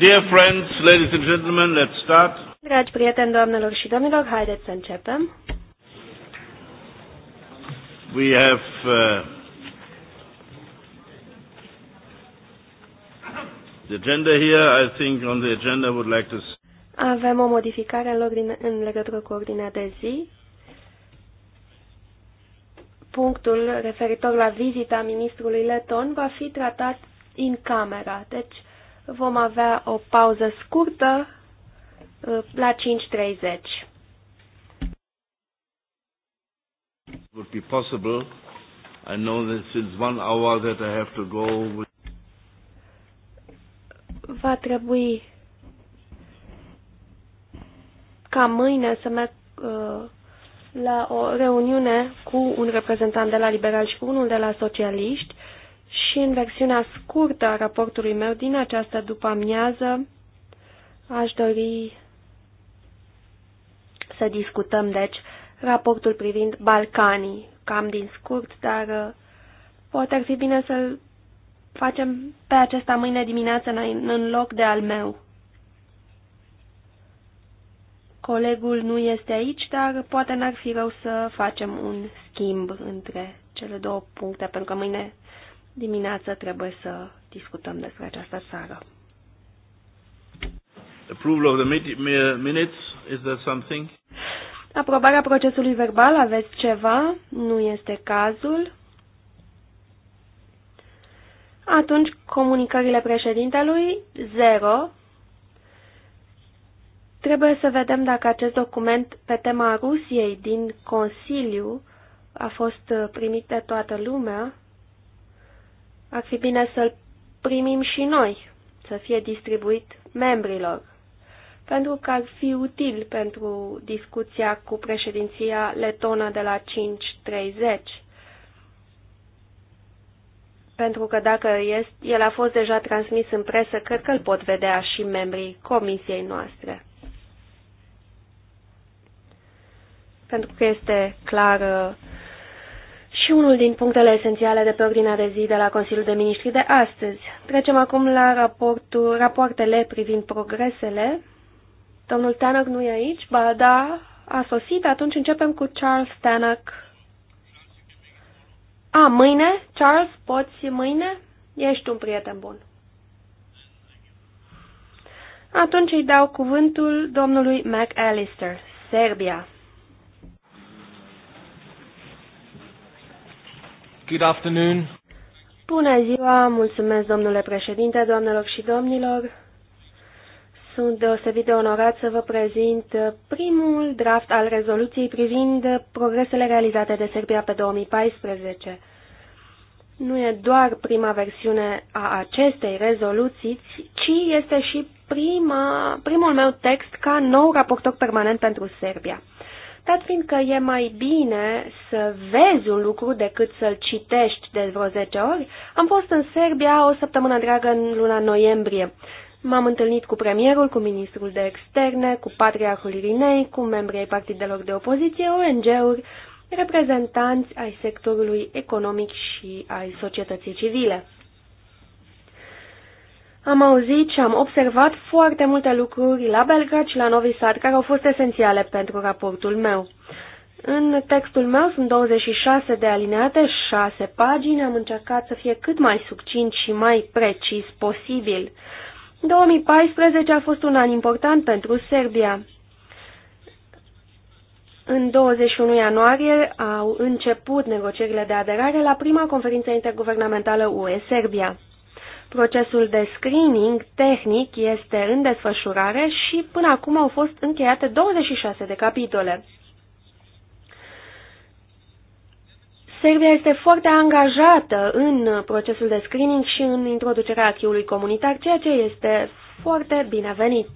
Dear friends, ladies and gentlemen, let's start. Dragi prieteni, doamnelor și domnilor, haideți să începem. We have uh, the agenda here. I think on the agenda would like to Avem o modificare în, ordine, în legătură cu ordinea de zi. Punctul referitor la vizita ministrului Leton va fi tratat în camera, deci Vom avea o pauză scurtă uh, la 5.30. would be possible. I know that since one hour that I have to go. Va trebui ca mâine să merg uh, la o reuniune cu un reprezentant de la liberal și cu unul de la socialiști și în versiunea scurtă a raportului meu din această după-amiază aș dori să discutăm, deci, raportul privind Balcanii, cam din scurt, dar uh, poate ar fi bine să-l facem pe acesta mâine dimineață în loc de al meu. Colegul nu este aici, dar poate n-ar fi rău să facem un schimb între cele două puncte, pentru că mâine dimineață trebuie să discutăm despre această țară. Approval of the minutes, is something? Aprobarea procesului verbal, aveți ceva? Nu este cazul. Atunci, comunicările președintelui, zero. Trebuie să vedem dacă acest document pe tema Rusiei din Consiliu a fost primit de toată lumea ar fi bine să-l primim și noi, să fie distribuit membrilor, pentru că ar fi util pentru discuția cu președinția letonă de la 5.30. Pentru că dacă este, el a fost deja transmis în presă, cred că îl pot vedea și membrii comisiei noastre. Pentru că este clar uh, și unul din punctele esențiale de pe ordinea de zi de la Consiliul de Ministri de astăzi. Trecem acum la raportul, rapoartele privind progresele. Domnul Tanak nu e aici, ba da, a sosit, atunci începem cu Charles Tanak. A, mâine? Charles, poți mâine? Ești un prieten bun. Atunci îi dau cuvântul domnului McAllister, Serbia. Good afternoon. Bună ziua, mulțumesc domnule președinte, doamnelor și domnilor. Sunt deosebit de onorat să vă prezint primul draft al rezoluției privind progresele realizate de Serbia pe 2014. Nu e doar prima versiune a acestei rezoluții, ci este și prima, primul meu text ca nou raportor permanent pentru Serbia dat fiindcă e mai bine să vezi un lucru decât să-l citești de vreo 10 ori, am fost în Serbia o săptămână întreagă în luna noiembrie. M-am întâlnit cu premierul, cu ministrul de externe, cu patriarhul Irinei, cu membrii partidelor de opoziție, ONG-uri, reprezentanți ai sectorului economic și ai societății civile. Am auzit și am observat foarte multe lucruri la Belgrad și la Novi Sad care au fost esențiale pentru raportul meu. În textul meu sunt 26 de alineate, 6 pagini, am încercat să fie cât mai succint și mai precis posibil. 2014 a fost un an important pentru Serbia. În 21 ianuarie au început negocierile de aderare la prima conferință interguvernamentală UE-Serbia. Procesul de screening tehnic este în desfășurare și până acum au fost încheiate 26 de capitole. Serbia este foarte angajată în procesul de screening și în introducerea achiului comunitar, ceea ce este foarte binevenit.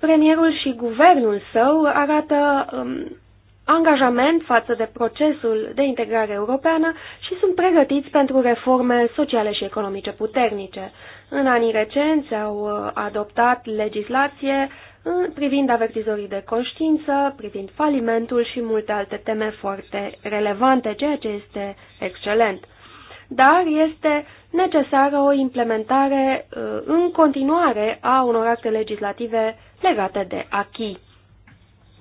Premierul și guvernul său arată um, angajament față de procesul de integrare europeană și sunt pregătiți pentru reforme sociale și economice puternice. În anii recenți au uh, adoptat legislație uh, privind avertizorii de conștiință, privind falimentul și multe alte teme foarte relevante, ceea ce este excelent. Dar este necesară o implementare uh, în continuare a unor acte legislative legate de acquis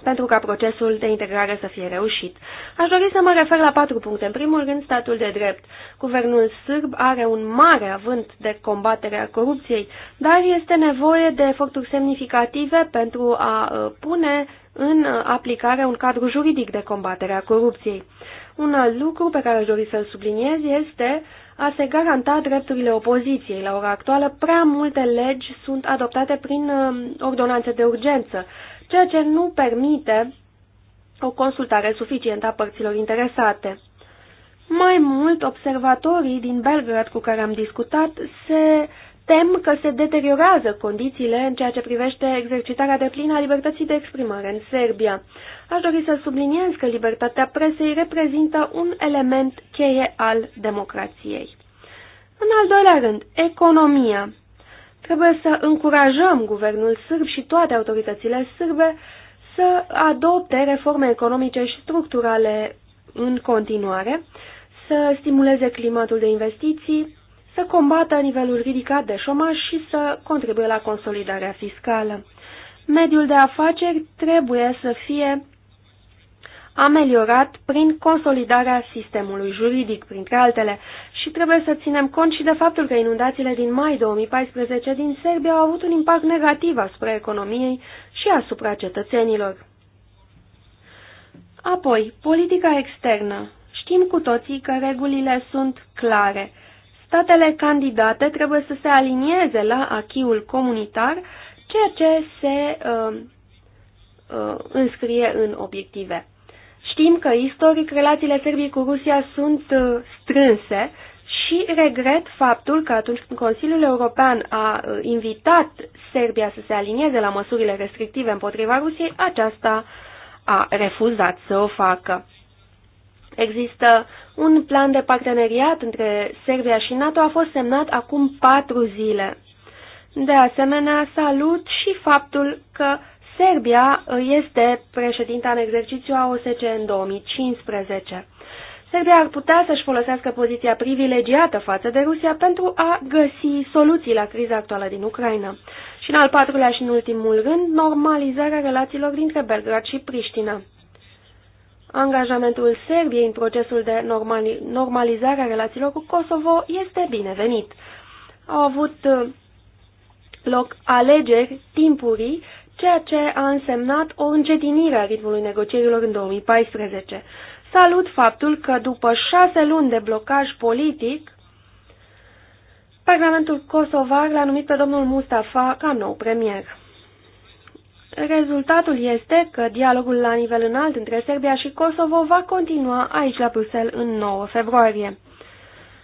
pentru ca procesul de integrare să fie reușit. Aș dori să mă refer la patru puncte. În primul rând, statul de drept. Guvernul sârb are un mare avânt de combatere a corupției, dar este nevoie de eforturi semnificative pentru a uh, pune în aplicare un cadru juridic de combatere a corupției. Un alt lucru pe care aș dori să-l subliniez este a se garanta drepturile opoziției. La ora actuală, prea multe legi sunt adoptate prin uh, ordonanțe de urgență, ceea ce nu permite o consultare suficientă a părților interesate. Mai mult, observatorii din Belgrad cu care am discutat se tem că se deteriorează condițiile în ceea ce privește exercitarea de plină a libertății de exprimare în Serbia. Aș dori să subliniez că libertatea presei reprezintă un element cheie al democrației. În al doilea rând, economia. Trebuie să încurajăm guvernul sârb și toate autoritățile sârbe să adopte reforme economice și structurale în continuare, să stimuleze climatul de investiții, să combată nivelul ridicat de șomaj și să contribuie la consolidarea fiscală. Mediul de afaceri trebuie să fie ameliorat prin consolidarea sistemului juridic, printre altele și trebuie să ținem cont și de faptul că inundațiile din mai 2014 din Serbia au avut un impact negativ asupra economiei și asupra cetățenilor. Apoi, politica externă. Știm cu toții că regulile sunt clare. Statele candidate trebuie să se alinieze la achiul comunitar, ceea ce se uh, uh, înscrie în obiective. Știm că istoric relațiile Serbiei cu Rusia sunt uh, strânse și regret faptul că atunci când Consiliul European a uh, invitat Serbia să se alinieze la măsurile restrictive împotriva Rusiei, aceasta a refuzat să o facă. Există un plan de parteneriat între Serbia și NATO, a fost semnat acum patru zile. De asemenea, salut și faptul că Serbia uh, este președinta în exercițiu a OSCE în 2015. Serbia ar putea să-și folosească poziția privilegiată față de Rusia pentru a găsi soluții la criza actuală din Ucraina. Și în al patrulea și în ultimul rând, normalizarea relațiilor dintre Belgrad și Priștina. Angajamentul Serbiei în procesul de normalizare a relațiilor cu Kosovo este binevenit. Au avut uh, loc alegeri timpurii, ceea ce a însemnat o încetinire a ritmului negocierilor în 2014 salut faptul că după șase luni de blocaj politic, Parlamentul Kosovar l-a numit pe domnul Mustafa ca nou premier. Rezultatul este că dialogul la nivel înalt între Serbia și Kosovo va continua aici la Bruxelles în 9 februarie.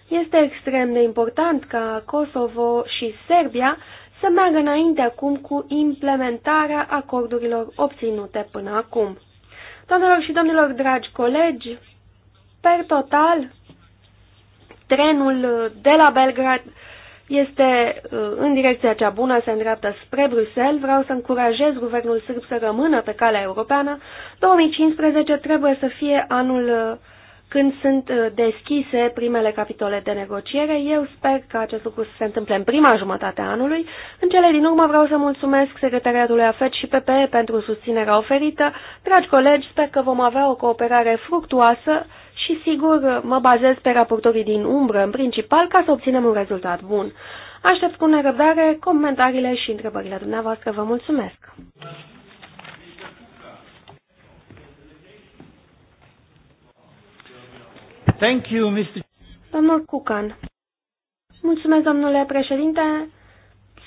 Este extrem de important ca Kosovo și Serbia să meargă înainte acum cu implementarea acordurilor obținute până acum. Doamnelor și domnilor, dragi colegi, per total, trenul de la Belgrad este uh, în direcția cea bună, se îndreaptă spre Bruxelles. Vreau să încurajez guvernul sârb să rămână pe calea europeană. 2015 trebuie să fie anul uh, când sunt uh, deschise primele capitole de negociere. Eu sper că acest lucru să se întâmple în prima jumătate a anului. În cele din urmă vreau să mulțumesc Secretariatului AFET și PPE pentru susținerea oferită. Dragi colegi, sper că vom avea o cooperare fructuoasă și sigur mă bazez pe raportorii din umbră în principal ca să obținem un rezultat bun. Aștept cu nerăbdare comentariile și întrebările dumneavoastră. Vă mulțumesc! Thank you, Mr. Domnul Cucan. Mulțumesc, domnule președinte.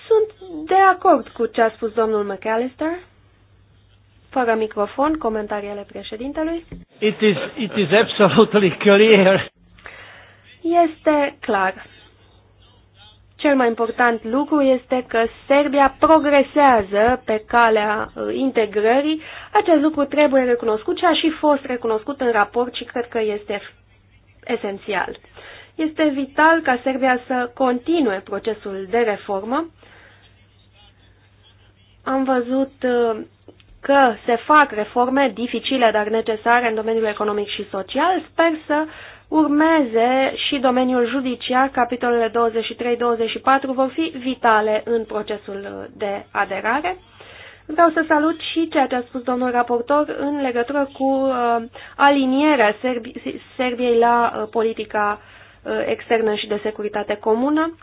Sunt de acord cu ce a spus domnul McAllister. Fără microfon, comentariile președintelui. It is, it is absolutely clear. Este clar. Cel mai important lucru este că Serbia progresează pe calea uh, integrării. Acest lucru trebuie recunoscut și a și fost recunoscut în raport și cred că este esențial. Este vital ca Serbia să continue procesul de reformă. Am văzut uh, că se fac reforme dificile, dar necesare în domeniul economic și social. Sper să urmeze și domeniul judiciar, capitolele 23-24 vor fi vitale în procesul de aderare. Vreau să salut și ceea ce a spus domnul raportor în legătură cu uh, alinierea Serbi Serbiei la uh, politica uh, externă și de securitate comună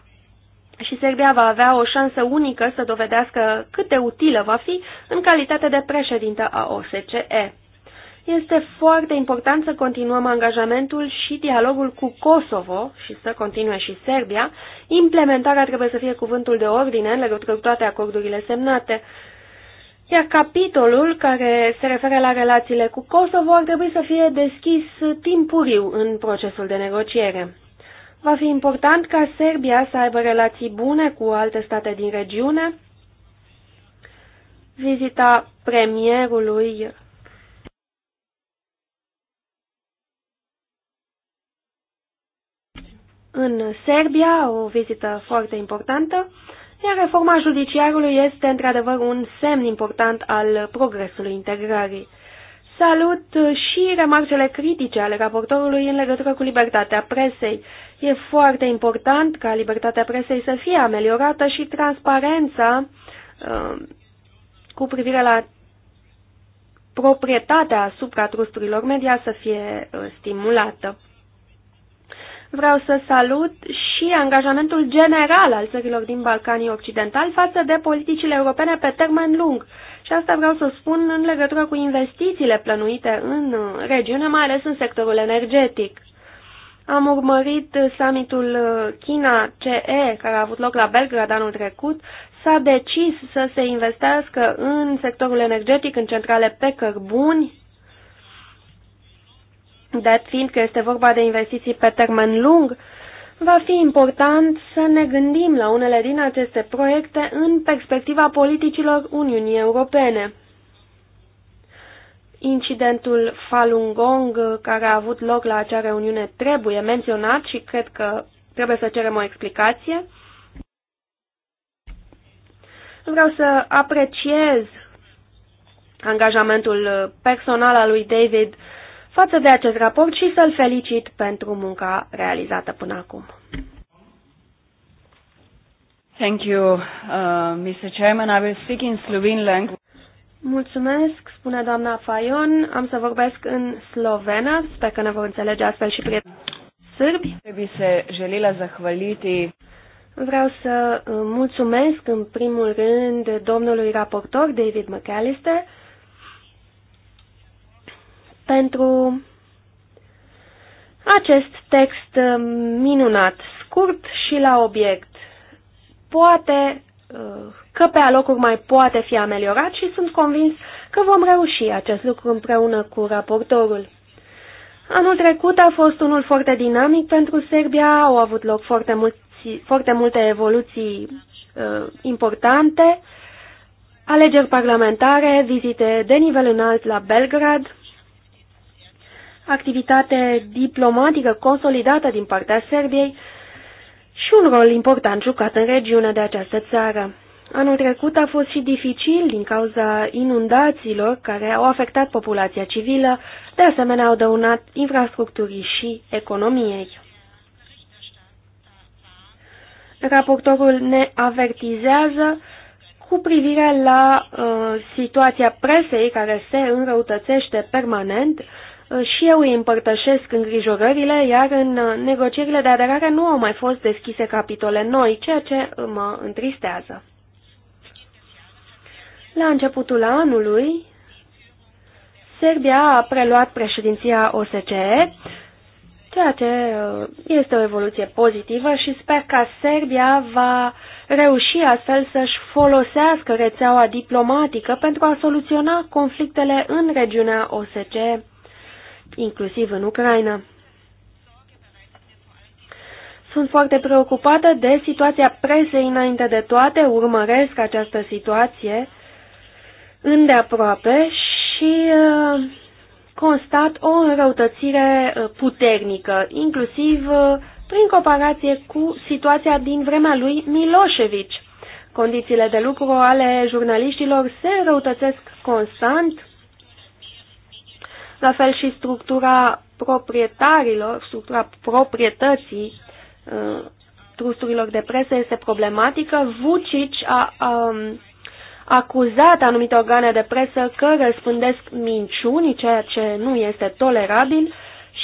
și Serbia va avea o șansă unică să dovedească cât de utilă va fi în calitate de președintă a OSCE. Este foarte important să continuăm angajamentul și dialogul cu Kosovo și să continue și Serbia. Implementarea trebuie să fie cuvântul de ordine în legătură cu toate acordurile semnate. Iar capitolul care se referă la relațiile cu Kosovo ar trebui să fie deschis timpuriu în procesul de negociere. Va fi important ca Serbia să aibă relații bune cu alte state din regiune. Vizita premierului în Serbia, o vizită foarte importantă iar reforma judiciarului este într-adevăr un semn important al progresului integrării. Salut și remarcele critice ale raportorului în legătură cu libertatea presei. E foarte important ca libertatea presei să fie ameliorată și transparența um, cu privire la proprietatea asupra trusturilor media să fie uh, stimulată. Vreau să salut și angajamentul general al țărilor din Balcanii Occidentali față de politicile europene pe termen lung. Și asta vreau să spun în legătură cu investițiile plănuite în uh, regiune, mai ales în sectorul energetic. Am urmărit uh, summitul uh, China-CE, care a avut loc la Belgrad anul trecut. S-a decis să se investească în sectorul energetic, în centrale pe cărbuni, dat fiind că este vorba de investiții pe termen lung, va fi important să ne gândim la unele din aceste proiecte în perspectiva politicilor Uniunii Europene. Incidentul Falun Gong care a avut loc la acea reuniune trebuie menționat și cred că trebuie să cerem o explicație. Vreau să apreciez angajamentul personal al lui David față de acest raport și să-l felicit pentru munca realizată până acum. Thank you, uh, Mr. Chairman. I will speak in Slovene language. Mulțumesc, spune doamna Fayon. Am să vorbesc în slovenă, sper că ne vor înțelege astfel și prieteni sârbi. Trebuie să želila zahvaliti. Vreau să uh, mulțumesc în primul rând domnului raportor David McAllister pentru acest text um, minunat, scurt și la obiect. Poate uh, că pe alocuri mai poate fi ameliorat și sunt convins că vom reuși acest lucru împreună cu raportorul. Anul trecut a fost unul foarte dinamic pentru Serbia, au avut loc foarte, mulți, foarte multe evoluții uh, importante, alegeri parlamentare, vizite de nivel înalt la Belgrad, activitate diplomatică consolidată din partea Serbiei și un rol important jucat în regiune de această țară. Anul trecut a fost și dificil din cauza inundațiilor care au afectat populația civilă, de asemenea au dăunat infrastructurii și economiei. Raportorul ne avertizează cu privire la uh, situația presei care se înrăutățește permanent și eu îi împărtășesc îngrijorările, iar în uh, negocierile de aderare nu au mai fost deschise capitole noi, ceea ce mă întristează. La începutul anului, Serbia a preluat președinția OSCE, ceea ce uh, este o evoluție pozitivă și sper că Serbia va reuși astfel să-și folosească rețeaua diplomatică pentru a soluționa conflictele în regiunea OSCE inclusiv în Ucraina. Sunt foarte preocupată de situația presei înainte de toate, urmăresc această situație îndeaproape și uh, constat o înrăutățire uh, puternică, inclusiv uh, prin comparație cu situația din vremea lui Milosevic. Condițiile de lucru ale jurnaliștilor se răutățesc constant, la fel și structura proprietarilor, structura proprietății uh, trusturilor de presă este problematică. Vucic a, a um, acuzat anumite organe de presă că răspândesc minciuni, ceea ce nu este tolerabil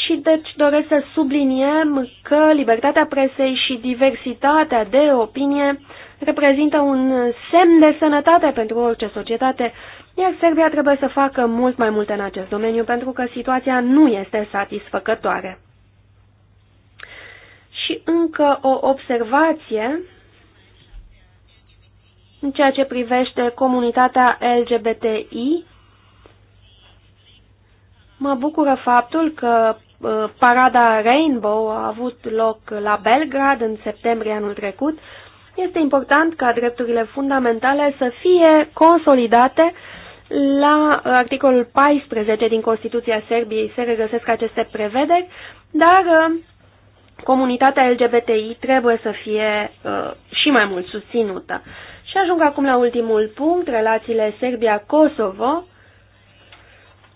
și deci doresc să subliniem că libertatea presei și diversitatea de opinie reprezintă un semn de sănătate pentru orice societate, iar Serbia trebuie să facă mult mai mult în acest domeniu pentru că situația nu este satisfăcătoare. Și încă o observație în ceea ce privește comunitatea LGBTI. Mă bucură faptul că uh, parada Rainbow a avut loc la Belgrad în septembrie anul trecut, este important ca drepturile fundamentale să fie consolidate la articolul 14 din Constituția Serbiei se regăsesc aceste prevederi, dar uh, comunitatea LGBTI trebuie să fie uh, și mai mult susținută. Și ajung acum la ultimul punct, relațiile Serbia-Kosovo.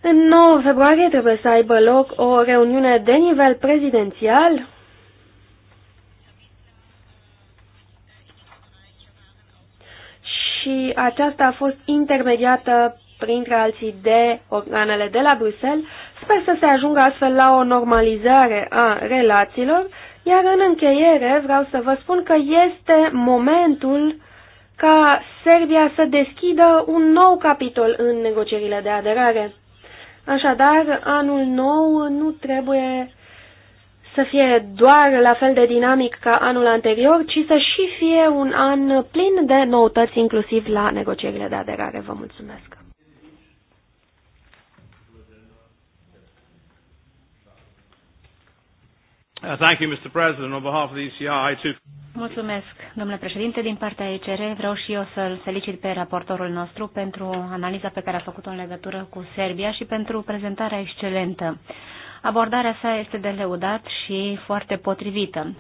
În 9 februarie trebuie să aibă loc o reuniune de nivel prezidențial și aceasta a fost intermediată printre alții de organele de la Bruxelles. Sper să se ajungă astfel la o normalizare a relațiilor, iar în încheiere vreau să vă spun că este momentul ca Serbia să deschidă un nou capitol în negocierile de aderare. Așadar, anul nou nu trebuie să fie doar la fel de dinamic ca anul anterior, ci să și fie un an plin de noutăți, inclusiv la negocierile de aderare. Vă mulțumesc! Uh, thank you, Mr. President. On behalf of the ECR, I too... Mulțumesc, domnule președinte. Din partea ECR vreau și eu să-l felicit pe raportorul nostru pentru analiza pe care a făcut-o în legătură cu Serbia și pentru prezentarea excelentă. Abordarea sa este de leudat și foarte potrivită.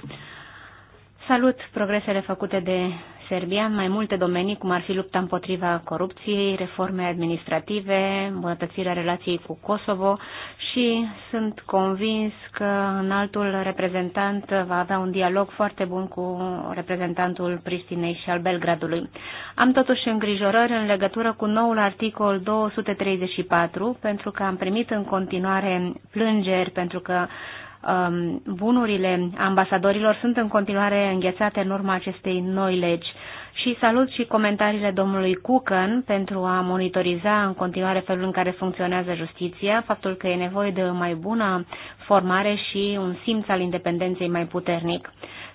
Salut progresele făcute de Serbia în mai multe domenii, cum ar fi lupta împotriva corupției, reforme administrative, îmbunătățirea relației cu Kosovo și sunt convins că altul reprezentant va avea un dialog foarte bun cu reprezentantul Pristinei și al Belgradului. Am totuși îngrijorări în legătură cu noul articol 234, pentru că am primit în continuare plângeri pentru că Um, bunurile ambasadorilor sunt în continuare înghețate în urma acestei noi legi. Și salut și comentariile domnului Cucan pentru a monitoriza în continuare felul în care funcționează justiția, faptul că e nevoie de mai bună formare și un simț al independenței mai puternic.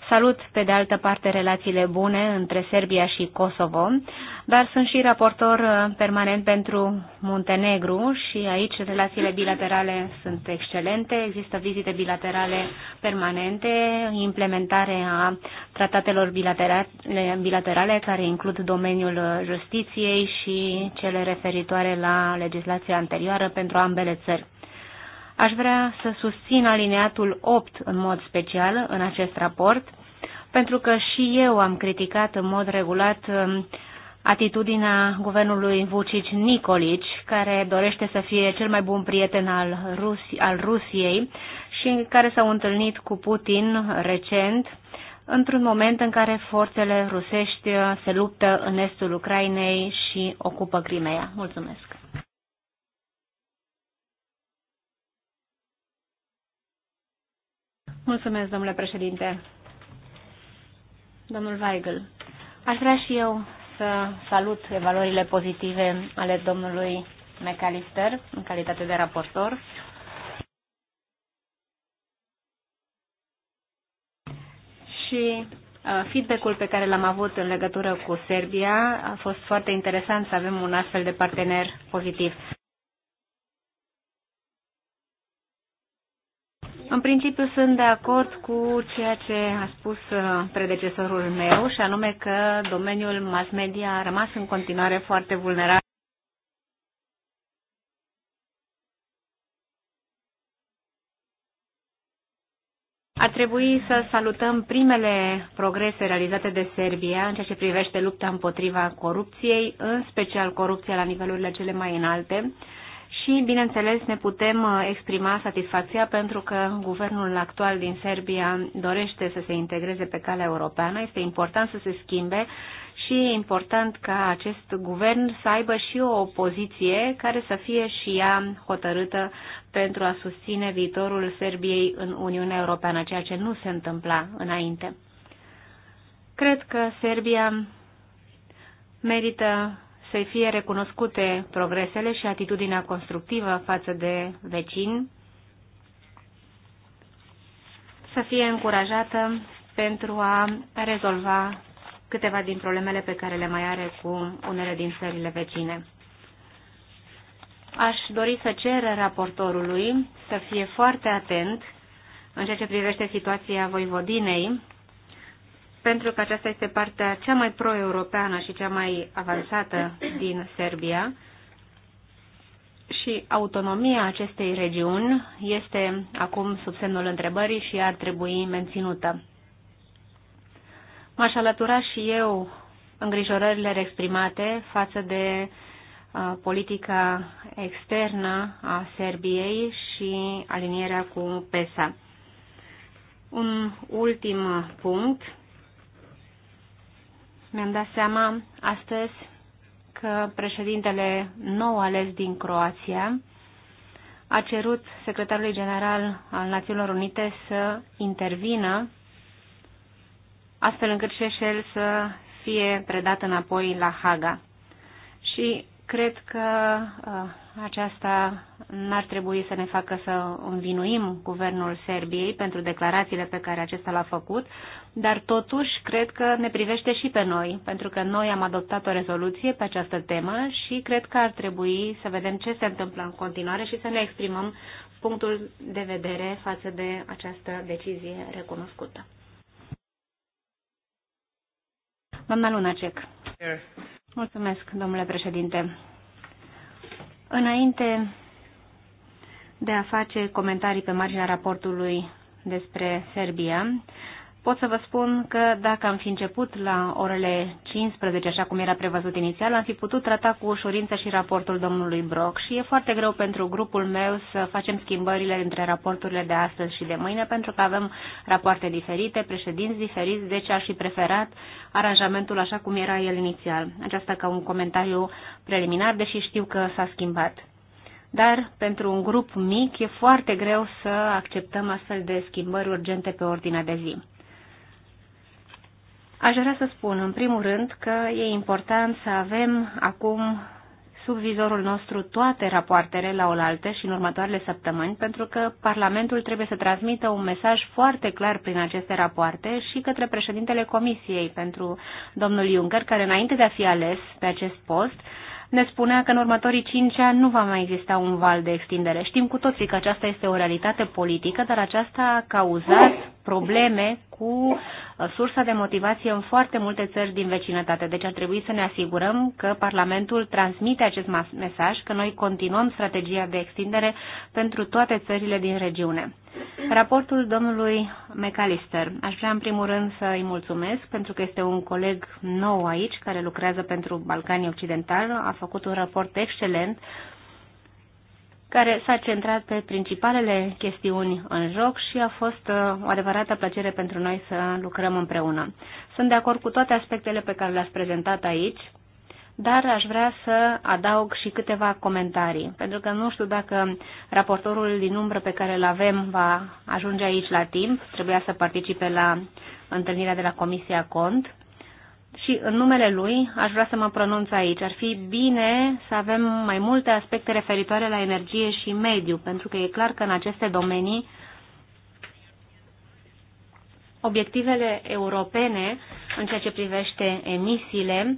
Salut, pe de altă parte, relațiile bune între Serbia și Kosovo, dar sunt și raportor uh, permanent pentru Muntenegru și aici relațiile bilaterale sunt excelente, există vizite bilaterale permanente, implementare a tratatelor bilaterale, bilaterale care includ domeniul justiției și cele referitoare la legislația anterioară pentru ambele țări. Aș vrea să susțin alineatul 8 în mod special în acest raport, pentru că și eu am criticat în mod regulat um, atitudinea guvernului Vucic Nicolici, care dorește să fie cel mai bun prieten al, Rus- al Rusiei și care s-au întâlnit cu Putin recent, într-un moment în care forțele rusești uh, se luptă în estul Ucrainei și ocupă Crimea. Mulțumesc! Mulțumesc, domnule președinte. Domnul Weigel, aș vrea și eu să salut evaluările pozitive ale domnului McAllister în calitate de raportor. Și uh, feedback-ul pe care l-am avut în legătură cu Serbia a fost foarte interesant să avem un astfel de partener pozitiv. În principiu sunt de acord cu ceea ce a spus uh, predecesorul meu și anume că domeniul mass media a rămas în continuare foarte vulnerabil. A trebui să salutăm primele progrese realizate de Serbia în ceea ce privește lupta împotriva corupției, în special corupția la nivelurile cele mai înalte, și, bineînțeles, ne putem uh, exprima satisfacția pentru că guvernul actual din Serbia dorește să se integreze pe calea europeană. Este important să se schimbe și e important ca acest guvern să aibă și o opoziție care să fie și ea hotărâtă pentru a susține viitorul Serbiei în Uniunea Europeană, ceea ce nu se întâmpla înainte. Cred că Serbia merită să fie recunoscute progresele și atitudinea constructivă față de vecini, să fie încurajată pentru a rezolva câteva din problemele pe care le mai are cu unele din țările vecine. Aș dori să cer raportorului să fie foarte atent în ceea ce privește situația Voivodinei, pentru că aceasta este partea cea mai pro-europeană și cea mai avansată din Serbia și autonomia acestei regiuni este acum sub semnul întrebării și ar trebui menținută. M-aș alătura și eu îngrijorările exprimate față de uh, politica externă a Serbiei și alinierea cu PESA. Un ultim punct mi-am dat seama astăzi că președintele nou ales din Croația a cerut secretarului general al Națiunilor Unite să intervină astfel încât Șeșel să fie predat înapoi la Haga. Și Cred că uh, aceasta n-ar trebui să ne facă să învinuim guvernul Serbiei pentru declarațiile pe care acesta l-a făcut, dar totuși cred că ne privește și pe noi, pentru că noi am adoptat o rezoluție pe această temă și cred că ar trebui să vedem ce se întâmplă în continuare și să ne exprimăm punctul de vedere față de această decizie recunoscută. Doamna Lunacek. Mulțumesc, domnule președinte. Înainte de a face comentarii pe marginea raportului despre Serbia, pot să vă spun că dacă am fi început la orele 15, așa cum era prevăzut inițial, am fi putut trata cu ușurință și raportul domnului Brock și e foarte greu pentru grupul meu să facem schimbările între raporturile de astăzi și de mâine, pentru că avem rapoarte diferite, președinți diferiți, deci aș fi preferat aranjamentul așa cum era el inițial. Aceasta ca un comentariu preliminar, deși știu că s-a schimbat dar pentru un grup mic e foarte greu să acceptăm astfel de schimbări urgente pe ordinea de zi. Aș vrea să spun, în primul rând, că e important să avem acum sub vizorul nostru toate rapoartele la oaltă și în următoarele săptămâni, pentru că Parlamentul trebuie să transmită un mesaj foarte clar prin aceste rapoarte și către președintele Comisiei pentru domnul Juncker, care înainte de a fi ales pe acest post, ne spunea că în următorii cinci ani nu va mai exista un val de extindere. Știm cu toții că aceasta este o realitate politică, dar aceasta a cauzat probleme cu uh, sursa de motivație în foarte multe țări din vecinătate. Deci ar trebui să ne asigurăm că Parlamentul transmite acest mesaj, că noi continuăm strategia de extindere pentru toate țările din regiune. Raportul domnului McAllister. Aș vrea în primul rând să îi mulțumesc pentru că este un coleg nou aici care lucrează pentru Balcanii Occidentali. A făcut un raport excelent care s-a centrat pe principalele chestiuni în joc și a fost uh, o adevărată plăcere pentru noi să lucrăm împreună. Sunt de acord cu toate aspectele pe care le-ați prezentat aici, dar aș vrea să adaug și câteva comentarii, pentru că nu știu dacă raportorul din umbră pe care îl avem va ajunge aici la timp, trebuia să participe la întâlnirea de la Comisia Cont, și în numele lui aș vrea să mă pronunț aici. Ar fi bine să avem mai multe aspecte referitoare la energie și mediu, pentru că e clar că în aceste domenii obiectivele europene în ceea ce privește emisiile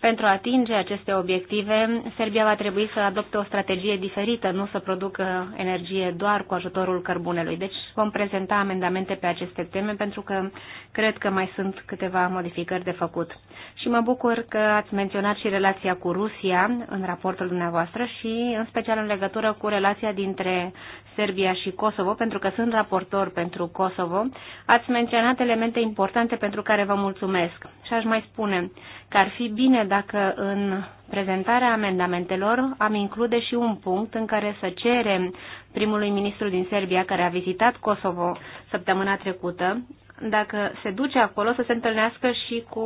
pentru a atinge aceste obiective, Serbia va trebui să adopte o strategie diferită, nu să producă energie doar cu ajutorul cărbunelui. Deci vom prezenta amendamente pe aceste teme pentru că cred că mai sunt câteva modificări de făcut. Și mă bucur că ați menționat și relația cu Rusia în raportul dumneavoastră și în special în legătură cu relația dintre Serbia și Kosovo, pentru că sunt raportor pentru Kosovo. Ați menționat elemente importante pentru care vă mulțumesc. Și aș mai spune, că ar fi bine dacă în prezentarea amendamentelor am include și un punct în care să cerem primului ministru din Serbia, care a vizitat Kosovo săptămâna trecută, dacă se duce acolo să se întâlnească și cu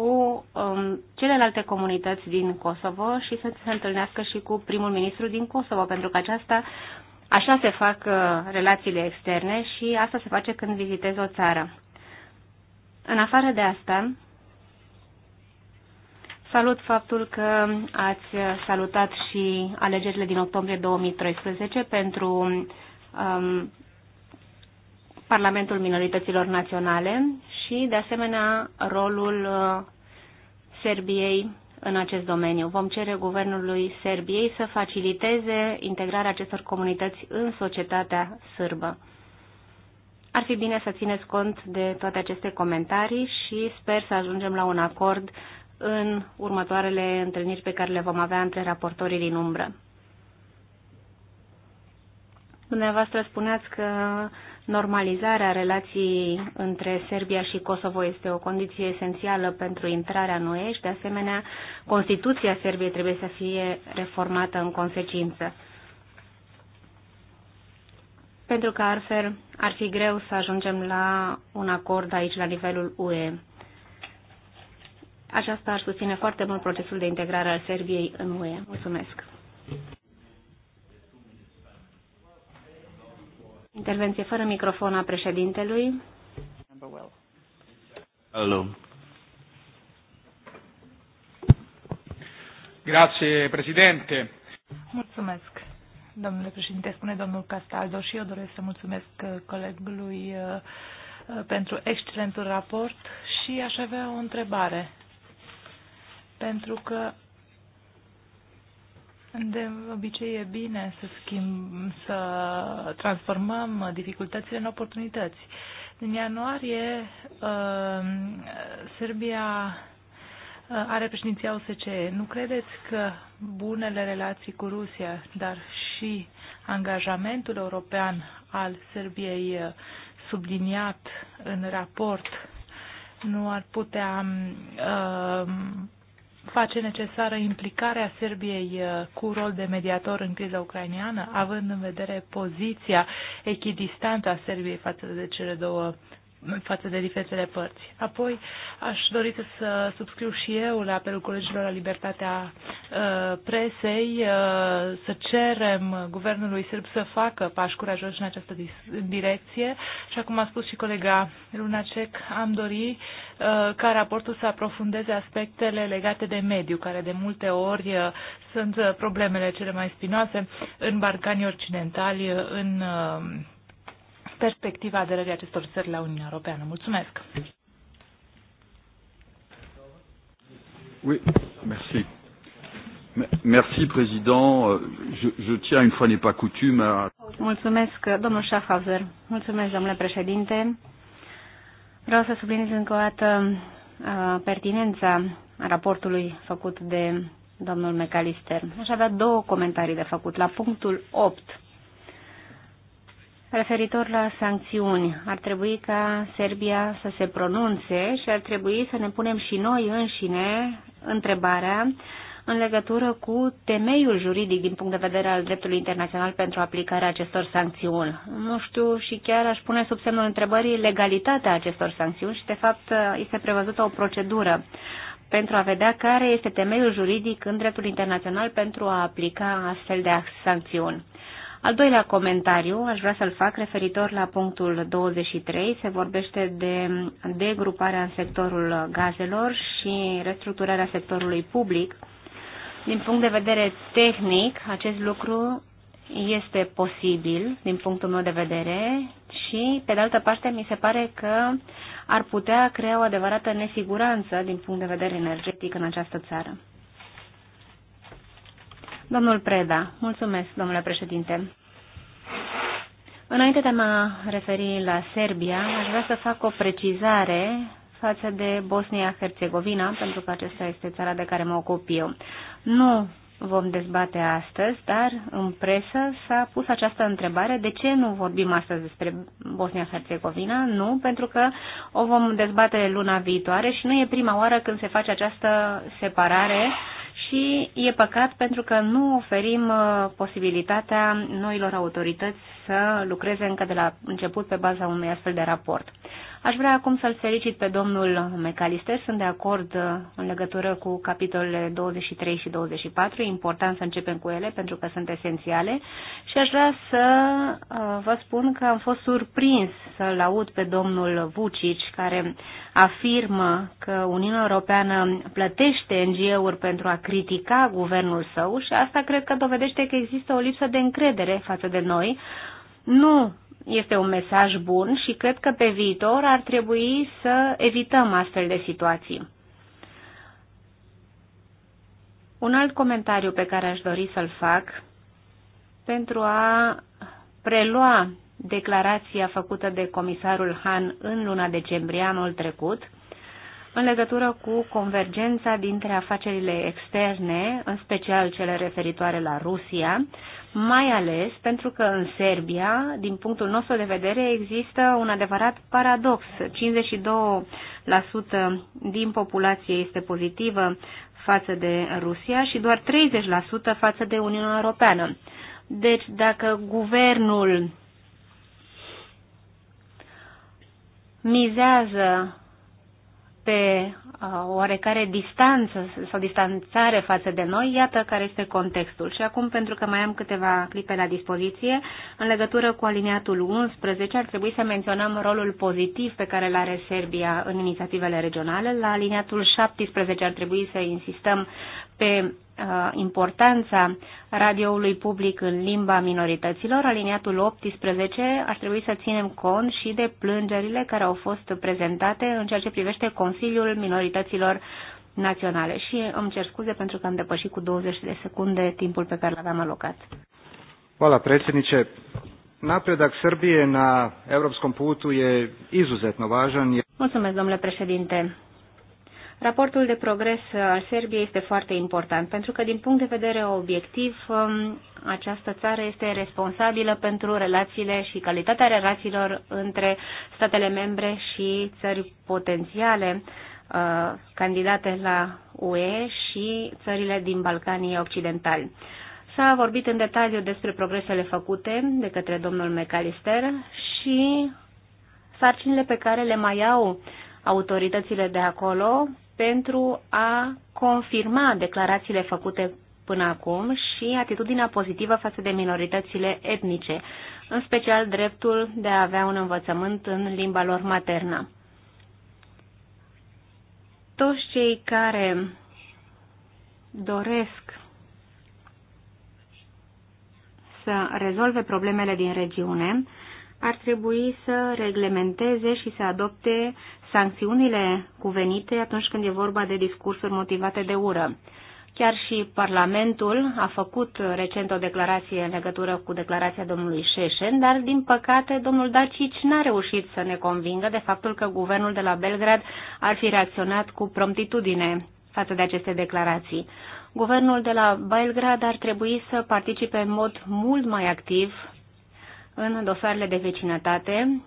um, celelalte comunități din Kosovo și să se întâlnească și cu primul ministru din Kosovo, pentru că aceasta, așa se fac uh, relațiile externe și asta se face când vizitezi o țară. În afară de asta, Salut faptul că ați salutat și alegerile din octombrie 2013 pentru um, Parlamentul Minorităților Naționale și, de asemenea, rolul uh, Serbiei în acest domeniu. Vom cere guvernului Serbiei să faciliteze integrarea acestor comunități în societatea sârbă. Ar fi bine să țineți cont de toate aceste comentarii și sper să ajungem la un acord în următoarele întâlniri pe care le vom avea între raportorii din umbră. Dumneavoastră spuneați că normalizarea relației între Serbia și Kosovo este o condiție esențială pentru intrarea în UE și, de asemenea, Constituția Serbiei trebuie să fie reformată în consecință. Pentru că altfel ar fi greu să ajungem la un acord aici la nivelul UE. Aceasta ar susține foarte mult procesul de integrare al Serbiei în UE. Mulțumesc! Intervenție fără microfon a președintelui. Hello. Grazie, președinte. Mulțumesc, domnule președinte, spune domnul Castaldo și eu doresc să mulțumesc uh, colegului uh, uh, pentru excelentul raport și aș avea o întrebare pentru că de obicei e bine să schimb, să transformăm dificultățile în oportunități. În ianuarie, uh, Serbia uh, are președinția OSCE. Nu credeți că bunele relații cu Rusia, dar și angajamentul european al Serbiei uh, subliniat în raport nu ar putea face necesară implicarea Serbiei uh, cu rol de mediator în criza ucraineană, având în vedere poziția echidistantă a Serbiei față de cele două față de diferitele părți. Apoi aș dori să subscriu și eu la apelul colegilor la libertatea uh, presei, uh, să cerem guvernului sârb să facă pași curajoși în această direcție și, cum a spus și colega Lunacek, am dori uh, ca raportul să aprofundeze aspectele legate de mediu, care de multe ori sunt problemele cele mai spinoase în Barcanii Occidentali, în perspectiva aderării acestor țări la Uniunea Europeană. Mulțumesc! Oui, merci. Merci, président. Je, je tiens, une fois n'est pas coutume, à... Mulțumesc, domnul Schaffhauser. Mulțumesc, domnule președinte. Vreau să subliniez încă o dată pertinența raportului făcut de domnul McAllister. Aș avea două comentarii de făcut. La punctul 8, Referitor la sancțiuni, ar trebui ca Serbia să se pronunțe și ar trebui să ne punem și noi înșine întrebarea în legătură cu temeiul juridic din punct de vedere al dreptului internațional pentru aplicarea acestor sancțiuni. Nu știu și chiar aș pune sub semnul întrebării legalitatea acestor sancțiuni și, de fapt, este prevăzută o procedură pentru a vedea care este temeiul juridic în dreptul internațional pentru a aplica astfel de sancțiuni. Al doilea comentariu aș vrea să-l fac referitor la punctul 23. Se vorbește de degruparea în sectorul gazelor și restructurarea sectorului public. Din punct de vedere tehnic, acest lucru este posibil din punctul meu de vedere și, pe de altă parte, mi se pare că ar putea crea o adevărată nesiguranță din punct de vedere energetic în această țară. Domnul Preda, mulțumesc, domnule președinte. Înainte de a mă referi la Serbia, aș vrea să fac o precizare față de Bosnia-Herzegovina, pentru că acesta este țara de care mă ocup eu. Nu vom dezbate astăzi, dar în presă s-a pus această întrebare, de ce nu vorbim astăzi despre Bosnia-Herzegovina? Nu, pentru că o vom dezbate luna viitoare și nu e prima oară când se face această separare uh, și e păcat pentru că nu oferim uh, posibilitatea noilor autorități să lucreze încă de la început pe baza unui astfel de raport. Aș vrea acum să-l felicit pe domnul Mecalister. Sunt de acord uh, în legătură cu capitolele 23 și 24. E important să începem cu ele pentru că sunt esențiale. Și aș vrea să uh, vă spun că am fost surprins să-l aud pe domnul Vucic, care afirmă că Uniunea Europeană plătește NGO-uri pentru a critica guvernul său și asta cred că dovedește că există o lipsă de încredere față de noi, nu este un mesaj bun și cred că pe viitor ar trebui să evităm astfel de situații. Un alt comentariu pe care aș dori să-l fac pentru a prelua declarația făcută de comisarul Han în luna decembrie anul trecut în legătură cu convergența dintre afacerile externe, în special cele referitoare la Rusia, mai ales pentru că în Serbia, din punctul nostru de vedere, există un adevărat paradox. 52% din populație este pozitivă față de Rusia și doar 30% față de Uniunea Europeană. Deci, dacă guvernul mizează pe uh, oarecare distanță sau distanțare față de noi, iată care este contextul. Și acum, pentru că mai am câteva clipe la dispoziție, în legătură cu aliniatul 11, ar trebui să menționăm rolul pozitiv pe care îl are Serbia în inițiativele regionale. La aliniatul 17 ar trebui să insistăm pe Uh, importanța radioului public în limba minorităților, aliniatul 18, ar trebui să ținem cont și de plângerile care au fost prezentate în ceea ce privește Consiliul Minorităților Naționale. Și îmi cer scuze pentru că am depășit cu 20 de secunde timpul pe care l-aveam alocat. Hvala predsjedniče. Napredak Srbije na evropskom putu je izuzetno važan. Mulțumesc, domnule președinte. Raportul de progres al Serbiei este foarte important, pentru că din punct de vedere obiectiv, um, această țară este responsabilă pentru relațiile și calitatea relațiilor între statele membre și țări potențiale uh, candidate la UE și țările din Balcanii Occidentali. S-a vorbit în detaliu despre progresele făcute de către domnul McAllister și sarcinile pe care le mai au autoritățile de acolo pentru a confirma declarațiile făcute până acum și atitudinea pozitivă față de minoritățile etnice, în special dreptul de a avea un învățământ în limba lor maternă. Toți cei care doresc să rezolve problemele din regiune ar trebui să reglementeze și să adopte sancțiunile cuvenite atunci când e vorba de discursuri motivate de ură. Chiar și Parlamentul a făcut recent o declarație în legătură cu declarația domnului Șeșen, dar din păcate domnul Dacici n-a reușit să ne convingă de faptul că guvernul de la Belgrad ar fi reacționat cu promptitudine față de aceste declarații. Guvernul de la Belgrad ar trebui să participe în mod mult mai activ în dosarele de vecinătate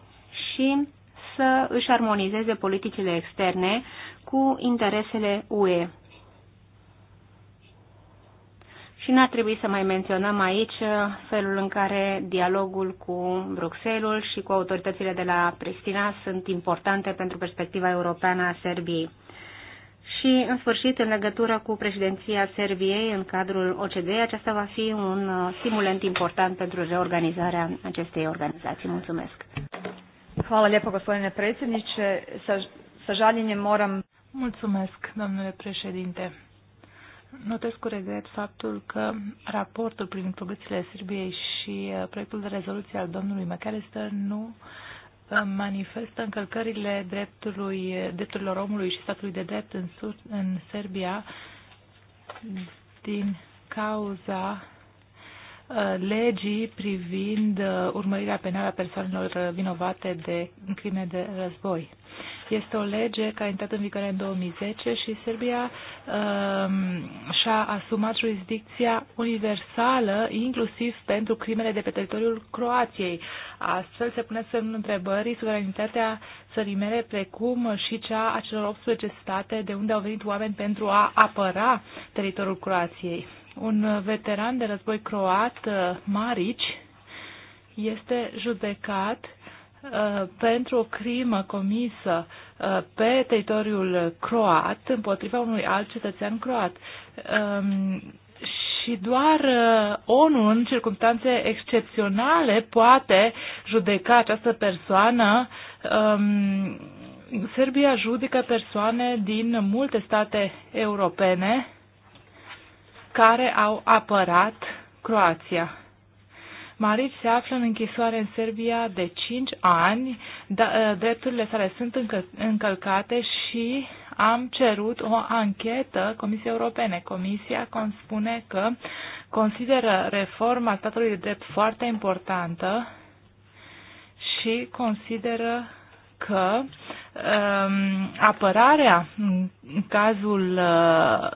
și să își armonizeze politicile externe cu interesele UE. Și n-ar trebui să mai menționăm aici uh, felul în care dialogul cu Bruxelles și cu autoritățile de la Pristina sunt importante pentru perspectiva europeană a Serbiei. Și, în sfârșit, în legătură cu președinția Serbiei în cadrul OCDE, aceasta va fi un uh, stimulent important pentru reorganizarea acestei organizații. Mulțumesc! Hvala lijepo gospodine predsjedniče. Sa, sa žaljenjem moram... Mulțumesc, domnule președinte. Notez cu regret faptul că raportul privind progresele Serbiei și uh, proiectul de rezoluție al domnului McAllister nu uh, manifestă încălcările dreptului, drepturilor omului și statului de drept în, Sur, în Serbia din cauza Uh, legii privind uh, urmărirea penală a persoanelor uh, vinovate de crime de război. Este o lege care a intrat în vigoare în 2010 și Serbia um, și-a asumat jurisdicția universală, inclusiv pentru crimele de pe teritoriul Croației. Astfel se pune semnul întrebării suveranitatea țării mele, precum și cea a celor 18 state de unde au venit oameni pentru a apăra teritoriul Croației un veteran de război croat, uh, Marici, este judecat uh, pentru o crimă comisă uh, pe teritoriul croat împotriva unui alt cetățean croat. Um, și doar ONU, în circunstanțe excepționale, poate judeca această persoană. Um, Serbia judecă persoane din multe state europene care au apărat Croația. Maric se află în închisoare în Serbia de 5 ani, da, ă, drepturile sale sunt încălcate și am cerut o anchetă Comisiei Europene. Comisia spune că consideră reforma statului de drept foarte importantă și consideră că um, apărarea în cazul uh,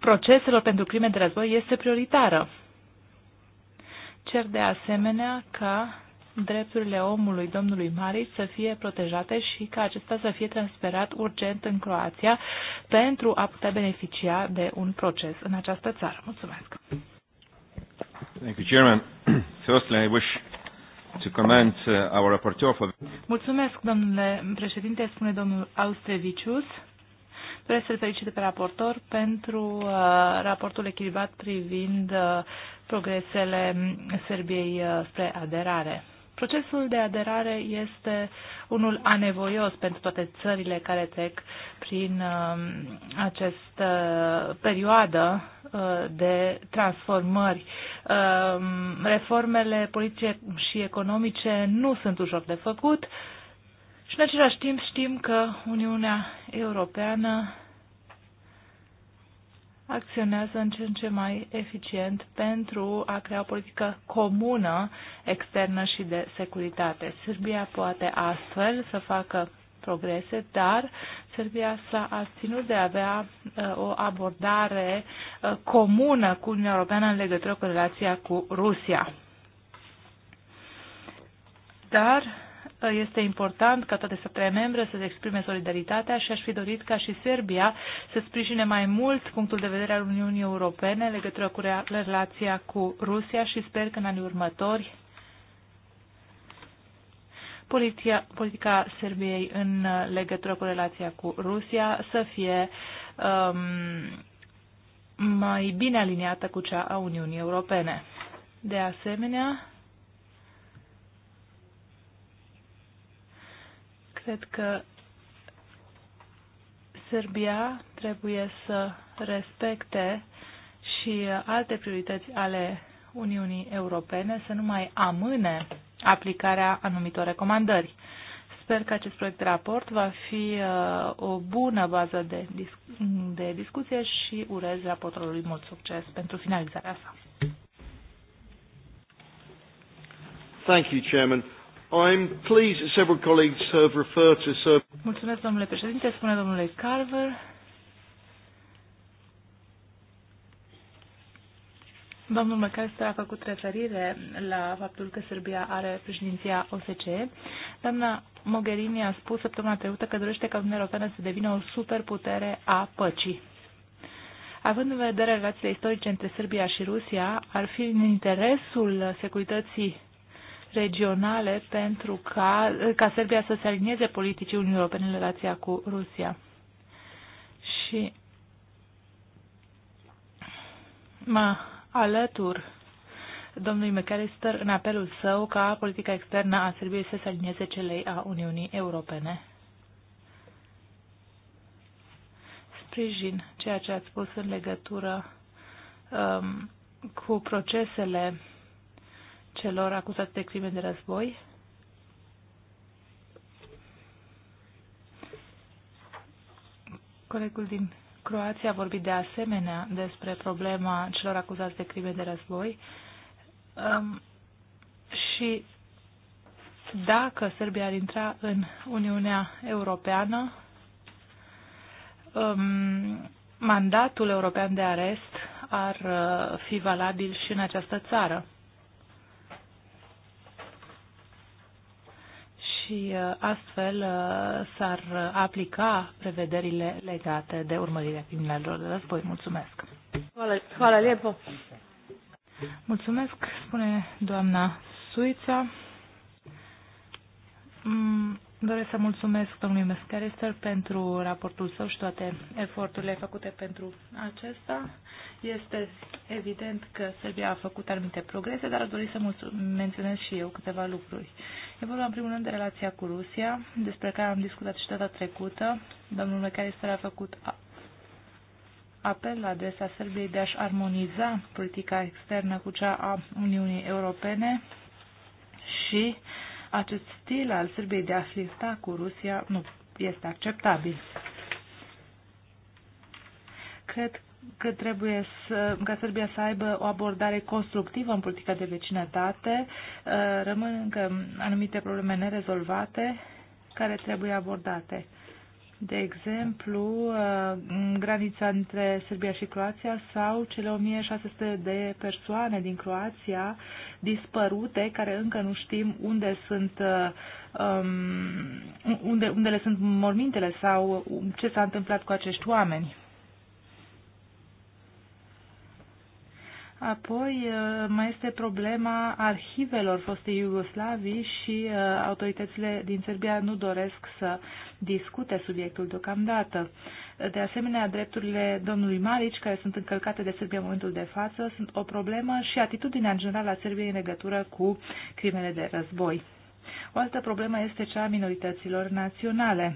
proceselor pentru crime de război este prioritară. Cer de asemenea ca drepturile omului domnului Mari să fie protejate și ca acesta să fie transferat urgent în Croația pentru a putea beneficia de un proces în această țară. Mulțumesc! Uh, Mulțumesc, domnule președinte, spune domnul Austrevicius Vreau să-l felicit pe raportor pentru uh, raportul echilibrat privind uh, progresele Serbiei uh, spre aderare. Procesul de aderare este unul anevoios pentru toate țările care trec prin uh, această perioadă uh, de transformări. Uh, reformele politice și economice nu sunt ușor de făcut. Uh, și în același timp știm că Uniunea Europeană acționează în ce în ce mai eficient pentru a crea o politică comună externă și de securitate. Serbia poate astfel să facă progrese, dar Serbia s-a abținut de a avea uh, o abordare uh, comună cu Uniunea Europeană în legătură cu relația cu Rusia. Dar este important ca toate statele membre să exprime solidaritatea și aș fi dorit ca și Serbia să sprijine mai mult punctul de vedere al Uniunii Europene în legătură cu relația cu Rusia și sper că în anii următori politica, politica Serbiei în legătură cu relația cu Rusia să fie um, mai bine aliniată cu cea a Uniunii Europene. De asemenea, Cred că Serbia trebuie să respecte și alte priorități ale Uniunii Europene, să nu mai amâne aplicarea anumitor recomandări. Sper că acest proiect de raport va fi uh, o bună bază de, dis- de discuție și urez raportorului mult succes pentru finalizarea sa. Thank you, Chairman. I'm pleased that several colleagues have referred to Sir. Mulțumesc, domnule președinte, spune domnule Carver. Domnul McAllister a făcut referire la faptul că Serbia are președinția OSCE. Doamna Mogherini a spus săptămâna trecută că dorește ca Uniunea Europeană să devină o superputere a păcii. Având în vedere relațiile istorice între Serbia și Rusia, ar fi în interesul securității regionale pentru ca, ca Serbia să se alinieze politicii Uniunii Europene în relația cu Rusia. Și mă alătur domnului McAllister în apelul său ca politica externă a Serbiei să se alinieze celei a Uniunii Europene. Sprijin ceea ce ați spus în legătură um, cu procesele celor acuzați de crime de război. Colegul din Croația a vorbit de asemenea despre problema celor acuzați de crime de război um, și dacă Serbia ar intra în Uniunea Europeană, um, mandatul european de arest ar uh, fi valabil și în această țară. și uh, astfel uh, s-ar uh, aplica prevederile legate de urmărirea criminalilor de război. Mulțumesc! Hvala lijepo! Mulțumesc, spune doamna Suița. Mm, Doresc să mulțumesc domnului Mescarister pentru raportul său și toate eforturile făcute pentru acesta. Este evident că Serbia a făcut anumite progrese, dar aș dori să menționez și eu câteva lucruri. E vorba în primul rând de relația cu Rusia, despre care am discutat și data trecută. Domnul Mescarister a făcut apel la adresa Serbiei de a-și armoniza politica externă cu cea a Uniunii Europene și uh, acest stil al Sârbiei de a flirta cu Rusia nu este acceptabil. Cred că trebuie să, ca Serbia să aibă o abordare constructivă în politica de vecinătate. Uh, rămân încă anumite probleme nerezolvate care trebuie abordate de exemplu, uh, granița între Serbia și Croația sau cele 1600 de persoane din Croația dispărute, care încă nu știm unde sunt uh, um, unde, unde le sunt mormintele sau ce s-a întâmplat cu acești oameni. Apoi uh, mai este problema arhivelor fostei Iugoslavii și uh, autoritățile din Serbia nu doresc să discute subiectul deocamdată. De asemenea, drepturile domnului Marici, care sunt încălcate de Serbia în momentul de față, sunt o problemă și atitudinea în general a Serbiei în legătură cu crimele de război. O altă problemă este cea a minorităților naționale.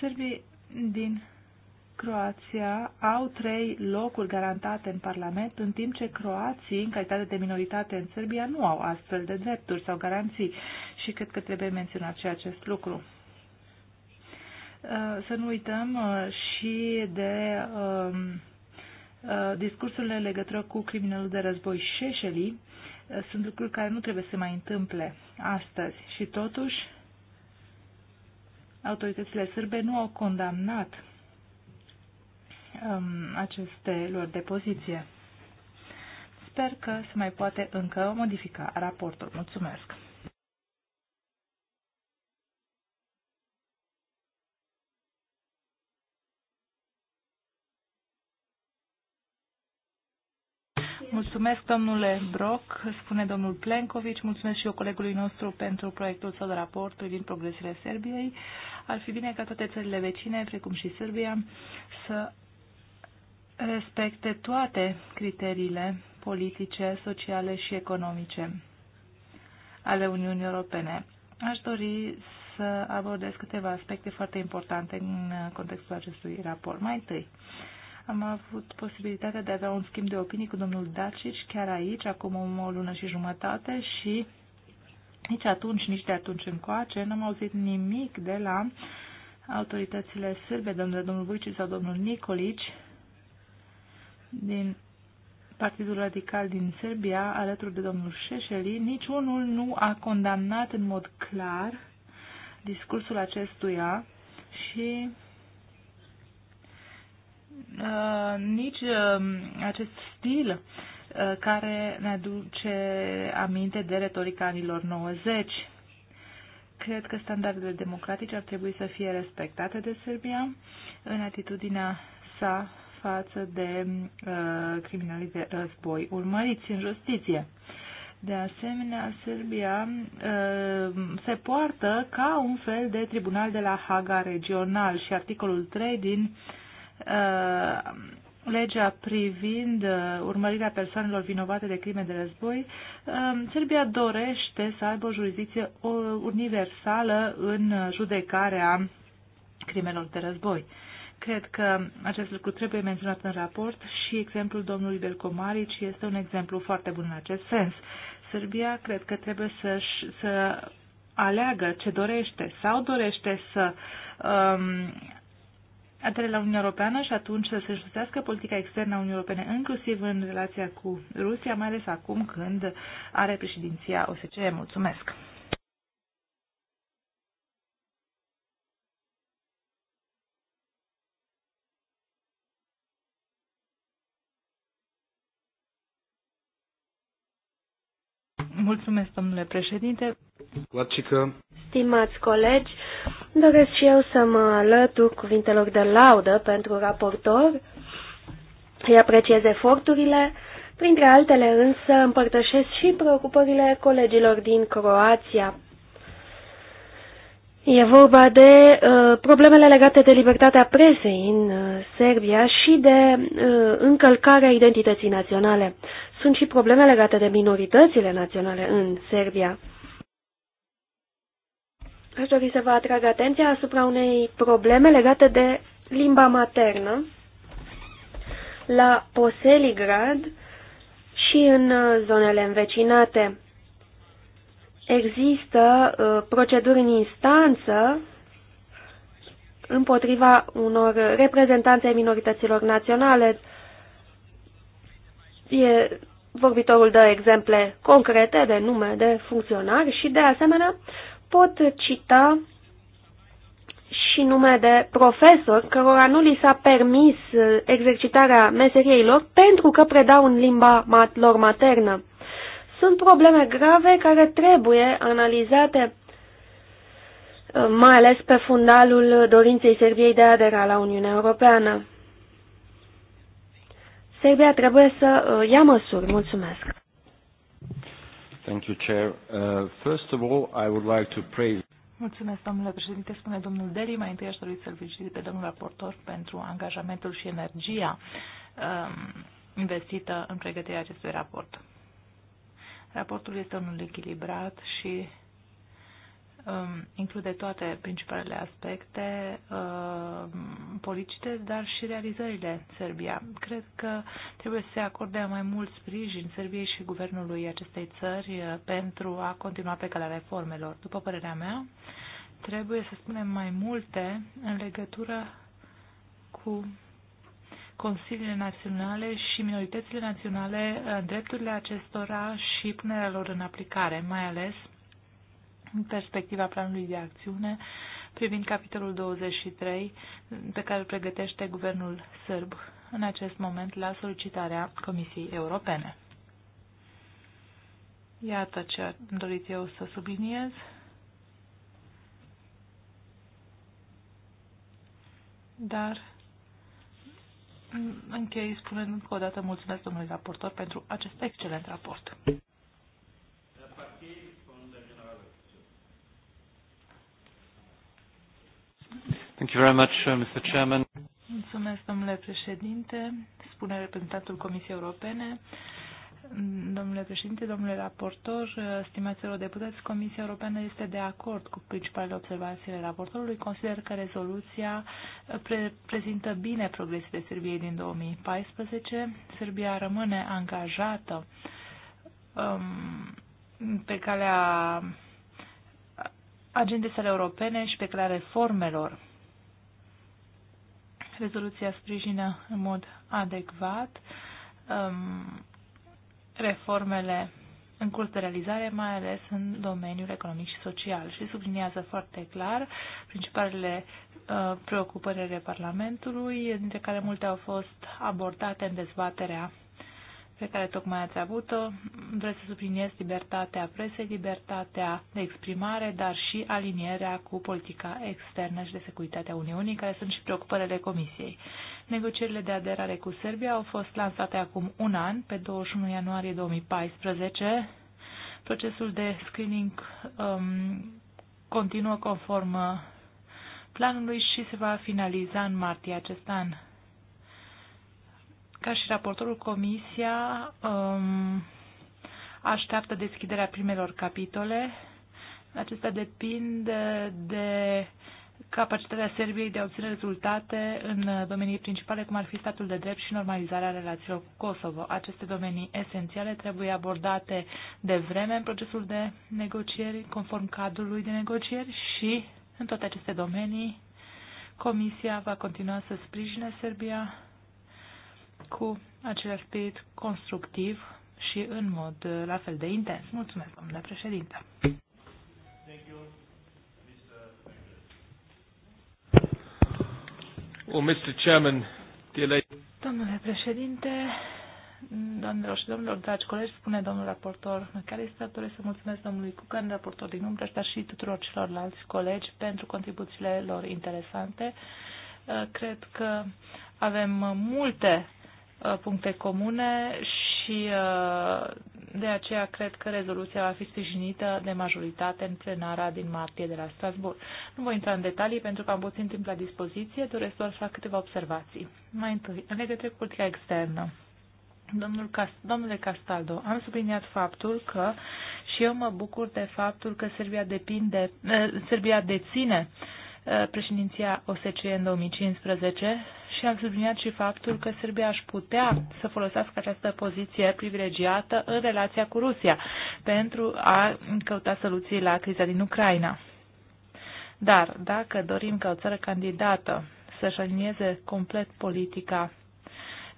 Sârbii din Croația au trei locuri garantate în Parlament, în timp ce croații, în calitate de minoritate în Serbia, nu au astfel de drepturi sau garanții și cred că trebuie menționat și acest lucru. Uh, să nu uităm uh, și de um, uh, discursurile legătură cu criminalul de război Șeșeli. Sunt lucruri care nu trebuie să mai întâmple astăzi și totuși autoritățile sârbe nu au condamnat um, aceste lor de poziție. Sper că se mai poate încă modifica raportul. Mulțumesc! Mulțumesc, domnule Brock, spune domnul Plenković. Mulțumesc și eu colegului nostru pentru proiectul său de raport privind progresele Serbiei. Ar fi bine ca toate țările vecine, precum și Serbia, să respecte toate criteriile politice, sociale și economice ale Uniunii Europene. Aș dori să abordez câteva aspecte foarte importante în contextul acestui raport. Mai întâi, uh, am avut posibilitatea de a avea un schimb de opinii cu domnul Dacici chiar aici, acum o lună și jumătate și nici atunci, nici de atunci încoace, n-am auzit nimic de la autoritățile sârbe, domnul, domnul Vucic sau domnul Nicolici, din Partidul Radical din Serbia, alături de domnul Șeșeli, niciunul nu a condamnat în mod clar discursul acestuia și Uh, nici um, acest stil uh, care ne aduce aminte de retorica anilor 90. Cred că standardele democratice ar trebui să fie respectate de Serbia în atitudinea sa față de uh, criminalii de război urmăriți în justiție. De asemenea, Serbia uh, se poartă ca un fel de tribunal de la Haga regional și articolul 3 din uh, Uh, legea privind uh, urmărirea persoanelor vinovate de crime de război, um, Serbia dorește să aibă o jurisdicție uh, universală în judecarea crimelor de război. Cred că acest lucru trebuie menționat în raport și exemplul domnului Belcomarici este un exemplu foarte bun în acest sens. Serbia cred că trebuie să, să aleagă ce dorește sau dorește să um, atare la Uniunea Europeană și atunci să se justească politica externă a Uniunii Europene, inclusiv în relația cu Rusia, mai ales acum când are președinția OSCE. Mulțumesc! Mulțumesc, domnule președinte. Clacică. Stimați colegi, doresc și eu să mă alătur cuvintelor de laudă pentru raportor. Îi apreciez eforturile. Printre altele însă împărtășesc și preocupările colegilor din Croația E vorba de uh, problemele legate de libertatea presei în uh, Serbia și de uh, încălcarea identității naționale. Sunt și probleme legate de minoritățile naționale în Serbia. Aș dori să vă atrag atenția asupra unei probleme legate de limba maternă la Poseligrad și în uh, zonele învecinate există uh, proceduri în instanță împotriva unor reprezentanțe ai minorităților naționale. E, vorbitorul dă exemple concrete de nume de funcționari și, de asemenea, pot cita și nume de profesori cărora nu li s-a permis uh, exercitarea meseriei lor pentru că predau în limba lor maternă. Sunt probleme grave care trebuie analizate, mai ales pe fundalul dorinței Serbiei de a adera la Uniunea Europeană. Serbia trebuie să uh, ia măsuri. Mulțumesc. Thank you, Chair. Uh, first of all, I would like to praise Mulțumesc, domnule președinte. Spune domnul Deli, mai întâi aș dori să-l pe domnul raportor pentru angajamentul și energia um, investită în pregătirea acestui raport. Raportul este unul echilibrat și um, include toate principalele aspecte uh, politice, dar și realizările Serbia. Cred că trebuie să se acorde mai mult sprijin Serbiei și guvernului acestei țări uh, pentru a continua pe calea reformelor. După părerea mea, trebuie să spunem mai multe în legătură cu Consiliile Naționale și minoritățile naționale, uh, drepturile acestora și punerea lor în aplicare, mai ales în perspectiva planului de acțiune privind capitolul 23 uh, pe care îl pregătește guvernul sârb în acest moment la solicitarea Comisiei Europene. Iată ce am dorit eu să subliniez. Dar închei spunând încă o dată mulțumesc domnului raportor pentru acest excelent raport. Thank you very much, uh, Mr. Chairman. Mulțumesc, domnule președinte, spune reprezentantul Comisiei Europene domnule președinte, domnule raportor, stimați deputați, Comisia Europeană este de acord cu principalele observații ale raportorului. Consider că rezoluția pre prezintă bine progresele Serbiei din 2014. Serbia rămâne angajată um, pe calea agendei sale europene și pe calea reformelor. Rezoluția sprijină în mod adecvat um, reformele în curs de realizare, mai ales în domeniul economic și social. Și subliniază foarte clar principalele uh, preocupări ale Parlamentului, dintre care multe au fost abordate în dezbaterea pe care tocmai ați avut-o. Vreau să subliniez libertatea presei, libertatea de exprimare, dar și alinierea cu politica externă și de securitate a Uniunii, care sunt și preocupările Comisiei. Negocierile de aderare cu Serbia au fost lansate acum un an, pe 21 ianuarie 2014. Procesul de screening um, continuă conform uh, planului și se va finaliza în martie acest an. Ca și raportorul, Comisia um, așteaptă deschiderea primelor capitole. Acestea depind de capacitatea Serbiei de a obține rezultate în domenii principale, cum ar fi statul de drept și normalizarea relațiilor cu Kosovo. Aceste domenii esențiale trebuie abordate de vreme în procesul de negocieri, conform cadrului de negocieri și, în toate aceste domenii, Comisia va continua să sprijine Serbia cu același spirit constructiv și în mod uh, la fel de intens. Mulțumesc, domnule președinte. Well, Mr. Chairman, dear Domnule președinte, doamnelor și domnilor, dragi colegi, spune domnul raportor McAllister, doresc să mulțumesc domnului Cucan, raportor din umbră, dar și tuturor celorlalți colegi pentru contribuțiile lor interesante. Uh, cred că avem multe Uh, puncte comune și uh, de aceea cred că rezoluția va fi sprijinită de majoritate în plenara din martie de la Strasbourg. Nu voi intra în detalii pentru că am puțin timp la dispoziție, doresc doar să fac câteva observații. Mai întâi, în legătură cu politica externă. Domnul Cast- Domnule Castaldo, am subliniat faptul că și eu mă bucur de faptul că Serbia depinde, eh, Serbia deține uh, Uh, președinția OSCE în 2015 și am subliniat și faptul că Serbia aș putea să folosească această poziție privilegiată în relația cu Rusia pentru a căuta soluții la criza din Ucraina. Dar dacă dorim ca o țară candidată să-și alinieze complet politica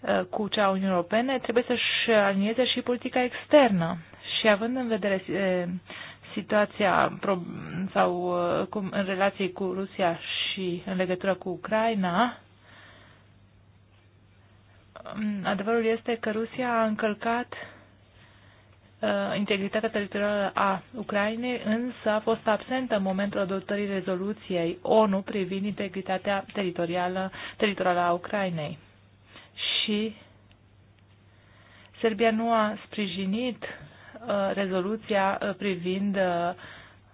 uh, cu cea a Uniunii Europene, trebuie să-și alinieze și politica externă. Și având în vedere uh, situația sau uh, cum, în relații cu Rusia și în legătură cu Ucraina, um, adevărul este că Rusia a încălcat uh, integritatea teritorială a Ucrainei, însă a fost absentă în momentul adoptării rezoluției ONU privind integritatea teritorială, teritorială a Ucrainei. Și Serbia nu a sprijinit Uh, rezoluția uh, privind uh,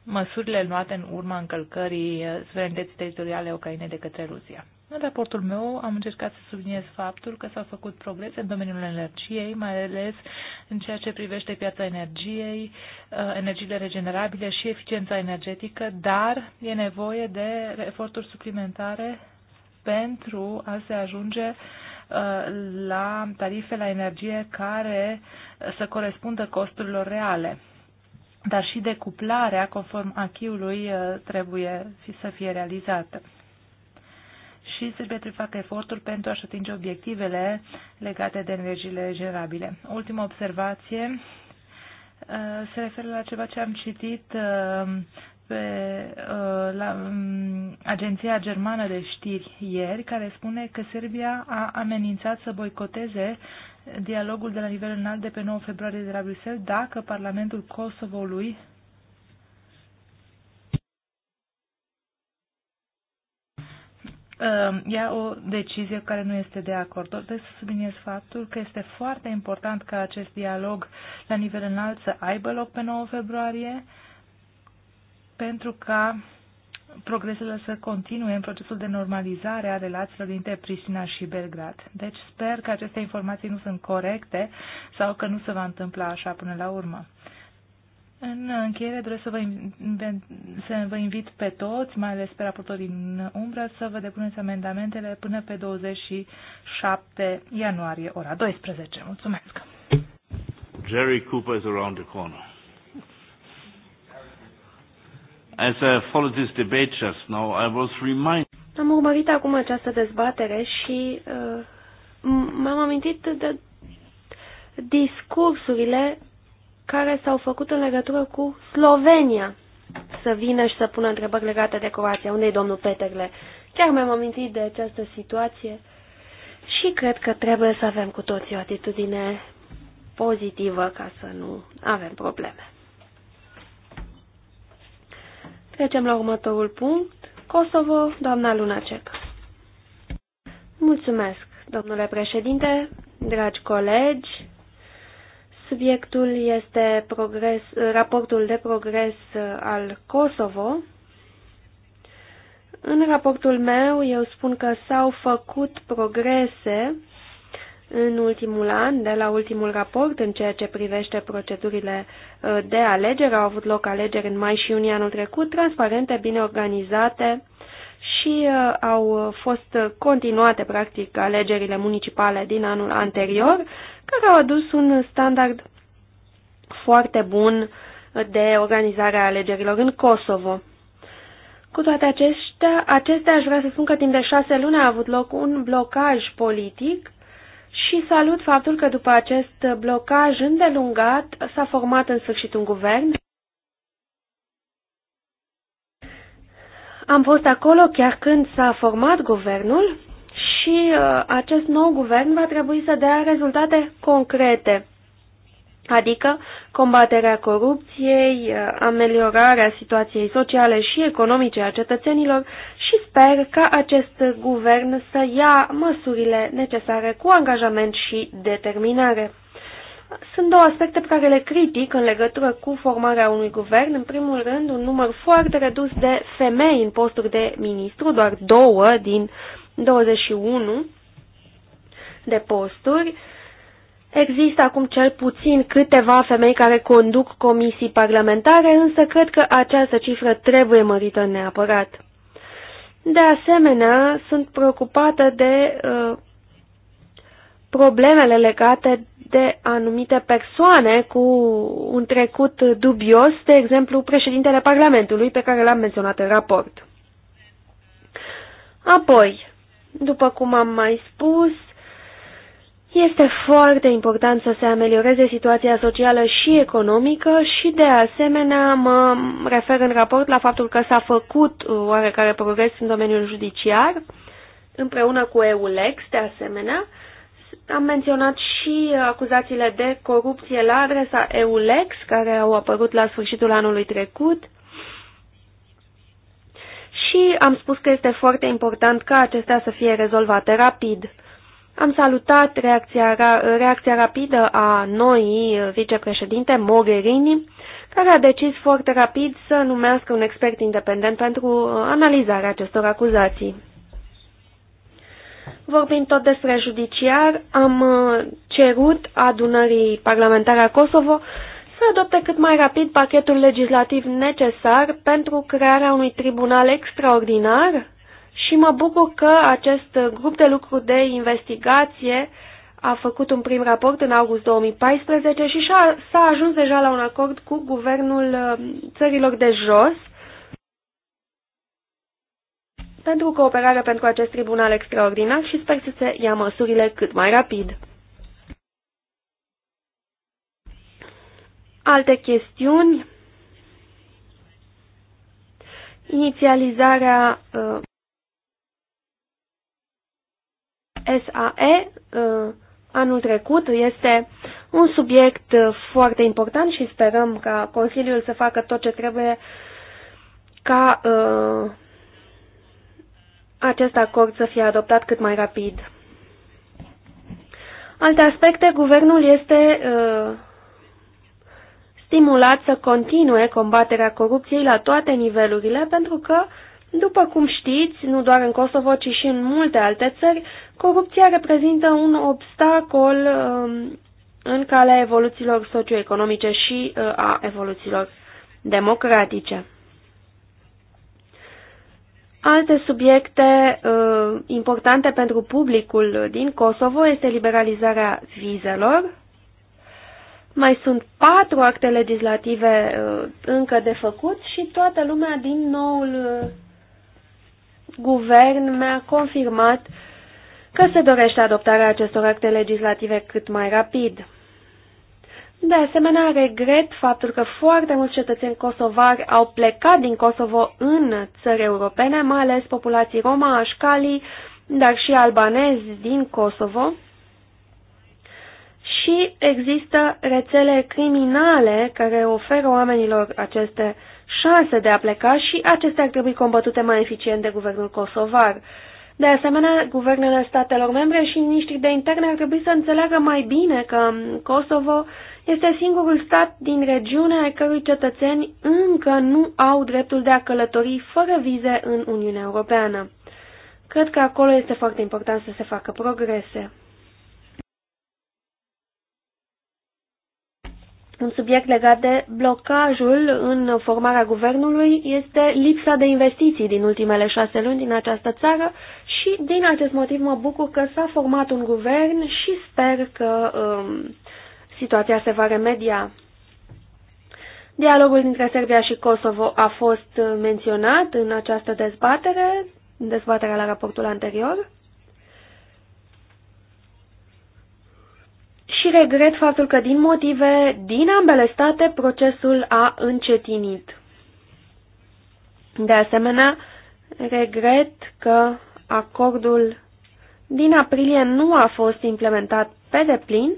măsurile luate în urma încălcării suverenității teritoriale Ucraine de către Rusia. În raportul meu am încercat să subliniez faptul că s-au făcut progrese în domeniul energiei, mai ales în ceea ce privește piața energiei, energiile regenerabile și eficiența energetică, dar e nevoie de eforturi suplimentare pentru a se ajunge uh, Uh, la tarife la energie care să corespundă costurilor reale. Dar și decuplarea, conform achiului, uh, trebuie să fie realizată și să trebuie facă eforturi pentru a-și atinge obiectivele legate de energiile generabile. Ultima observație uh, se referă la ceva ce am citit pe uh, la, um, Agenția Germană de Știri ieri, care spune că Serbia a amenințat să boicoteze dialogul de la nivel înalt de pe 9 februarie de la Bruxelles dacă Parlamentul Kosovo lui uh, ia o decizie care nu este de acord. Trebuie să subliniez faptul că este foarte important ca acest dialog la nivel înalt să aibă loc pe 9 februarie, pentru ca progresele să continue în procesul de normalizare a relațiilor dintre Pristina și Belgrad. Deci sper că aceste informații nu sunt corecte sau că nu se va întâmpla așa până la urmă. În încheiere doresc să vă, să vă invit pe toți, mai ales pe raportorii în umbră, să vă depuneți amendamentele până pe 27 ianuarie, ora 12. Mulțumesc! Jerry Cooper is around the corner. As I followed this debate just now, I was reminded. Am urmărit acum această dezbatere și uh, m-am amintit de discursurile care s-au făcut în legătură cu Slovenia să vină și să pună întrebări legate de Croația. Unde e domnul Peterle? Chiar mi-am amintit de această situație și cred că trebuie să avem cu toții o atitudine pozitivă ca să nu avem probleme. Trecem la următorul punct. Kosovo, doamna Lunacek. Mulțumesc, domnule președinte, dragi colegi. Subiectul este progres, raportul de progres al Kosovo. În raportul meu eu spun că s-au făcut progrese în ultimul an, de la ultimul raport, în ceea ce privește procedurile uh, de alegeri. Au avut loc alegeri în mai și iunie anul trecut, transparente, bine organizate și uh, au fost continuate, practic, alegerile municipale din anul anterior, care au adus un standard foarte bun de organizare a alegerilor în Kosovo. Cu toate acestea, acestea aș vrea să spun că timp de șase luni a avut loc un blocaj politic și salut faptul că după acest blocaj îndelungat s-a format în sfârșit un guvern. Am fost acolo chiar când s-a format guvernul și uh, acest nou guvern va trebui să dea rezultate concrete adică combaterea corupției, ameliorarea situației sociale și economice a cetățenilor și sper ca acest guvern să ia măsurile necesare cu angajament și determinare. Sunt două aspecte pe care le critic în legătură cu formarea unui guvern. În primul rând, un număr foarte redus de femei în posturi de ministru, doar două din 21 de posturi. Uh, Există acum cel puțin câteva femei care conduc comisii parlamentare, însă cred că această cifră trebuie mărită neapărat. De asemenea, sunt preocupată de uh, problemele legate de anumite persoane cu un trecut dubios, de exemplu președintele Parlamentului pe care l-am menționat în raport. Apoi, după cum am mai spus, este foarte important să se amelioreze situația socială și economică și, de asemenea, mă refer în raport la faptul că s-a făcut oarecare progres în domeniul judiciar, împreună cu EULEX, de asemenea. Am menționat și acuzațiile de corupție la adresa EULEX, care au apărut la sfârșitul anului trecut. Și am spus că este foarte important ca acestea să fie rezolvate rapid. Am salutat reacția, reacția rapidă a noii vicepreședinte Mogherini, care a decis foarte rapid să numească un expert independent pentru uh, analizarea acestor acuzații. Vorbind tot despre judiciar, am uh, cerut adunării parlamentare a Kosovo să adopte cât mai rapid pachetul legislativ necesar pentru crearea unui tribunal extraordinar și mă bucur că acest grup de lucru de investigație a făcut un prim raport în august 2014 și s-a ajuns deja la un acord cu guvernul uh, țărilor de jos pentru cooperare pentru acest tribunal extraordinar și sper să se ia măsurile cât mai rapid. Alte chestiuni? Inițializarea uh, SAE uh, anul trecut. Este un subiect uh, foarte important și sperăm ca Consiliul să facă tot ce trebuie ca uh, acest acord să fie adoptat cât mai rapid. Alte aspecte, guvernul este uh, stimulat să continue combaterea corupției la toate nivelurile pentru că uh, după cum știți, nu doar în Kosovo, ci și în multe alte țări, corupția reprezintă un obstacol um, în calea evoluțiilor socioeconomice și uh, a evoluțiilor democratice. Alte subiecte uh, importante pentru publicul din Kosovo este liberalizarea vizelor. Mai sunt patru acte legislative uh, încă de făcut și toată lumea din noul uh, guvern mi-a confirmat că se dorește adoptarea acestor acte legislative cât mai rapid. De asemenea, regret faptul că foarte mulți cetățeni kosovari au plecat din Kosovo în țări europene, mai ales populații roma, așcali, dar și albanezi din Kosovo. Și există rețele criminale care oferă oamenilor aceste șanse de a pleca și acestea ar trebui combătute mai eficient de guvernul kosovar. De asemenea, guvernele statelor membre și miniștrii de interne ar trebui să înțeleagă mai bine că Kosovo este singurul stat din regiune ai cărui cetățeni încă nu au dreptul de a călători fără vize în Uniunea Europeană. Cred că acolo este foarte important să se facă progrese. un subiect legat de blocajul în formarea guvernului este lipsa de investiții din ultimele șase luni din această țară și din acest motiv mă bucur că s-a format un guvern și sper că um, situația se va remedia. Dialogul dintre Serbia și Kosovo a fost menționat în această dezbatere, în dezbaterea la raportul anterior. și regret faptul că din motive din ambele state procesul a încetinit. De asemenea, regret că acordul din aprilie nu a fost implementat pe deplin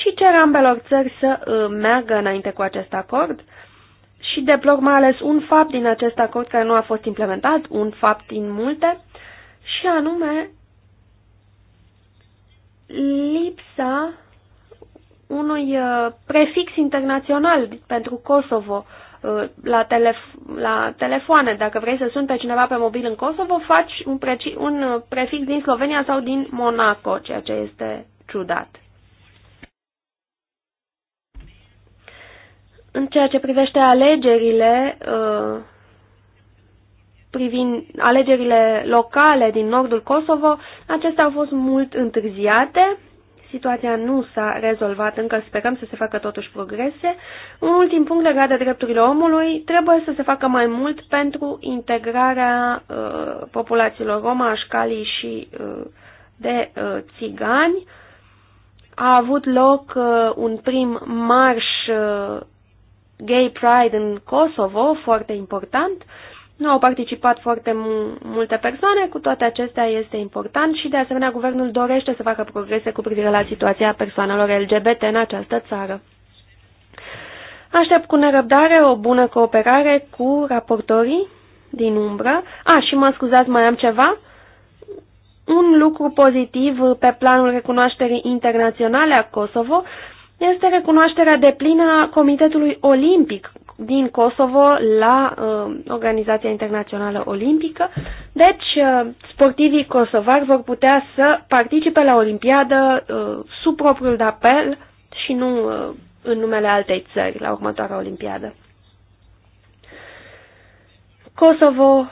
și cer ambelor țări să uh, meargă înainte cu acest acord și deplor mai ales un fapt din acest acord care nu a fost implementat, un fapt din multe, și anume lipsa unui uh, prefix internațional pentru Kosovo uh, la, telef- la telefoane. Dacă vrei să suni pe cineva pe mobil în Kosovo, faci un, preci- un uh, prefix din Slovenia sau din Monaco, ceea ce este ciudat. În ceea ce privește alegerile, privind alegerile locale din nordul Kosovo, acestea au fost mult întârziate situația nu s-a rezolvat încă, sperăm să se facă totuși progrese. Un ultim punct legat de drepturile omului, trebuie să se facă mai mult pentru integrarea uh, populațiilor roma, așcalii și uh, de uh, țigani. A avut loc uh, un prim marș uh, Gay Pride în Kosovo, foarte important. Uh, nu au participat foarte multe persoane, cu toate acestea este important și de asemenea guvernul dorește să facă progrese cu privire la situația persoanelor LGBT în această țară. Aștept cu nerăbdare o bună cooperare cu raportorii din umbră. A, și mă scuzați, mai am ceva? Un lucru pozitiv pe planul recunoașterii internaționale a Kosovo este recunoașterea deplină a Comitetului Olimpic din Kosovo la uh, Organizația Internațională Olimpică. Deci, uh, sportivii kosovari vor putea să participe la Olimpiadă uh, sub propriul de apel și nu uh, în numele altei țări la următoarea Olimpiadă. Kosovo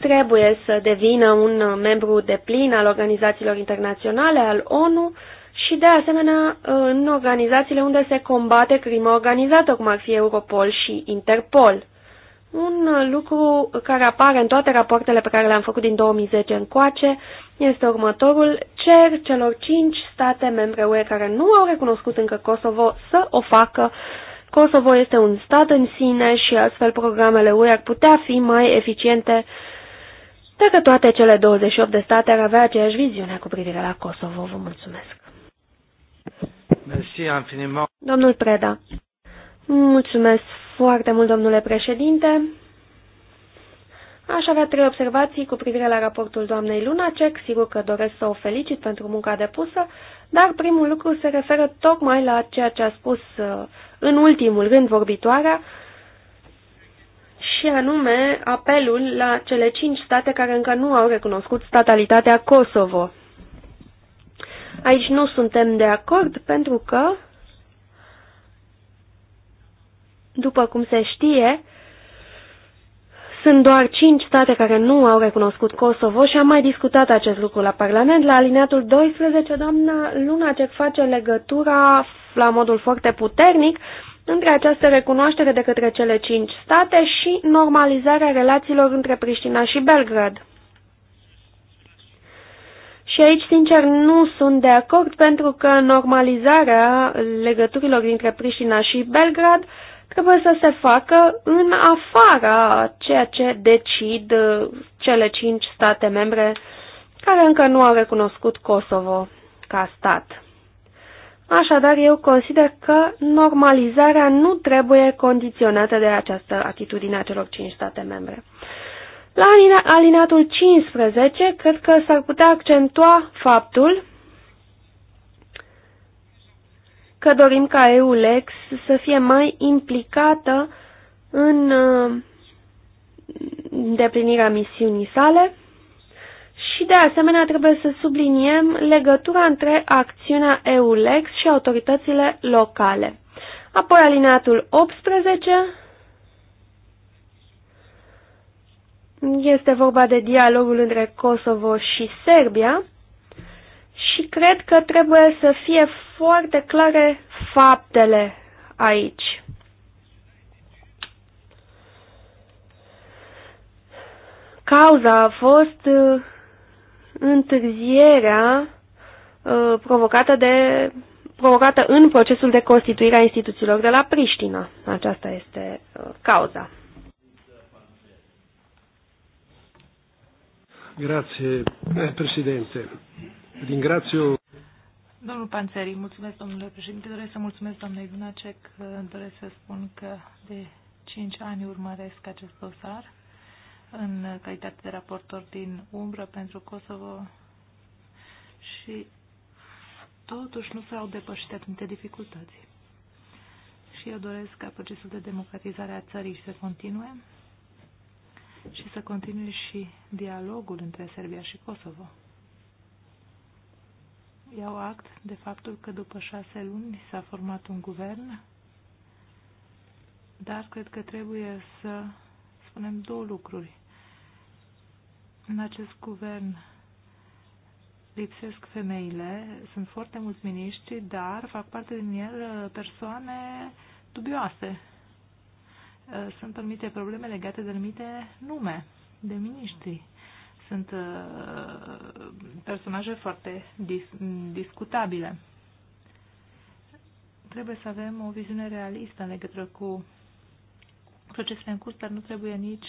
trebuie să devină un membru de plin al organizațiilor internaționale, al ONU, uh, și de asemenea în organizațiile unde se combate crima organizată, cum ar fi Europol și Interpol. Un lucru care apare în toate rapoartele pe care le-am făcut din 2010 încoace este următorul. Cer celor cinci state membre UE care nu au recunoscut încă Kosovo să o facă. Kosovo este un stat în sine și astfel programele UE ar putea fi mai eficiente dacă toate cele 28 de state ar avea aceeași viziune cu privire la Kosovo. Vă mulțumesc! Domnul Preda. Mulțumesc foarte mult, domnule președinte. Aș avea trei observații cu privire la raportul doamnei Lunacek. Sigur că doresc să o felicit pentru munca depusă, dar primul lucru se referă tocmai la ceea ce a spus uh, în ultimul rând vorbitoarea, și anume apelul la cele cinci state care încă nu au recunoscut statalitatea Kosovo. Aici nu suntem de acord pentru că, după cum se știe, sunt doar cinci state care nu au recunoscut Kosovo și am mai discutat acest lucru la Parlament. La alineatul 12, doamna Lunacek face legătura la modul foarte puternic între această recunoaștere de către cele cinci state și normalizarea relațiilor între Priștina și Belgrad. Și aici, sincer, nu sunt de acord pentru că normalizarea legăturilor dintre Priștina și Belgrad trebuie să se facă în afara ceea ce decid uh, cele cinci state membre care încă nu au recunoscut Kosovo ca stat. Așadar, eu consider că normalizarea nu trebuie condiționată de această atitudine a celor cinci state membre. La alineatul 15, cred că s-ar putea accentua faptul că dorim ca EULEX să fie mai implicată în uh, îndeplinirea misiunii sale și de asemenea trebuie să subliniem legătura între acțiunea EULEX și autoritățile locale. Apoi alineatul 18, Este vorba de dialogul între Kosovo și Serbia și cred că trebuie să fie foarte clare faptele aici. Cauza a fost uh, întârzierea uh, provocată, de, provocată în procesul de constituire a instituțiilor de la Priștina. Aceasta este uh, cauza. Grazie, eh, președinte. Ringrazio. Domnul Panțeri, mulțumesc, domnule președinte. Doresc să mulțumesc doamnei Dunacek. Doresc să spun că de 5 ani urmăresc acest dosar în calitate de raportor din umbră pentru Kosovo și totuși nu s-au depășit atâtea dificultăți. Și eu doresc ca procesul de democratizare a țării să continue și să continue și dialogul între Serbia și Kosovo. Iau act de faptul că după șase luni s-a format un guvern, dar cred că trebuie să spunem două lucruri. În acest guvern lipsesc femeile, sunt foarte mulți miniștri, dar fac parte din el uh, persoane dubioase. Uh, sunt anumite probleme legate de anumite nume de miniștri. Sunt uh, personaje foarte dis- discutabile. Trebuie să avem o viziune realistă în legătură cu procesele în curs, dar nu trebuie nici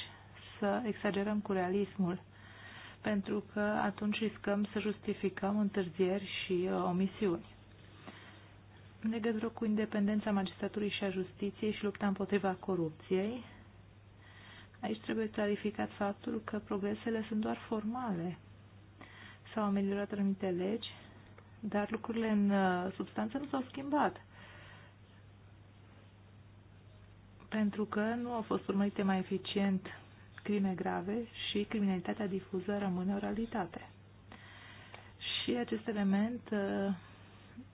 să exagerăm cu realismul, pentru că atunci riscăm să justificăm întârzieri și uh, omisiuni în legătură cu independența magistraturii și a justiției și lupta împotriva corupției. Aici trebuie clarificat faptul că progresele sunt doar formale. S-au ameliorat anumite legi, dar lucrurile în uh, substanță nu s-au schimbat. Pentru că nu au fost urmărite mai eficient crime grave și criminalitatea difuză rămâne o realitate. Și acest element uh,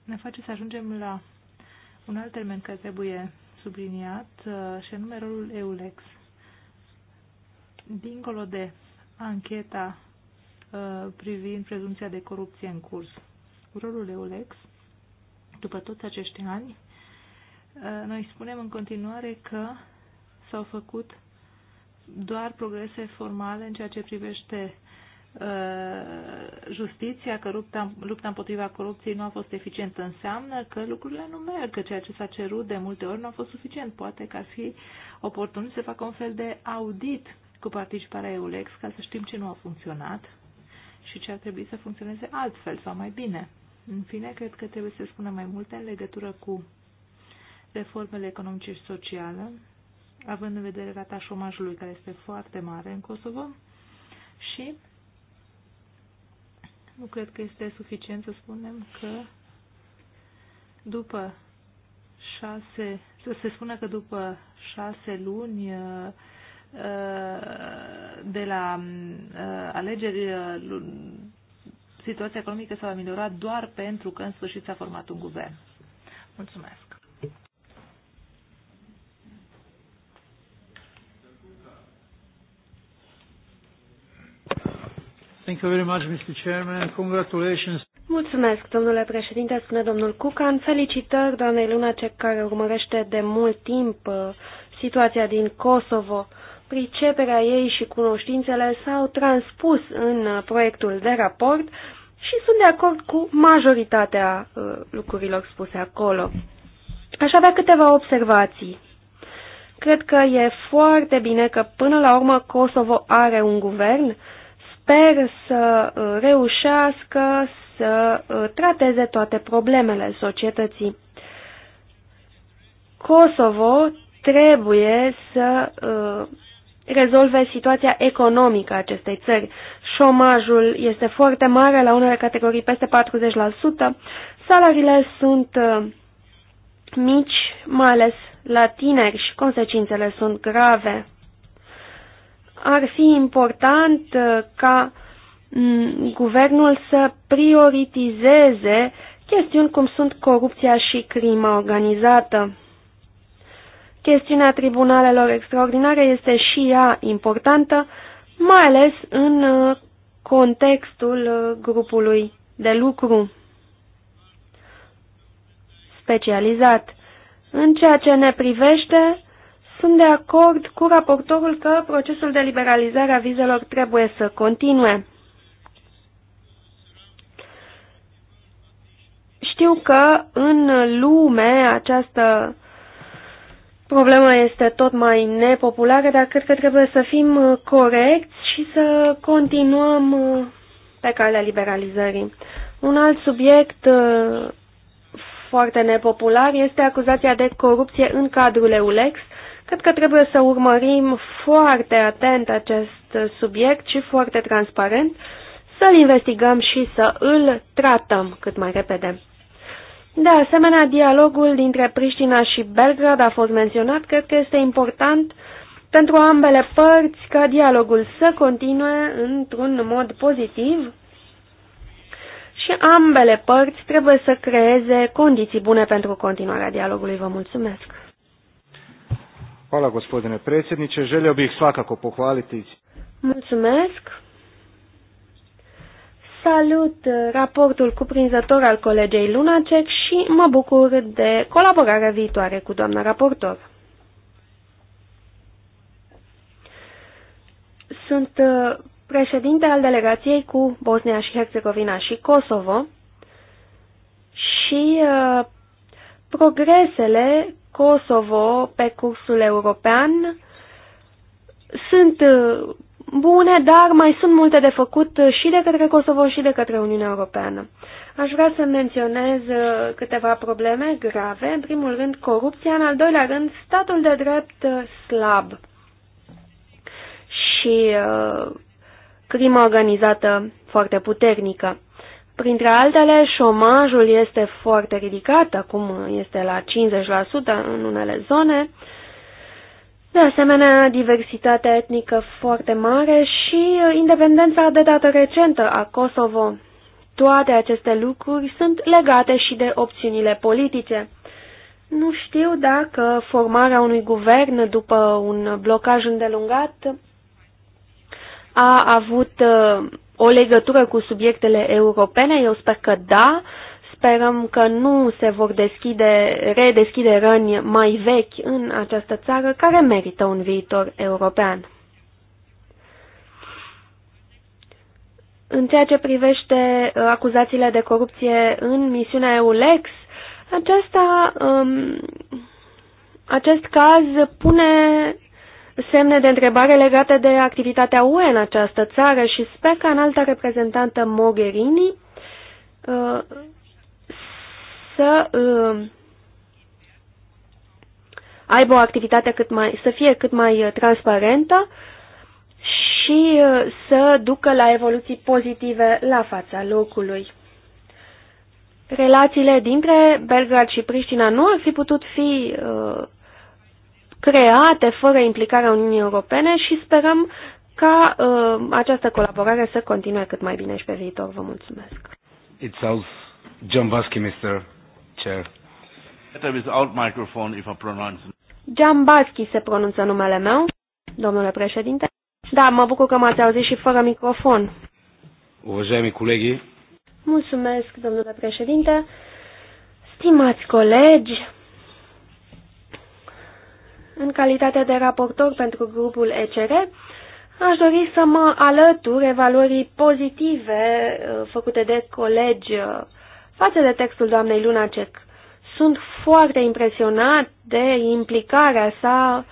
ne face să ajungem la un alt termen care trebuie subliniat uh, și anume rolul EULEX. Dincolo de ancheta uh, privind prezumția de corupție în curs, rolul EULEX, după toți acești ani, uh, noi spunem în continuare că s-au făcut doar progrese formale în ceea ce privește Uh, justiția, că lupta, lupta împotriva corupției nu a fost eficientă, înseamnă că lucrurile nu merg, că ceea ce s-a cerut de multe ori nu a fost suficient. Poate că ar fi oportun să facă un fel de audit cu participarea EULEX ca să știm ce nu a funcționat și ce ar trebui să funcționeze altfel sau mai bine. În fine, cred că trebuie să spunem mai multe în legătură cu reformele economice și sociale, având în vedere rata șomajului care este foarte mare în Kosovo și nu cred că este suficient să spunem că după șase, să se spună că după șase luni uh, uh, de la uh, alegeri situația economică s-a ameliorat doar pentru că în sfârșit s-a format un guvern. Mulțumesc! Thank you very much, Mr. Chairman. Congratulations. Mulțumesc, domnule președinte, spune domnul Cucan. Felicitări doamnei ce care urmărește de mult timp uh, situația din Kosovo. Priceperea ei și cunoștințele s-au transpus în uh, proiectul de raport și sunt de acord cu majoritatea uh, lucrurilor spuse acolo. Aș avea câteva observații. Cred că e foarte bine că până la urmă Kosovo are un guvern sper să uh, reușească să uh, trateze toate problemele societății. Kosovo trebuie să uh, rezolve situația economică a acestei țări. Șomajul este foarte mare, la unele categorii peste 40%, salariile sunt mici, mai ales la tineri și consecințele sunt grave ar fi important uh, ca mm, guvernul să prioritizeze chestiuni cum sunt corupția și crima organizată. Chestiunea tribunalelor extraordinare este și ea importantă, mai ales în uh, contextul uh, grupului de lucru specializat. În ceea ce ne privește, sunt de acord cu raportorul că procesul de liberalizare a vizelor trebuie să continue. Știu că în lume această problemă este tot mai nepopulară, dar cred că trebuie să fim corecți și să continuăm pe calea liberalizării. Un alt subiect uh, foarte nepopular este acuzația de corupție în cadrul EULEX Cred că trebuie să urmărim foarte atent acest subiect și foarte transparent, să-l investigăm și să îl tratăm cât mai repede. De asemenea, dialogul dintre Priștina și Belgrad a fost menționat. Cred că este important pentru ambele părți ca dialogul să continue într-un mod pozitiv și ambele părți trebuie să creeze condiții bune pentru continuarea dialogului. Vă mulțumesc! Hvala gospodine predsjedniče. Želio bih svakako pohvaliti. Mulțumesc. Salut raportul cuprinzător al colegei Lunacek și mă bucur de colaborarea viitoare cu doamna raportor. Sunt uh, președinte al delegației cu Bosnia și Herțegovina și Kosovo și uh, progresele Kosovo pe cursul european sunt uh, bune, dar mai sunt multe de făcut uh, și de către Kosovo și de către Uniunea Europeană. Aș vrea să menționez uh, câteva probleme grave. În primul rând, corupția, în al doilea rând, statul de drept slab și uh, crimă organizată foarte puternică. Printre altele, șomajul este foarte ridicat, acum este la 50% în unele zone, de asemenea, diversitatea etnică foarte mare și independența de dată recentă a Kosovo. Toate aceste lucruri sunt legate și de opțiunile politice. Nu știu dacă formarea unui guvern după un blocaj îndelungat a avut o legătură cu subiectele europene? Eu sper că da. Sperăm că nu se vor deschide, redeschide răni mai vechi în această țară care merită un viitor european. În ceea ce privește uh, acuzațiile de corupție în misiunea EULEX, acesta, um, acest caz pune semne de întrebare legate de activitatea UE în această țară și sper că în alta reprezentantă Mogherini uh, să uh, aibă o activitate cât mai, să fie cât mai uh, transparentă și să ducă la evoluții pozitive la fața locului. Relațiile dintre Belgrad și Priștina nu ar fi putut fi uh, create fără implicarea Uniunii Europene și sperăm ca uh, această colaborare să continue cât mai bine și pe viitor. Vă mulțumesc. It sounds John Vasky, Mr. Chair. without microphone if I pronounce John Giambaschi se pronunță numele meu, domnule președinte. Da, mă bucur că m-ați auzit și fără microfon. Уважаеми колеги. Mulțumesc, domnule președinte. Stimați colegi, în calitate de raportor pentru grupul ECR, aș dori să mă alătur evaluării pozitive uh, făcute de colegi uh, față de textul doamnei Lunacek. Sunt foarte impresionat de implicarea sa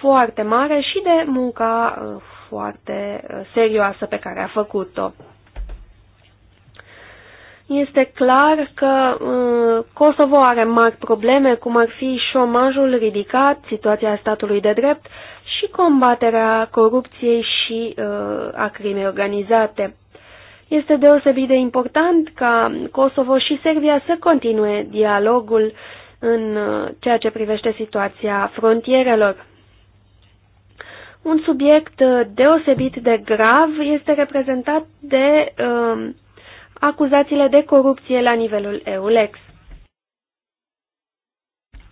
foarte mare și de munca uh, foarte serioasă pe care a făcut-o. Este clar că uh, Kosovo are mari probleme, cum ar fi șomajul ridicat, situația statului de drept și combaterea corupției și uh, a crimei organizate. Este deosebit de important ca Kosovo și Serbia să continue dialogul în uh, ceea ce privește situația frontierelor. Un subiect deosebit de grav este reprezentat de uh, acuzațiile de corupție la nivelul EULEX.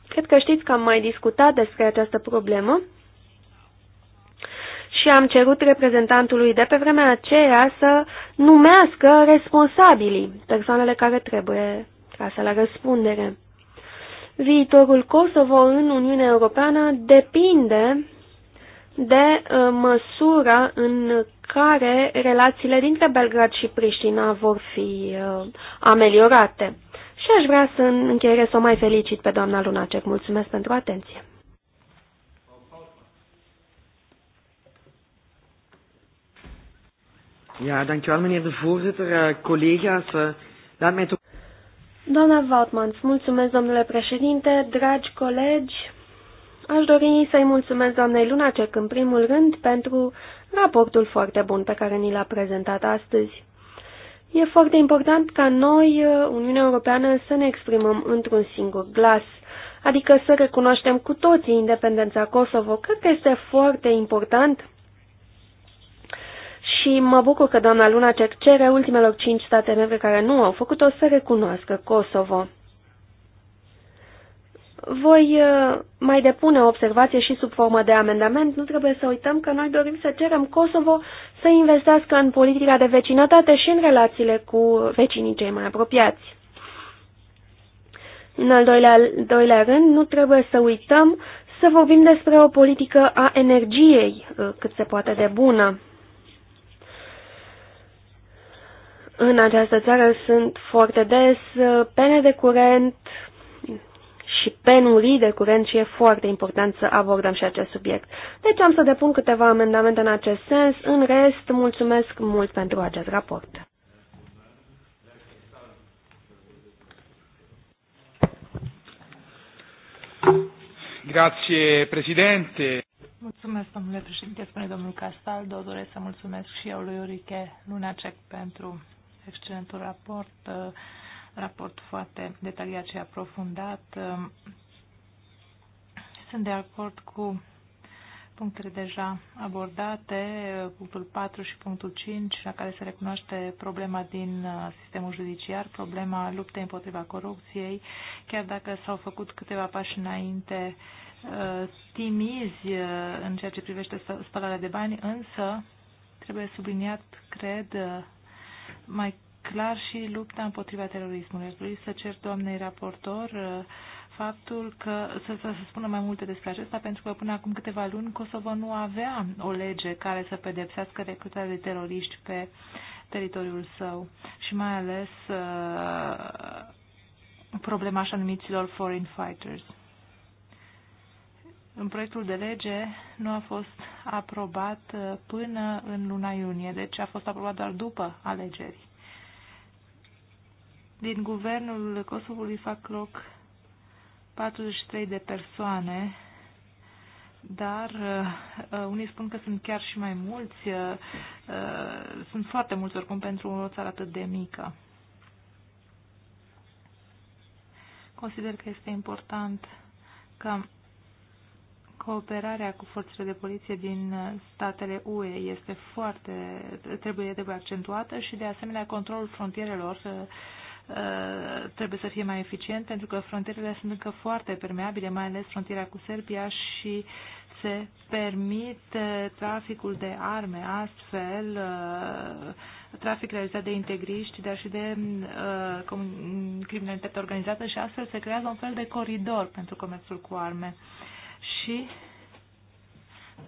Cred că știți că am mai discutat despre această problemă și am cerut reprezentantului de pe vremea aceea să numească responsabilii, persoanele care trebuie trase la răspundere. Viitorul Kosovo în Uniunea Europeană depinde de uh, măsura în care relațiile dintre Belgrad și Priștina vor fi uh, ameliorate. Și aș vrea să în încheiere să o mai felicit pe doamna Lunacek. Mulțumesc pentru atenție. Ja, dankjewel meneer de voorzitter. Uh, collega's, uh, laat mij toch... Donna Woutmans, mulțumesc domnule președinte, dragi colegi. Aș dori să-i mulțumesc doamnei Lunacek în primul rând pentru raportul foarte bun pe care ni l-a prezentat astăzi. E foarte important ca noi, Uniunea Europeană, să ne exprimăm într-un singur glas, adică să recunoaștem cu toții independența Kosovo. Cred că este foarte important și mă bucur că doamna Lunacek cere ultimelor cinci state membre care nu au făcut-o să recunoască Kosovo. Voi uh, mai depune o observație și sub formă de amendament. Nu trebuie să uităm că noi dorim să cerem Kosovo să investească în politica de vecinătate și în relațiile cu vecinii cei mai apropiați. În al doilea, doilea rând, nu trebuie să uităm să vorbim despre o politică a energiei uh, cât se poate de bună. În această țară sunt foarte des uh, pene de curent, și penurii de curent și e foarte important să abordăm și acest subiect. Deci am să depun câteva amendamente în acest sens. În rest, mulțumesc mult pentru acest raport. Grazie, Presidente. Mulțumesc, domnule președinte, spune domnul Castaldo. Doresc să mulțumesc și eu lui Ulrike Lunacek pentru excelentul raport raport foarte detaliat și aprofundat. Ehm, sunt de acord cu punctele deja abordate, punctul 4 și punctul 5, la care se recunoaște problema din uh, sistemul judiciar, problema luptei împotriva corupției, chiar dacă s-au făcut câteva pași înainte uh, timizi uh, în ceea ce privește spălarea de bani, însă trebuie subliniat, cred, mai clar și lupta împotriva terorismului. Aș dori să cer doamnei raportor uh, faptul că să, să se spună mai multe despre acesta, pentru că până acum câteva luni Kosovo nu avea o lege care să pedepsească recrutarea de teroriști pe teritoriul său și mai ales uh, problema așa numiților foreign fighters. În proiectul de lege nu a fost aprobat uh, până în luna iunie, deci a fost aprobat doar după alegeri. Din guvernul Kosovului fac loc 43 de persoane, dar uh, uh, unii spun că sunt chiar și mai mulți. Uh, uh, sunt foarte mulți oricum pentru o țară atât de mică. Consider că este important că cooperarea cu forțele de poliție din uh, statele UE este foarte, trebuie, trebuie accentuată și de asemenea controlul frontierelor uh, Uh, trebuie să fie mai eficient pentru că frontierele sunt încă foarte permeabile, mai ales frontiera cu Serbia și se permite uh, traficul de arme, astfel uh, trafic realizat de integriști, dar și de criminalitate organizată și astfel se creează un fel de coridor pentru comerțul cu arme. Și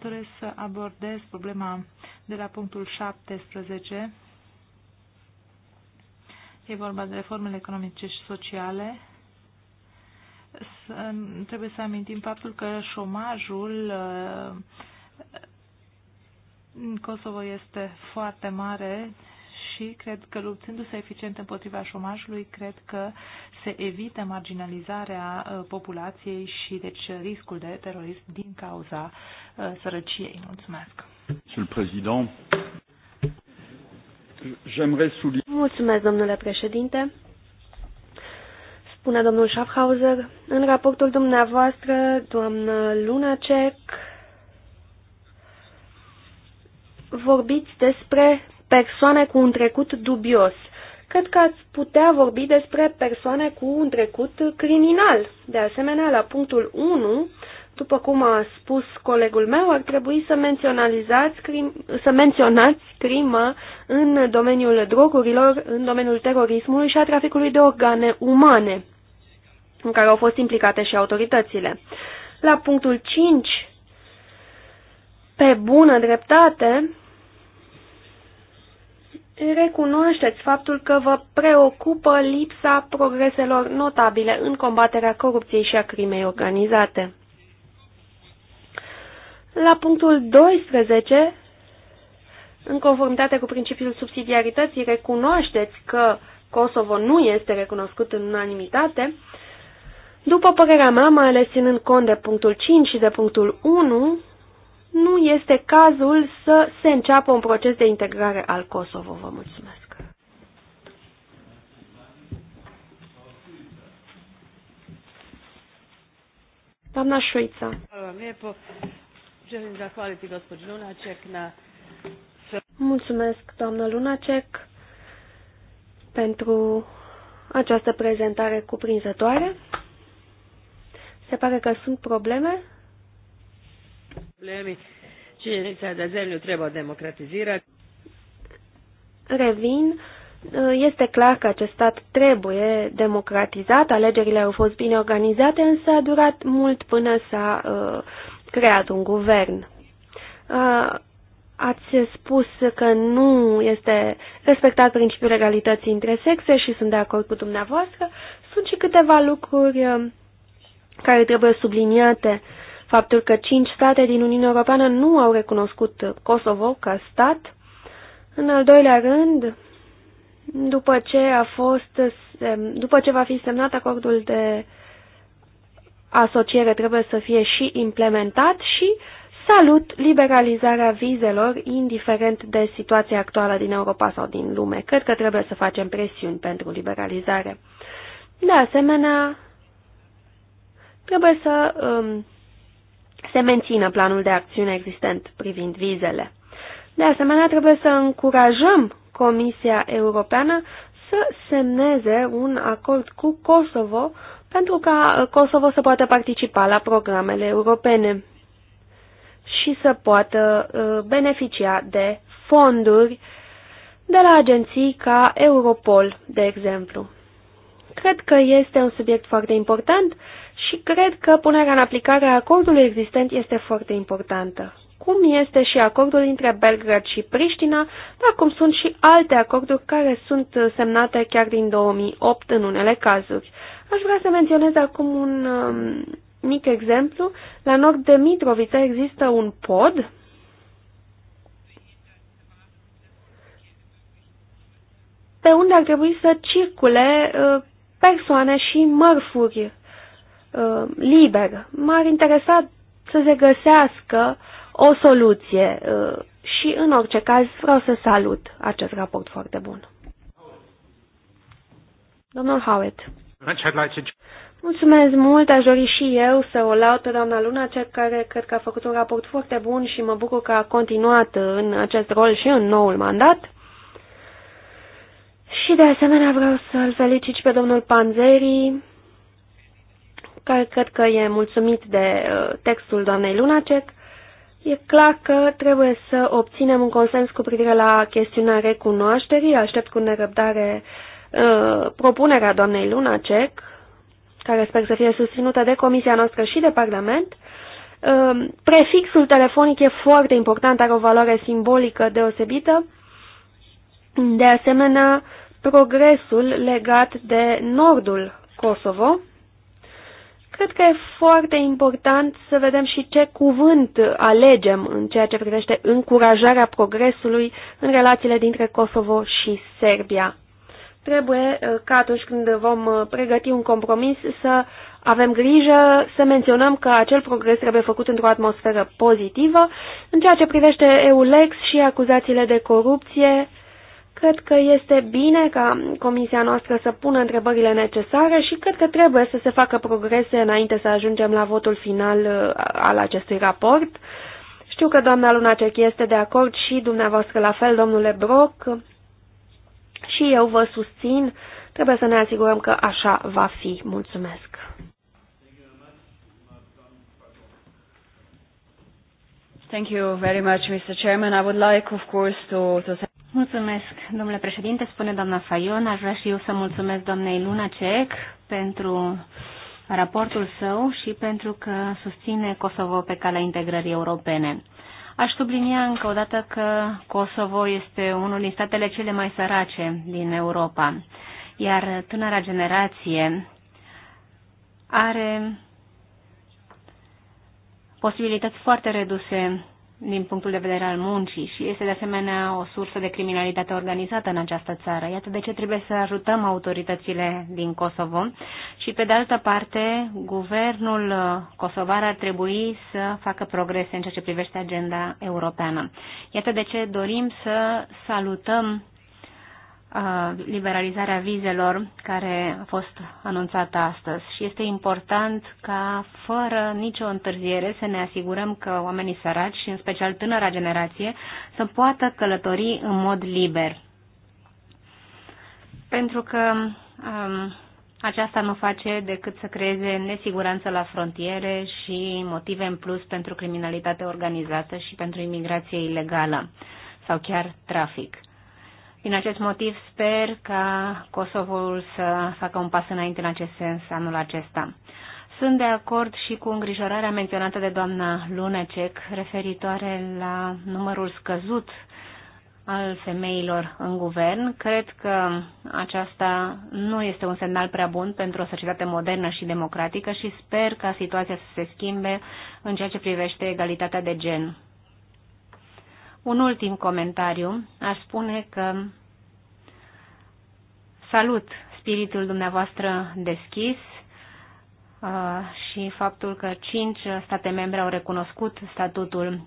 doresc să abordez problema de la punctul 17 e vorba de reformele economice și sociale, să, trebuie să amintim faptul că șomajul uh, în Kosovo este foarte mare și cred că luptându-se eficient împotriva șomajului, cred că se evită marginalizarea uh, populației și deci riscul de terorism din cauza uh, sărăciei. Mulțumesc. Monsieur le Président. Mulțumesc, domnule președinte. Spune domnul Schaffhauser, în raportul dumneavoastră, doamnă Lunacek, vorbiți despre persoane cu un trecut dubios. Cred că ați putea vorbi despre persoane cu un trecut criminal. De asemenea, la punctul 1, după cum a spus colegul meu, ar trebui să, menționalizați, să menționați crimă în domeniul drogurilor, în domeniul terorismului și a traficului de organe umane, în care au fost implicate și autoritățile. La punctul 5, pe bună dreptate, recunoașteți faptul că vă preocupă lipsa progreselor notabile în combaterea corupției și a crimei organizate. La punctul 12, în conformitate cu principiul subsidiarității, recunoașteți că Kosovo nu este recunoscut în unanimitate. După părerea mea, mai ales ținând cont de punctul 5 și de punctul 1, nu este cazul să se înceapă un proces de integrare al Kosovo. Vă mulțumesc. Doamna Șuiță. Želim zahvaliti gospođu na... Mulțumesc, doamnă Lunacek, pentru această prezentare cuprinzătoare. Se pare că sunt probleme. Problemi. de da trebuie treba democratizirati. Revin. Este clar că acest stat trebuie democratizat, alegerile au fost bine organizate, însă a durat mult până s-a uh, creat un guvern. Ați spus că nu este respectat principiul egalității între sexe și sunt de acord cu dumneavoastră. Sunt și câteva lucruri um, care trebuie subliniate. Faptul că cinci state din Uniunea Europeană nu au recunoscut Kosovo ca stat. În al doilea rând, după ce, a fost, după ce va fi semnat acordul de asociere trebuie să fie și implementat și salut liberalizarea vizelor, indiferent de situația actuală din Europa sau din lume. Cred că trebuie să facem presiuni pentru liberalizare. De asemenea, trebuie să um, se mențină planul de acțiune existent privind vizele. De asemenea, trebuie să încurajăm Comisia Europeană să semneze un acord cu Kosovo pentru ca uh, Kosovo să poată participa la programele europene și să poată uh, beneficia de fonduri de la agenții ca Europol, de exemplu. Cred că este un subiect foarte important și cred că punerea în aplicare a acordului existent este foarte importantă. Cum este și acordul dintre Belgrad și Priștina, dar cum sunt și alte acorduri care sunt uh, semnate chiar din 2008 în unele cazuri. Aș vrea să menționez acum un um, mic exemplu. La nord de Mitrovița există un pod pe unde ar trebui să circule uh, persoane și mărfuri uh, liber. M-ar interesa să se găsească o soluție uh, și, în orice caz, vreau să salut acest raport foarte bun. Domnul Howitt much. I'd like to... Mulțumesc mult, aș dori și eu să o laud pe doamna Luna, cea care cred că a făcut un raport foarte bun și mă bucur că a continuat în acest rol și în noul mandat. Și de asemenea vreau să-l felicit și pe domnul Panzeri, care cred că e mulțumit de uh, textul doamnei Lunacek. E clar că trebuie să obținem un consens cu privire la chestiunea recunoașterii. Aștept cu nerăbdare uh, Uh, propunerea doamnei Lunacek, care sper să fie susținută de Comisia noastră și de Parlament. Uh, prefixul telefonic e foarte important, are o valoare simbolică deosebită. De asemenea, progresul legat de nordul Kosovo. Cred că e foarte important să vedem și ce cuvânt alegem în ceea ce privește încurajarea progresului în relațiile dintre Kosovo și Serbia. Trebuie uh, ca atunci când vom uh, pregăti un compromis să avem grijă să menționăm că acel progres trebuie făcut într-o atmosferă pozitivă. În ceea ce privește EULEX și acuzațiile de corupție, cred că este bine ca comisia noastră să pună întrebările necesare și cred că trebuie să se facă progrese înainte să ajungem la votul final uh, al acestui raport. Știu că doamna Lunacek este de acord și dumneavoastră la fel, domnule Brock și eu vă susțin. Trebuie să ne asigurăm că așa va fi. Mulțumesc! Thank you very much, Mr. Chairman. I would like, of course, to, to say... Mulțumesc, domnule președinte, spune doamna Fayon. Aș vrea și eu să mulțumesc doamnei Luna Cec pentru raportul său și pentru că susține Kosovo pe calea integrării europene. Aș sublinia încă o dată că Kosovo este unul din statele cele mai sărace din Europa, iar tânăra generație are posibilități foarte reduse din punctul de vedere al muncii și este de asemenea o sursă de criminalitate organizată în această țară. Iată de ce trebuie să ajutăm autoritățile din Kosovo și, pe de altă parte, guvernul kosovar ar trebui să facă progrese în ceea ce privește agenda europeană. Iată de ce dorim să salutăm liberalizarea vizelor care a fost anunțată astăzi și este important ca fără nicio întârziere să ne asigurăm că oamenii săraci și în special tânăra generație să poată călători în mod liber. Pentru că um, aceasta nu face decât să creeze nesiguranță la frontiere și motive în plus pentru criminalitate organizată și pentru imigrație ilegală sau chiar trafic. Din acest motiv sper ca Kosovoul să facă un pas înainte în acest sens anul acesta. Sunt de acord și cu îngrijorarea menționată de doamna Lunecek referitoare la numărul scăzut al femeilor în guvern. Cred că aceasta nu este un semnal prea bun pentru o societate modernă și democratică și sper ca situația să se schimbe în ceea ce privește egalitatea de gen. Un ultim comentariu. Aș spune că salut spiritul dumneavoastră deschis uh, și faptul că cinci state membre au recunoscut statutul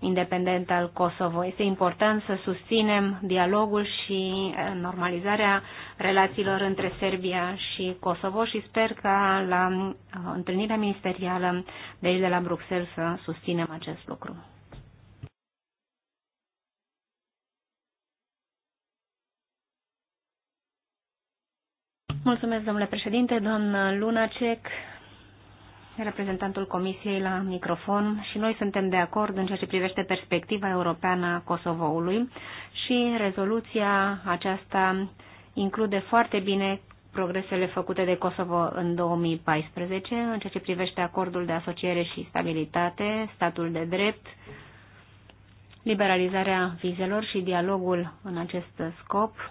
independent al Kosovo. Este important să susținem dialogul și uh, normalizarea relațiilor între Serbia și Kosovo și sper că la uh, întâlnirea ministerială de aici de la Bruxelles să susținem acest lucru. Mulțumesc, domnule președinte, doamnă Lunacek, reprezentantul Comisiei la microfon și noi suntem de acord în ceea ce privește perspectiva europeană a Kosovoului și rezoluția aceasta include foarte bine progresele făcute de Kosovo în 2014 în ceea ce privește acordul de asociere și stabilitate, statul de drept, liberalizarea vizelor și dialogul în acest scop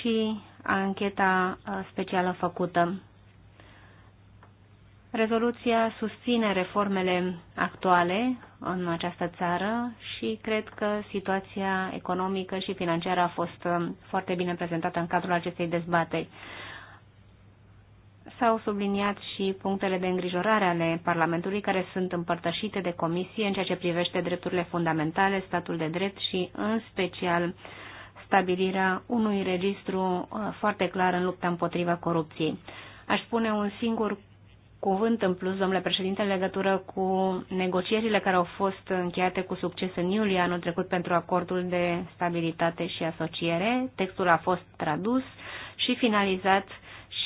și ancheta uh, specială făcută. Rezoluția susține reformele actuale în această țară și cred că situația economică și financiară a fost uh, foarte bine prezentată în cadrul acestei dezbateri. S-au subliniat și punctele de îngrijorare ale Parlamentului care sunt împărtășite de Comisie în ceea ce privește drepturile fundamentale, statul de drept și, în special, stabilirea unui registru uh, foarte clar în lupta împotriva corupției. Aș spune un singur cuvânt în plus, domnule președinte, în legătură cu negocierile care au fost încheiate cu succes în iulie anul trecut pentru acordul de stabilitate și asociere. Textul a fost tradus și finalizat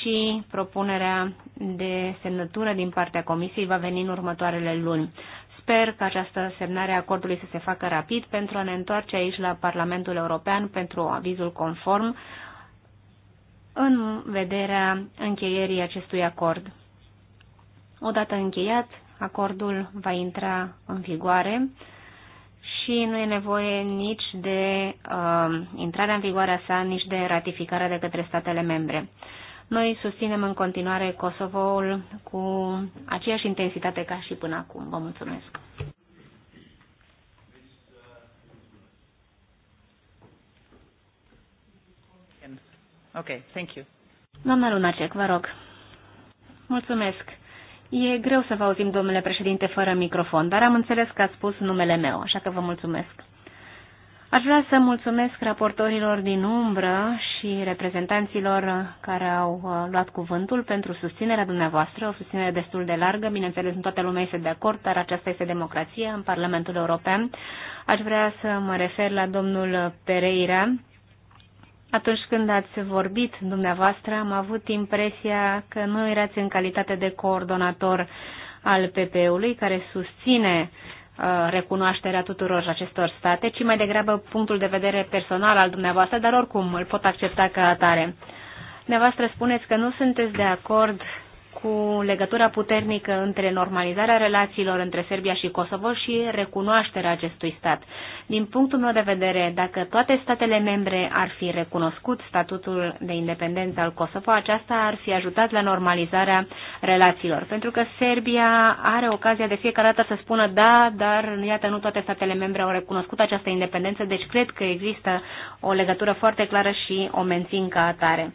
și propunerea de semnătură din partea Comisiei va veni în următoarele luni. Sper că această semnare a acordului să se facă rapid pentru a ne întoarce aici la Parlamentul European pentru avizul conform în vederea încheierii acestui acord. Odată încheiat, acordul va intra în vigoare și nu e nevoie nici de uh, intrarea în vigoare a sa, nici de ratificarea de către statele membre. Noi susținem în continuare Kosovo-ul cu aceeași intensitate ca și până acum. Vă mulțumesc! Ok, thank you. Doamna Lunacek, vă rog. Mulțumesc. E greu să vă auzim, domnule președinte, fără microfon, dar am înțeles că ați spus numele meu, așa că vă mulțumesc. Aș vrea să mulțumesc raportorilor din umbră și reprezentanților care au uh, luat cuvântul pentru susținerea dumneavoastră, o susținere destul de largă. Bineînțeles, nu toată lumea este de acord, dar aceasta este democrația în Parlamentul European. Aș vrea să mă refer la domnul Pereira. Atunci când ați vorbit dumneavoastră, am avut impresia că nu erați în calitate de coordonator al PP-ului, care susține uh, Uh, recunoașterea tuturor acestor state, ci mai degrabă punctul de vedere personal al dumneavoastră, dar oricum îl pot accepta ca atare. Dumneavoastră spuneți că nu sunteți de acord cu legătura puternică între normalizarea relațiilor între Serbia și Kosovo și recunoașterea acestui stat. Din punctul meu de vedere, dacă toate statele membre ar fi recunoscut statutul de independență al Kosovo, aceasta ar fi ajutat la normalizarea relațiilor, pentru că Serbia are ocazia de fiecare dată să spună da, dar iată, nu toate statele membre au recunoscut această independență, deci cred că există o legătură foarte clară și o mențin ca atare.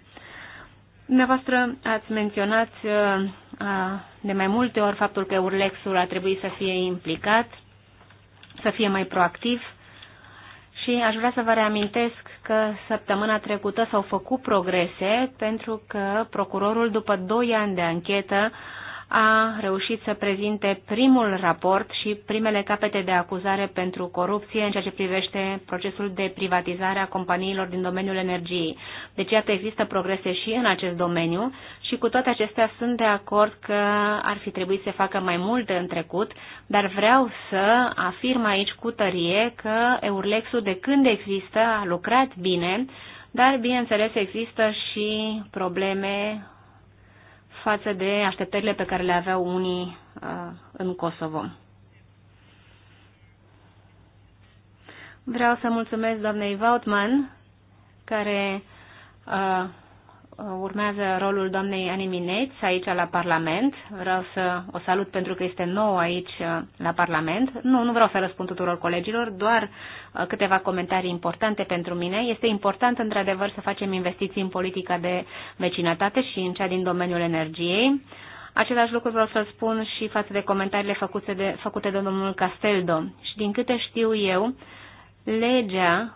Dumneavoastră ați menționat uh, de mai multe ori faptul că Urlexul a trebuit să fie implicat, să fie mai proactiv și aș vrea să vă reamintesc că săptămâna trecută s-au făcut progrese pentru că procurorul, după 2 ani de anchetă, a reușit să prezinte primul raport și primele capete de acuzare pentru corupție în ceea ce privește procesul de privatizare a companiilor din domeniul energiei. Deci, iată, există progrese și în acest domeniu și cu toate acestea sunt de acord că ar fi trebuit să facă mai multe în trecut, dar vreau să afirm aici cu tărie că Eurlexul de când există a lucrat bine, dar, bineînțeles, există și probleme față de așteptările pe care le aveau unii uh, în Kosovo. Vreau să mulțumesc doamnei Vautman, care uh, urmează rolul doamnei Animineț aici la Parlament. Vreau să o salut pentru că este nou aici uh, la Parlament. Nu, nu vreau să răspund tuturor colegilor, doar uh, câteva comentarii importante pentru mine. Este important, într-adevăr, să facem investiții în politica de vecinătate și în cea din domeniul energiei. Același lucru vreau să-l spun și față de comentariile făcute de, făcute de domnul Casteldo. Și din câte știu eu, legea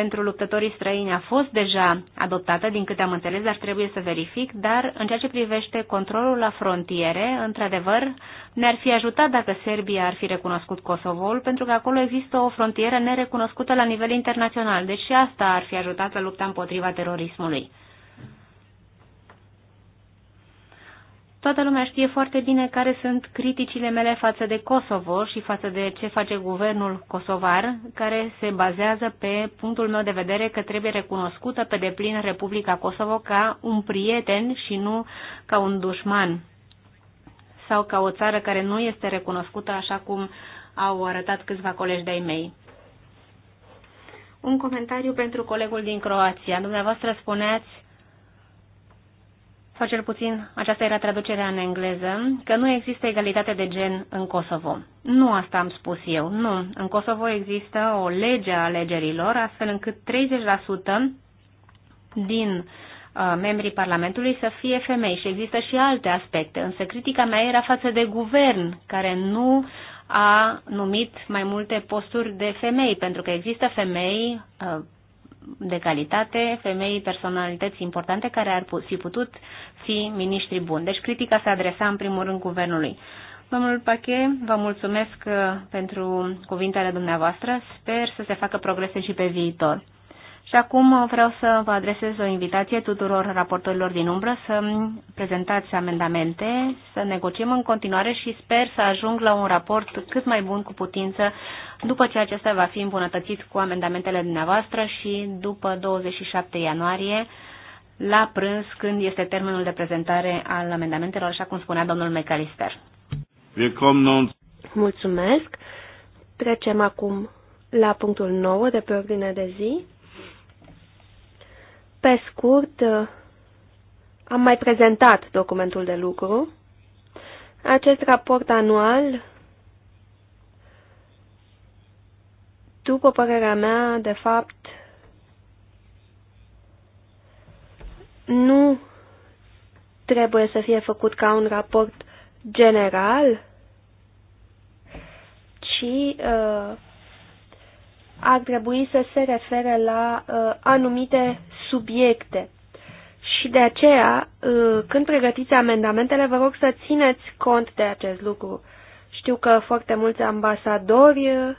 pentru luptătorii străini a fost deja adoptată, din câte am înțeles, dar trebuie să verific, dar în ceea ce privește controlul la frontiere, într-adevăr, ne-ar fi ajutat dacă Serbia ar fi recunoscut Kosovoul, pentru că acolo există o frontieră nerecunoscută la nivel internațional, deci și asta ar fi ajutat la lupta împotriva terorismului. Toată lumea știe foarte bine care sunt criticile mele față de Kosovo și față de ce face guvernul kosovar, care se bazează pe punctul meu de vedere că trebuie recunoscută pe deplin Republica Kosovo ca un prieten și nu ca un dușman sau ca o țară care nu este recunoscută așa cum au arătat câțiva colegi de-ai mei. Un comentariu pentru colegul din Croația. Dumneavoastră spuneați sau cel puțin aceasta era traducerea în engleză, că nu există egalitate de gen în Kosovo. Nu asta am spus eu, nu. În Kosovo există o lege a alegerilor, astfel încât 30% din uh, membrii Parlamentului să fie femei și există și alte aspecte. Însă critica mea era față de guvern, care nu a numit mai multe posturi de femei, pentru că există femei uh, de calitate, femei, personalități importante care ar fi putut fi miniștri buni. Deci critica se adresa în primul rând guvernului. Domnul Pache, vă mulțumesc uh, pentru cuvintele dumneavoastră. Sper să se facă progrese și pe viitor. Și acum vreau să vă adresez o invitație tuturor raportorilor din umbră să prezentați amendamente, să negociem în continuare și sper să ajung la un raport cât mai bun cu putință după ce acesta va fi îmbunătățit cu amendamentele dumneavoastră și după 27 ianuarie la prânz, când este termenul de prezentare al amendamentelor, așa cum spunea domnul McAllister. Mulțumesc! Trecem acum la punctul 9 de pe ordine de zi pe scurt, uh, am mai prezentat documentul de lucru. Acest raport anual, după părerea mea, de fapt, nu trebuie să fie făcut ca un raport general, ci uh, ar trebui să se refere la uh, anumite subiecte. Și de aceea, uh, când pregătiți amendamentele, vă rog să țineți cont de acest lucru. Știu că foarte mulți ambasadori uh,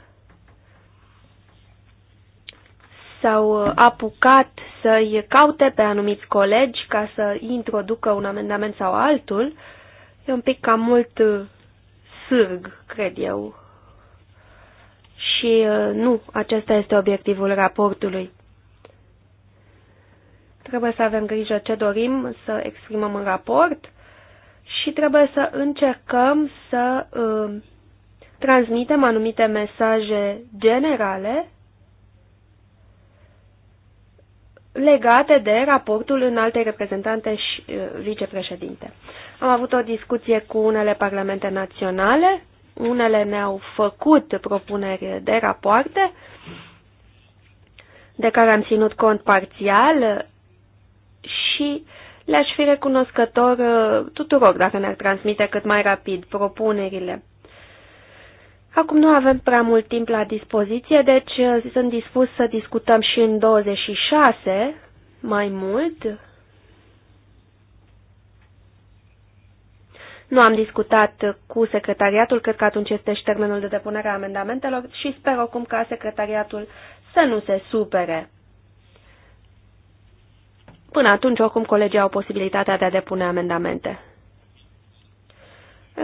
s-au uh, apucat să-i caute pe anumiți colegi ca să introducă un amendament sau altul. E un pic cam mult uh, sârg, cred eu, și uh, nu, acesta este obiectivul raportului. Trebuie să avem grijă ce dorim să exprimăm în raport și trebuie să încercăm să uh, transmitem anumite mesaje generale legate de raportul în alte reprezentante și uh, vicepreședinte. Am avut o discuție cu unele parlamente naționale unele ne-au făcut propuneri de rapoarte de care am ținut cont parțial și le-aș fi recunoscător tuturor dacă ne-ar transmite cât mai rapid propunerile. Acum nu avem prea mult timp la dispoziție, deci sunt dispus să discutăm și în 26 mai mult Nu am discutat cu secretariatul, cred că atunci este și termenul de depunere a amendamentelor și sper acum ca secretariatul să nu se supere. Până atunci, oricum, colegii au posibilitatea de a depune amendamente.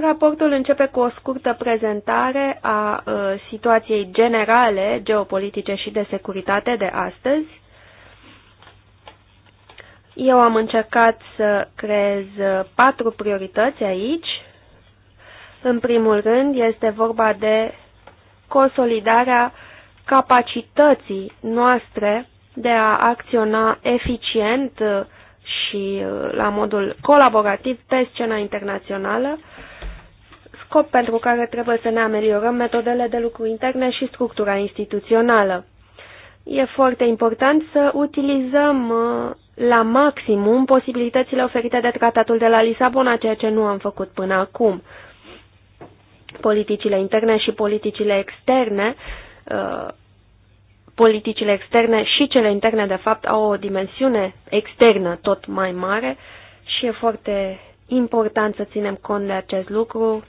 Raportul începe cu o scurtă prezentare a uh, situației generale, geopolitice și de securitate de astăzi. Eu am încercat să creez patru priorități aici. În primul rând, este vorba de consolidarea capacității noastre de a acționa eficient uh, și uh, la modul colaborativ pe scena internațională, scop pentru care trebuie să ne ameliorăm metodele de lucru interne și structura instituțională. E foarte important să utilizăm uh, la maximum posibilitățile oferite de tratatul de la Lisabona, ceea ce nu am făcut până acum. Politicile interne și politicile externe, uh, politicile externe și cele interne, de fapt, au o dimensiune externă tot mai mare și e foarte important să ținem cont de acest lucru,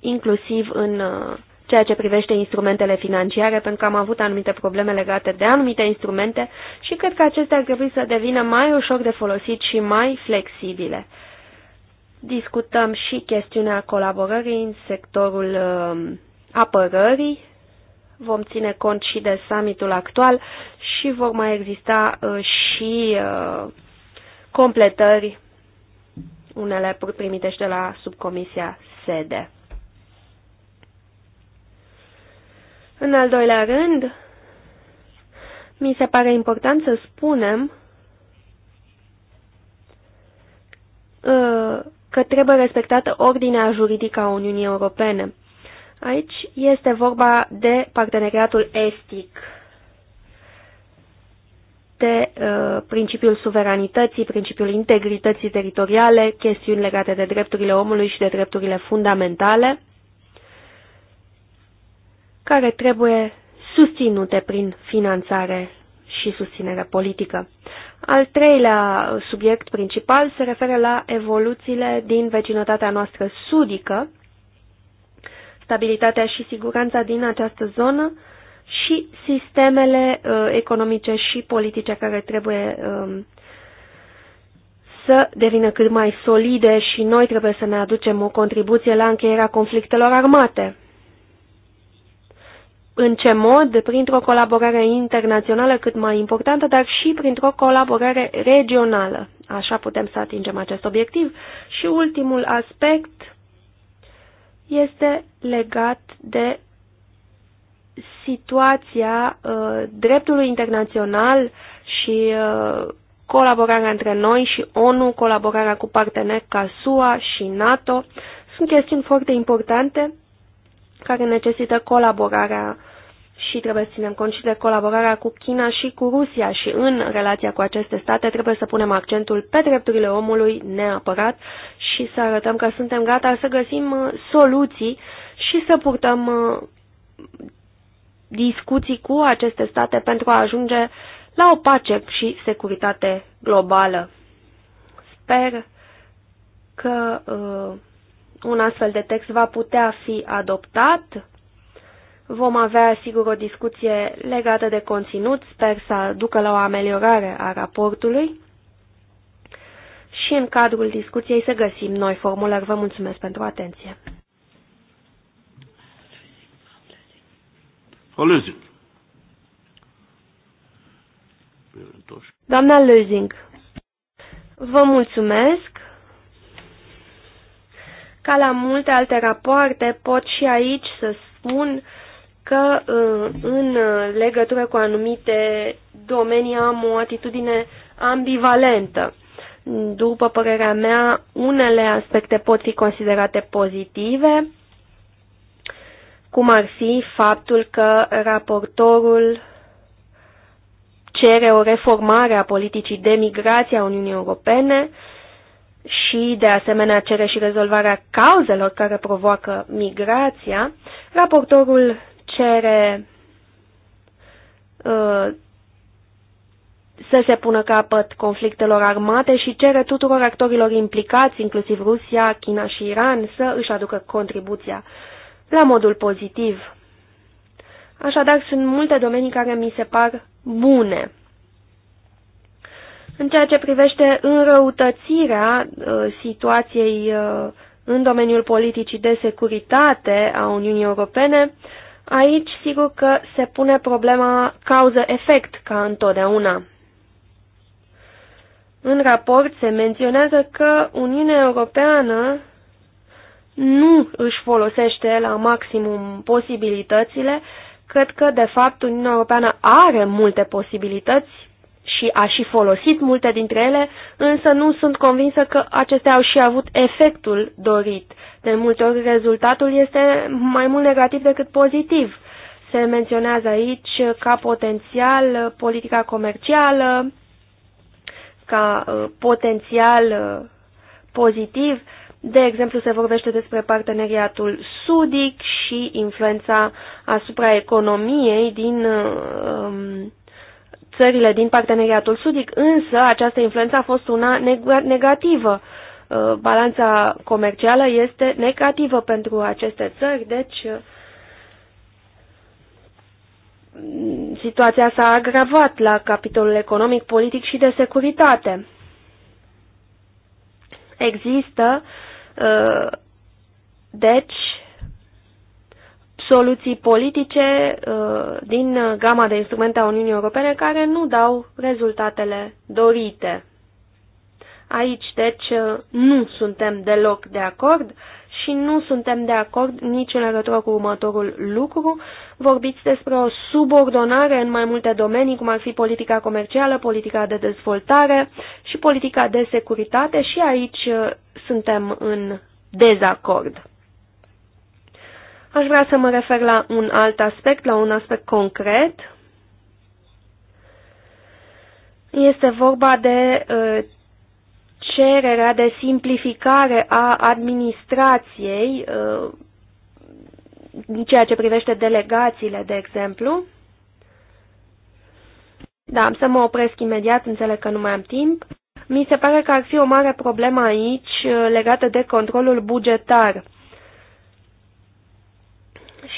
inclusiv în uh, ceea ce privește instrumentele financiare, pentru că am avut anumite probleme legate de anumite instrumente și cred că acestea ar trebui să devină mai ușor de folosit și mai flexibile. Discutăm și chestiunea colaborării în sectorul um, apărării. Vom ține cont și de summitul actual și vor mai exista uh, și uh, completări, unele primite și de la subcomisia sede. În al doilea rând, mi se pare important să spunem uh, că trebuie respectată ordinea juridică a Uniunii Europene. Aici este vorba de parteneriatul estic, de uh, principiul suveranității, principiul integrității teritoriale, chestiuni legate de drepturile omului și de drepturile fundamentale care trebuie susținute prin finanțare și susținere politică. Al treilea subiect principal se referă la evoluțiile din vecinătatea noastră sudică, stabilitatea și siguranța din această zonă și sistemele uh, economice și politice care trebuie uh, să devină cât mai solide și noi trebuie să ne aducem o contribuție la încheierea conflictelor armate în ce mod, printr-o colaborare internațională cât mai importantă, dar și printr-o colaborare regională. Așa putem să atingem acest obiectiv. Și ultimul aspect este legat de situația uh, dreptului internațional și uh, colaborarea între noi și ONU, colaborarea cu parteneri ca SUA și NATO. Sunt chestiuni foarte importante care necesită colaborarea și trebuie să ținem cont și de colaborarea cu China și cu Rusia și în relația cu aceste state trebuie să punem accentul pe drepturile omului neapărat și să arătăm că suntem gata să găsim uh, soluții și să purtăm uh, discuții cu aceste state pentru a ajunge la o pace și securitate globală. Sper că uh, un astfel de text va putea fi adoptat Vom avea, sigur, o discuție legată de conținut, sper să ducă la o ameliorare a raportului și în cadrul discuției să găsim noi formulări. Vă mulțumesc pentru atenție. Lözing. Doamna Lözing, vă mulțumesc. Ca la multe alte rapoarte, pot și aici să spun că uh, în uh, legătură cu anumite domenii am o atitudine ambivalentă. După părerea mea, unele aspecte pot fi considerate pozitive, cum ar fi faptul că raportorul cere o reformare a politicii de migrație a Uniunii Europene și, de asemenea, cere și rezolvarea cauzelor care provoacă migrația. Raportorul cere uh, să se pună capăt conflictelor armate și cere tuturor actorilor implicați, inclusiv Rusia, China și Iran, să își aducă contribuția la modul pozitiv. Așadar, sunt multe domenii care mi se par bune. În ceea ce privește înrăutățirea uh, situației uh, în domeniul politicii de securitate a Uniunii Europene, Aici, sigur că se pune problema cauză-efect, ca întotdeauna. În raport se menționează că Uniunea Europeană nu își folosește la maximum posibilitățile. Cred că, de fapt, Uniunea Europeană are multe posibilități și a și folosit multe dintre ele, însă nu sunt convinsă că acestea au și avut efectul dorit. De multe ori rezultatul este mai mult negativ decât pozitiv. Se menționează aici ca potențial politica comercială, ca uh, potențial uh, pozitiv. De exemplu, se vorbește despre parteneriatul sudic și influența asupra economiei din uh, um, țările din parteneriatul sudic, însă această influență a fost una negativă. Uh, balanța comercială este negativă pentru aceste țări, deci uh, situația s-a agravat la capitolul economic, politic și de securitate. Există, uh, deci, soluții politice uh, din gama de instrumente a Uniunii Europene care nu dau rezultatele dorite. Aici, deci, uh, nu suntem deloc de acord și nu suntem de acord nici în legătură cu următorul lucru. Vorbiți despre o subordonare în mai multe domenii, cum ar fi politica comercială, politica de dezvoltare și politica de securitate și aici uh, suntem în dezacord. Aș vrea să mă refer la un alt aspect, la un aspect concret. Este vorba de uh, cererea de simplificare a administrației uh, în ceea ce privește delegațiile, de exemplu. Da, am să mă opresc imediat, înțeleg că nu mai am timp. Mi se pare că ar fi o mare problemă aici uh, legată de controlul bugetar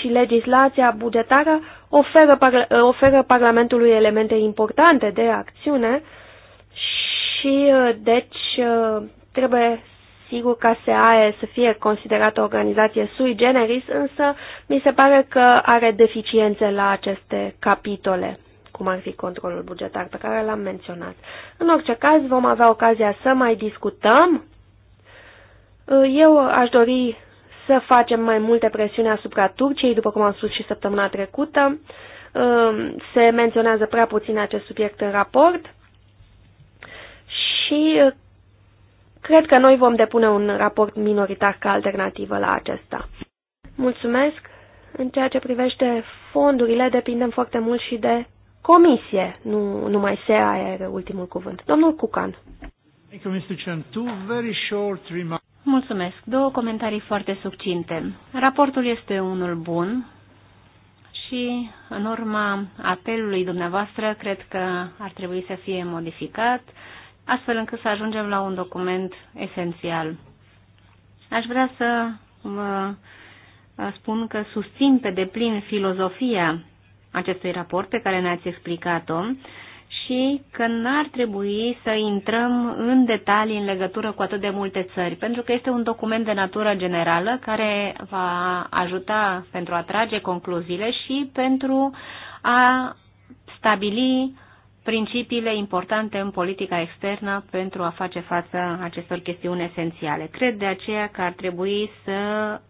și legislația bugetară oferă, parla oferă Parlamentului elemente importante de acțiune și, uh, deci, uh, trebuie sigur ca SAE să fie considerată o organizație sui generis, însă mi se pare că are deficiențe la aceste capitole cum ar fi controlul bugetar pe care l-am menționat. În orice caz, vom avea ocazia să mai discutăm. Uh, eu aș dori să facem mai multe presiuni asupra Turciei, după cum am spus și săptămâna trecută. Um, se menționează prea puțin acest subiect în raport și uh, cred că noi vom depune un raport minoritar ca alternativă la acesta. Mulțumesc! În ceea ce privește fondurile, depindem foarte mult și de comisie, nu numai SEA e ultimul cuvânt. Domnul Cucan. Thank you, Mr. Chen. Two very short remarks. Mulțumesc. Două comentarii foarte subcinte. Raportul este unul bun și în urma apelului dumneavoastră cred că ar trebui să fie modificat astfel încât să ajungem la un document esențial. Aș vrea să vă spun că susțin pe deplin filozofia acestui raport pe care ne-ați explicat-o și că n-ar trebui să intrăm în detalii în legătură cu atât de multe țări, pentru că este un document de natură generală care va ajuta pentru a trage concluziile și pentru a stabili principiile importante în politica externă pentru a face față acestor chestiuni esențiale. Cred de aceea că ar trebui să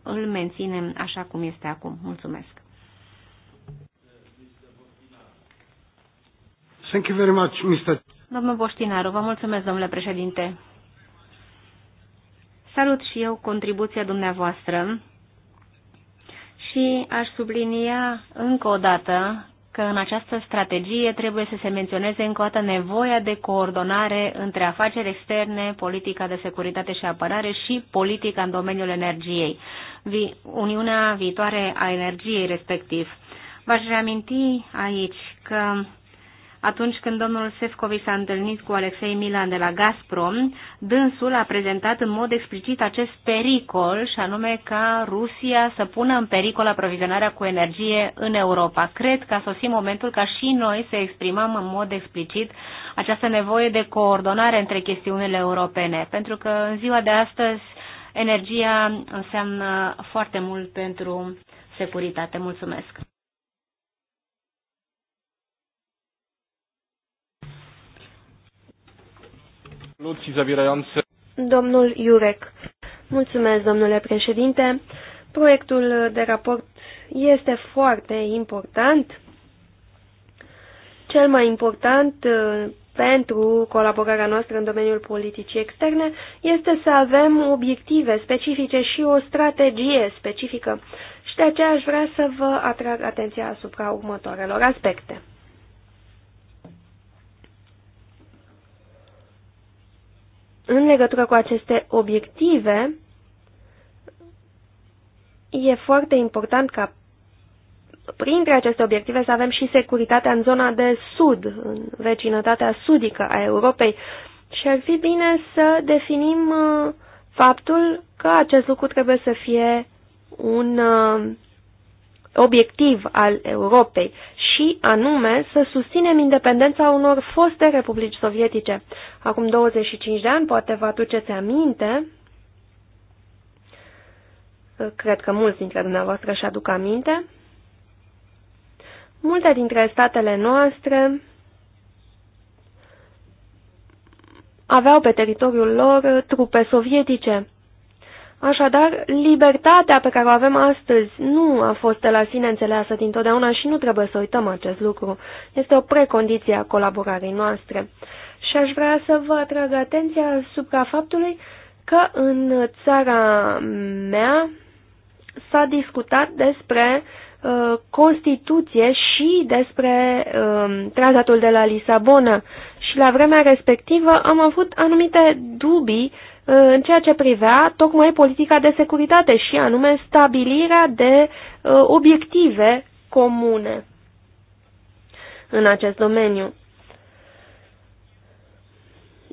îl menținem așa cum este acum. Mulțumesc. Thank you very much, Mr. Domnul Boștinaru, vă mulțumesc, domnule președinte. Salut și eu contribuția dumneavoastră și aș sublinia încă o dată că în această strategie trebuie să se menționeze încă o dată nevoia de coordonare între afaceri externe, politica de securitate și apărare și politica în domeniul energiei, Uniunea viitoare a energiei respectiv. V-aș reaminti aici că atunci când domnul Sefcovi s-a întâlnit cu Alexei Milan de la Gazprom, dânsul a prezentat în mod explicit acest pericol și anume ca Rusia să pună în pericol aprovizionarea cu energie în Europa. Cred că a sosit momentul ca și noi să exprimăm în mod explicit această nevoie de coordonare între chestiunile europene, pentru că în ziua de astăzi energia înseamnă foarte mult pentru securitate. Mulțumesc! Domnul Iurec. Mulțumesc, domnule președinte. Proiectul de raport este foarte important. Cel mai important uh, pentru colaborarea noastră în domeniul politicii externe este să avem obiective specifice și o strategie specifică. Și de aceea aș vrea să vă atrag atenția asupra următoarelor aspecte. în legătură cu aceste obiective, e foarte important ca printre aceste obiective să avem și securitatea în zona de sud, în vecinătatea sudică a Europei. Și ar fi bine să definim uh, faptul că acest lucru trebuie să fie un uh, obiectiv al Europei și anume să susținem independența unor foste republici sovietice. Acum 25 de ani, poate vă aduceți aminte, cred că mulți dintre dumneavoastră își aduc aminte, multe dintre statele noastre aveau pe teritoriul lor trupe sovietice Așadar, libertatea pe care o avem astăzi nu a fost de la sine înțeleasă dintotdeauna și nu trebuie să uităm acest lucru. Este o precondiție a colaborării noastre. Și aș vrea să vă atrag atenția asupra faptului că în țara mea s-a discutat despre uh, Constituție și despre uh, tratatul de la Lisabona și la vremea respectivă am avut anumite dubii uh, în ceea ce privea tocmai politica de securitate și anume stabilirea de uh, obiective comune în acest domeniu.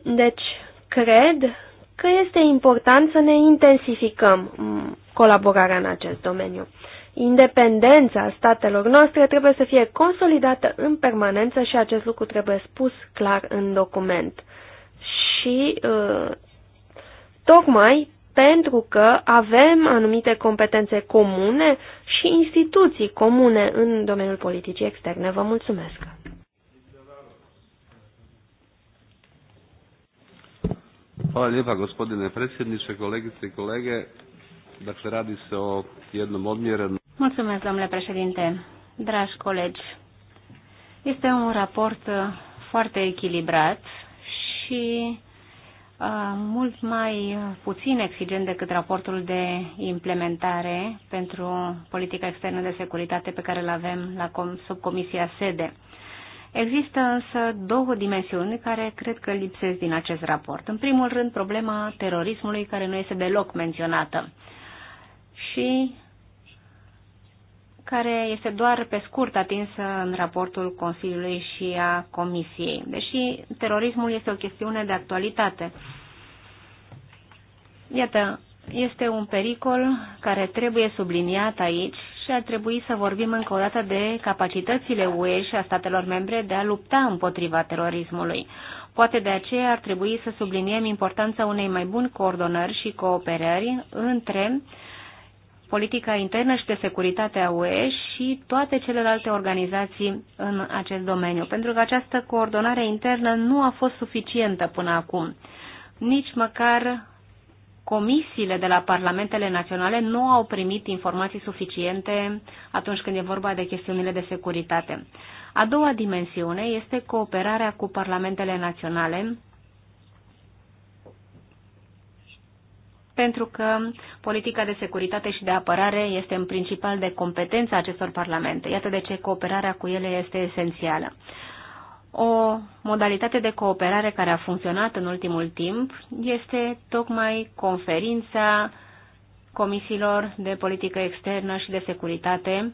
Deci, cred că este important să ne intensificăm mm, colaborarea în acest domeniu. Independența statelor noastre trebuie să fie consolidată în permanență și acest lucru trebuie spus clar în document. Și uh, tocmai pentru că avem anumite competențe comune și instituții comune în domeniul politicii externe. Vă mulțumesc! Hvala lijepa gospodine predsjedniče, kolegice i kolege. Dakle, radi se o jednom odmjerenom... Mulțumesc, domnule președinte, dragi colegi. Este un raport foarte echilibrat și mult mai puțin exigent decât raportul de implementare pentru politica externă de securitate pe care îl avem la subcomisia sede. Există însă două dimensiuni care cred că lipsesc din acest raport. În primul rând, problema terorismului care nu este deloc menționată. Și care este doar pe scurt atinsă în raportul Consiliului și a Comisiei, deși terorismul este o chestiune de actualitate. Iată, este un pericol care trebuie subliniat aici și ar trebui să vorbim încă o dată de capacitățile UE și a statelor membre de a lupta împotriva terorismului. Poate de aceea ar trebui să subliniem importanța unei mai buni coordonări și cooperări între uh, politica internă și de securitate a UE și toate celelalte organizații în acest domeniu, pentru că această coordonare internă nu a fost suficientă până acum. Nici măcar comisiile de la parlamentele naționale nu au primit informații suficiente atunci când e vorba de chestiunile de securitate. A doua dimensiune este cooperarea cu parlamentele naționale pentru că politica de securitate și de apărare este în principal de competența acestor parlamente. Iată de ce cooperarea cu ele este esențială. O modalitate de cooperare care a funcționat în ultimul timp este tocmai conferința comisiilor de politică externă și de securitate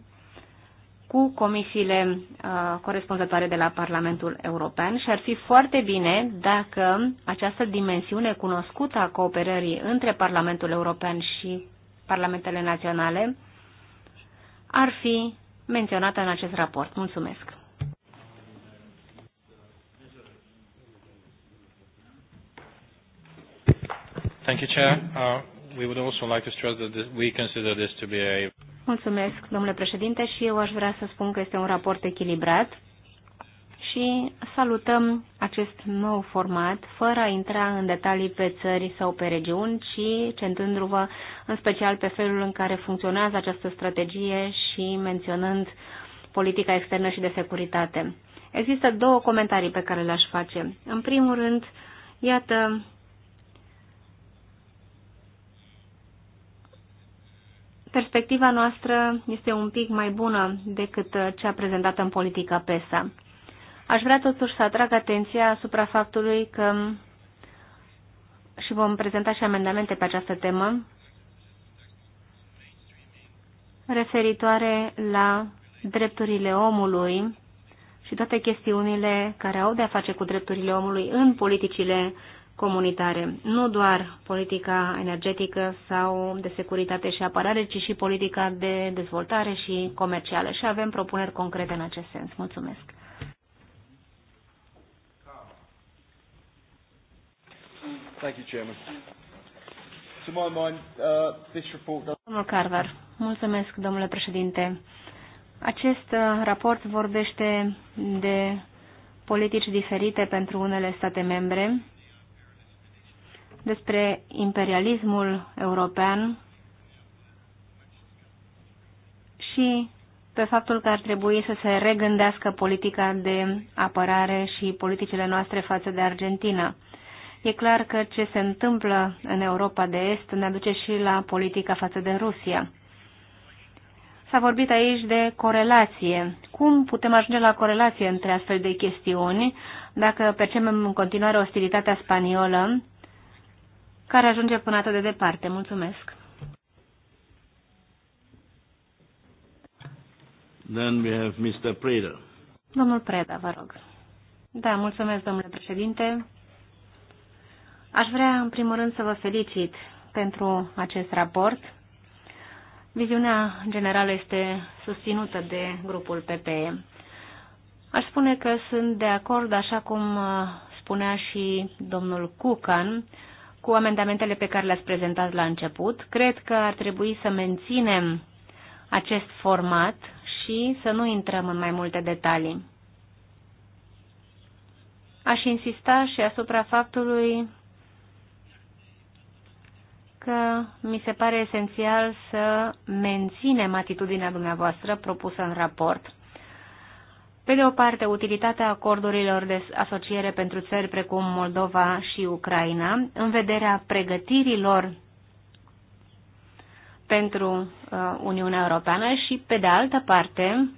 cu comisiile uh, corespunzătoare de la Parlamentul European și ar fi foarte bine dacă această dimensiune cunoscută a cooperării între Parlamentul European și Parlamentele Naționale ar fi menționată în acest raport. Mulțumesc! Thank you, Chair. Uh, we would also like to stress that this, we consider this to be a Mulțumesc, domnule președinte, și eu aș vrea să spun că este un raport echilibrat și salutăm acest nou format, fără a intra în detalii pe țări sau pe regiuni, ci centându vă în special pe felul în care funcționează această strategie și menționând politica externă și de securitate. Există două comentarii pe care le-aș face. În primul rând, iată perspectiva noastră este un pic mai bună decât cea prezentată în politica PESA. Aș vrea totuși să atrag atenția asupra faptului că și vom prezenta și amendamente pe această temă referitoare la drepturile omului și toate chestiunile care au de-a face cu drepturile omului în politicile comunitare. Nu doar politica energetică sau de securitate și apărare, ci și politica de dezvoltare și comercială. Și avem propuneri concrete în acest sens. Mulțumesc! Thank you, Chairman. To my mind, uh, this report does... Domnul Carver, mulțumesc, domnule președinte. Acest uh, raport vorbește de politici diferite pentru unele state membre despre imperialismul european și pe faptul că ar trebui să se regândească politica de apărare și politicile noastre față de Argentina. E clar că ce se întâmplă în Europa de Est ne aduce și la politica față de Rusia. S-a vorbit aici de corelație. Cum putem ajunge la corelație între astfel de chestiuni dacă percepem în continuare ostilitatea spaniolă care ajunge până atât de departe. Mulțumesc! Then we have Mr. Preda. Domnul Preda, vă rog. Da, mulțumesc, domnule președinte. Aș vrea, în primul rând, să vă felicit pentru acest raport. Viziunea generală este susținută de grupul PPE. Aș spune că sunt de acord, așa cum uh, spunea și domnul Cucan, cu amendamentele pe care le-ați prezentat la început. Cred că ar trebui să menținem acest format și să nu intrăm în mai multe detalii. Aș insista și asupra faptului că mi se pare esențial să menținem atitudinea dumneavoastră propusă în raport pe de o parte, utilitatea acordurilor de asociere pentru țări precum Moldova și Ucraina, în vederea pregătirilor pentru uh, Uniunea Europeană și, pe de altă parte,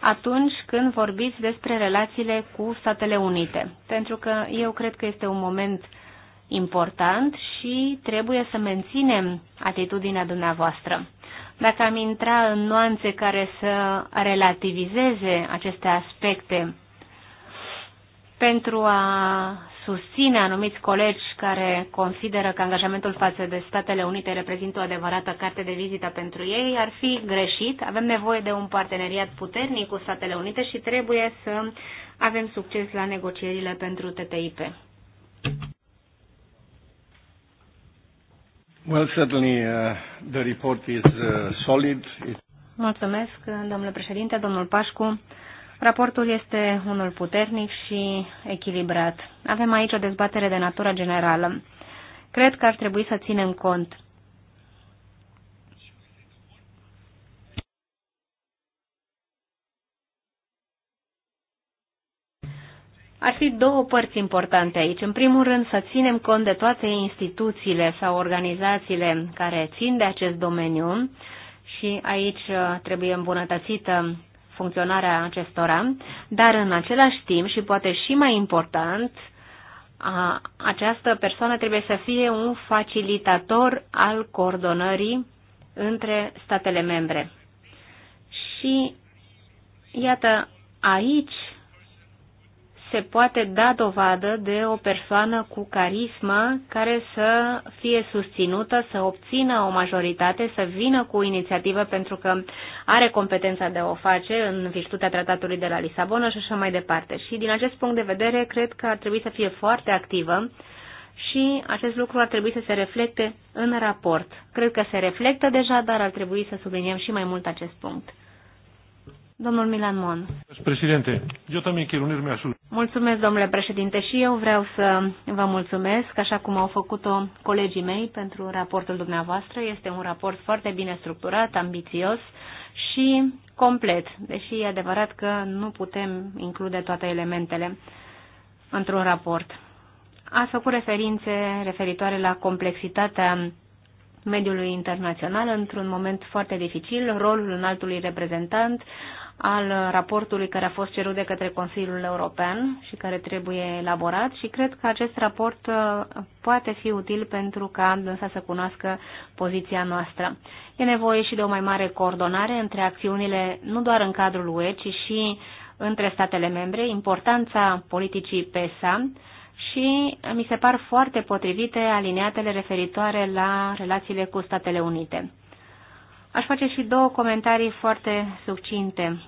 atunci când vorbiți despre relațiile cu Statele Unite. Pentru că eu cred că este un moment important și trebuie să menținem atitudinea dumneavoastră. Dacă am intra în nuanțe care să relativizeze aceste aspecte pentru a susține anumiți colegi care consideră că angajamentul față de Statele Unite reprezintă o adevărată carte de vizită pentru ei, ar fi greșit. Avem nevoie de un parteneriat puternic cu Statele Unite și trebuie să avem succes la negocierile pentru TTIP. Well, certainly uh, the report is uh, solid. It's... Mulțumesc, domnule președinte, domnul Pașcu. Raportul este unul puternic și echilibrat. Avem aici o dezbatere de natură generală. Cred că ar trebui să ținem cont Ar fi două părți importante aici. În primul rând, să ținem cont de toate instituțiile sau organizațiile care țin de acest domeniu și aici uh, trebuie îmbunătățită funcționarea acestora, dar în același timp și poate și mai important, a, această persoană trebuie să fie un facilitator al coordonării între statele membre. Și iată, aici se poate da dovadă de o persoană cu carisma care să fie susținută, să obțină o majoritate, să vină cu o inițiativă pentru că are competența de a o face în virtutea tratatului de la Lisabona și așa mai departe. Și din acest punct de vedere, cred că ar trebui să fie foarte activă și acest lucru ar trebui să se reflecte în raport. Cred că se reflectă deja, dar ar trebui să subliniem și mai mult acest punct. Domnul Milan Mon. Președinte, eu también quiero unirme a su... Mulțumesc, domnule președinte, și eu vreau să vă mulțumesc, așa cum au făcut-o colegii mei pentru raportul dumneavoastră. Este un raport foarte bine structurat, ambițios și complet, deși e adevărat că nu putem include toate elementele într-un raport. Ați făcut referințe referitoare la complexitatea mediului internațional într-un moment foarte dificil, rolul înaltului reprezentant, al raportului care a fost cerut de către Consiliul European și care trebuie elaborat și cred că acest raport uh, poate fi util pentru ca dânsa să cunoască poziția noastră. E nevoie și de o mai mare coordonare între acțiunile nu doar în cadrul UE, ci și între statele membre, importanța politicii PESA și mi se par foarte potrivite alineatele referitoare la relațiile cu Statele Unite. Aș face și două comentarii foarte succinte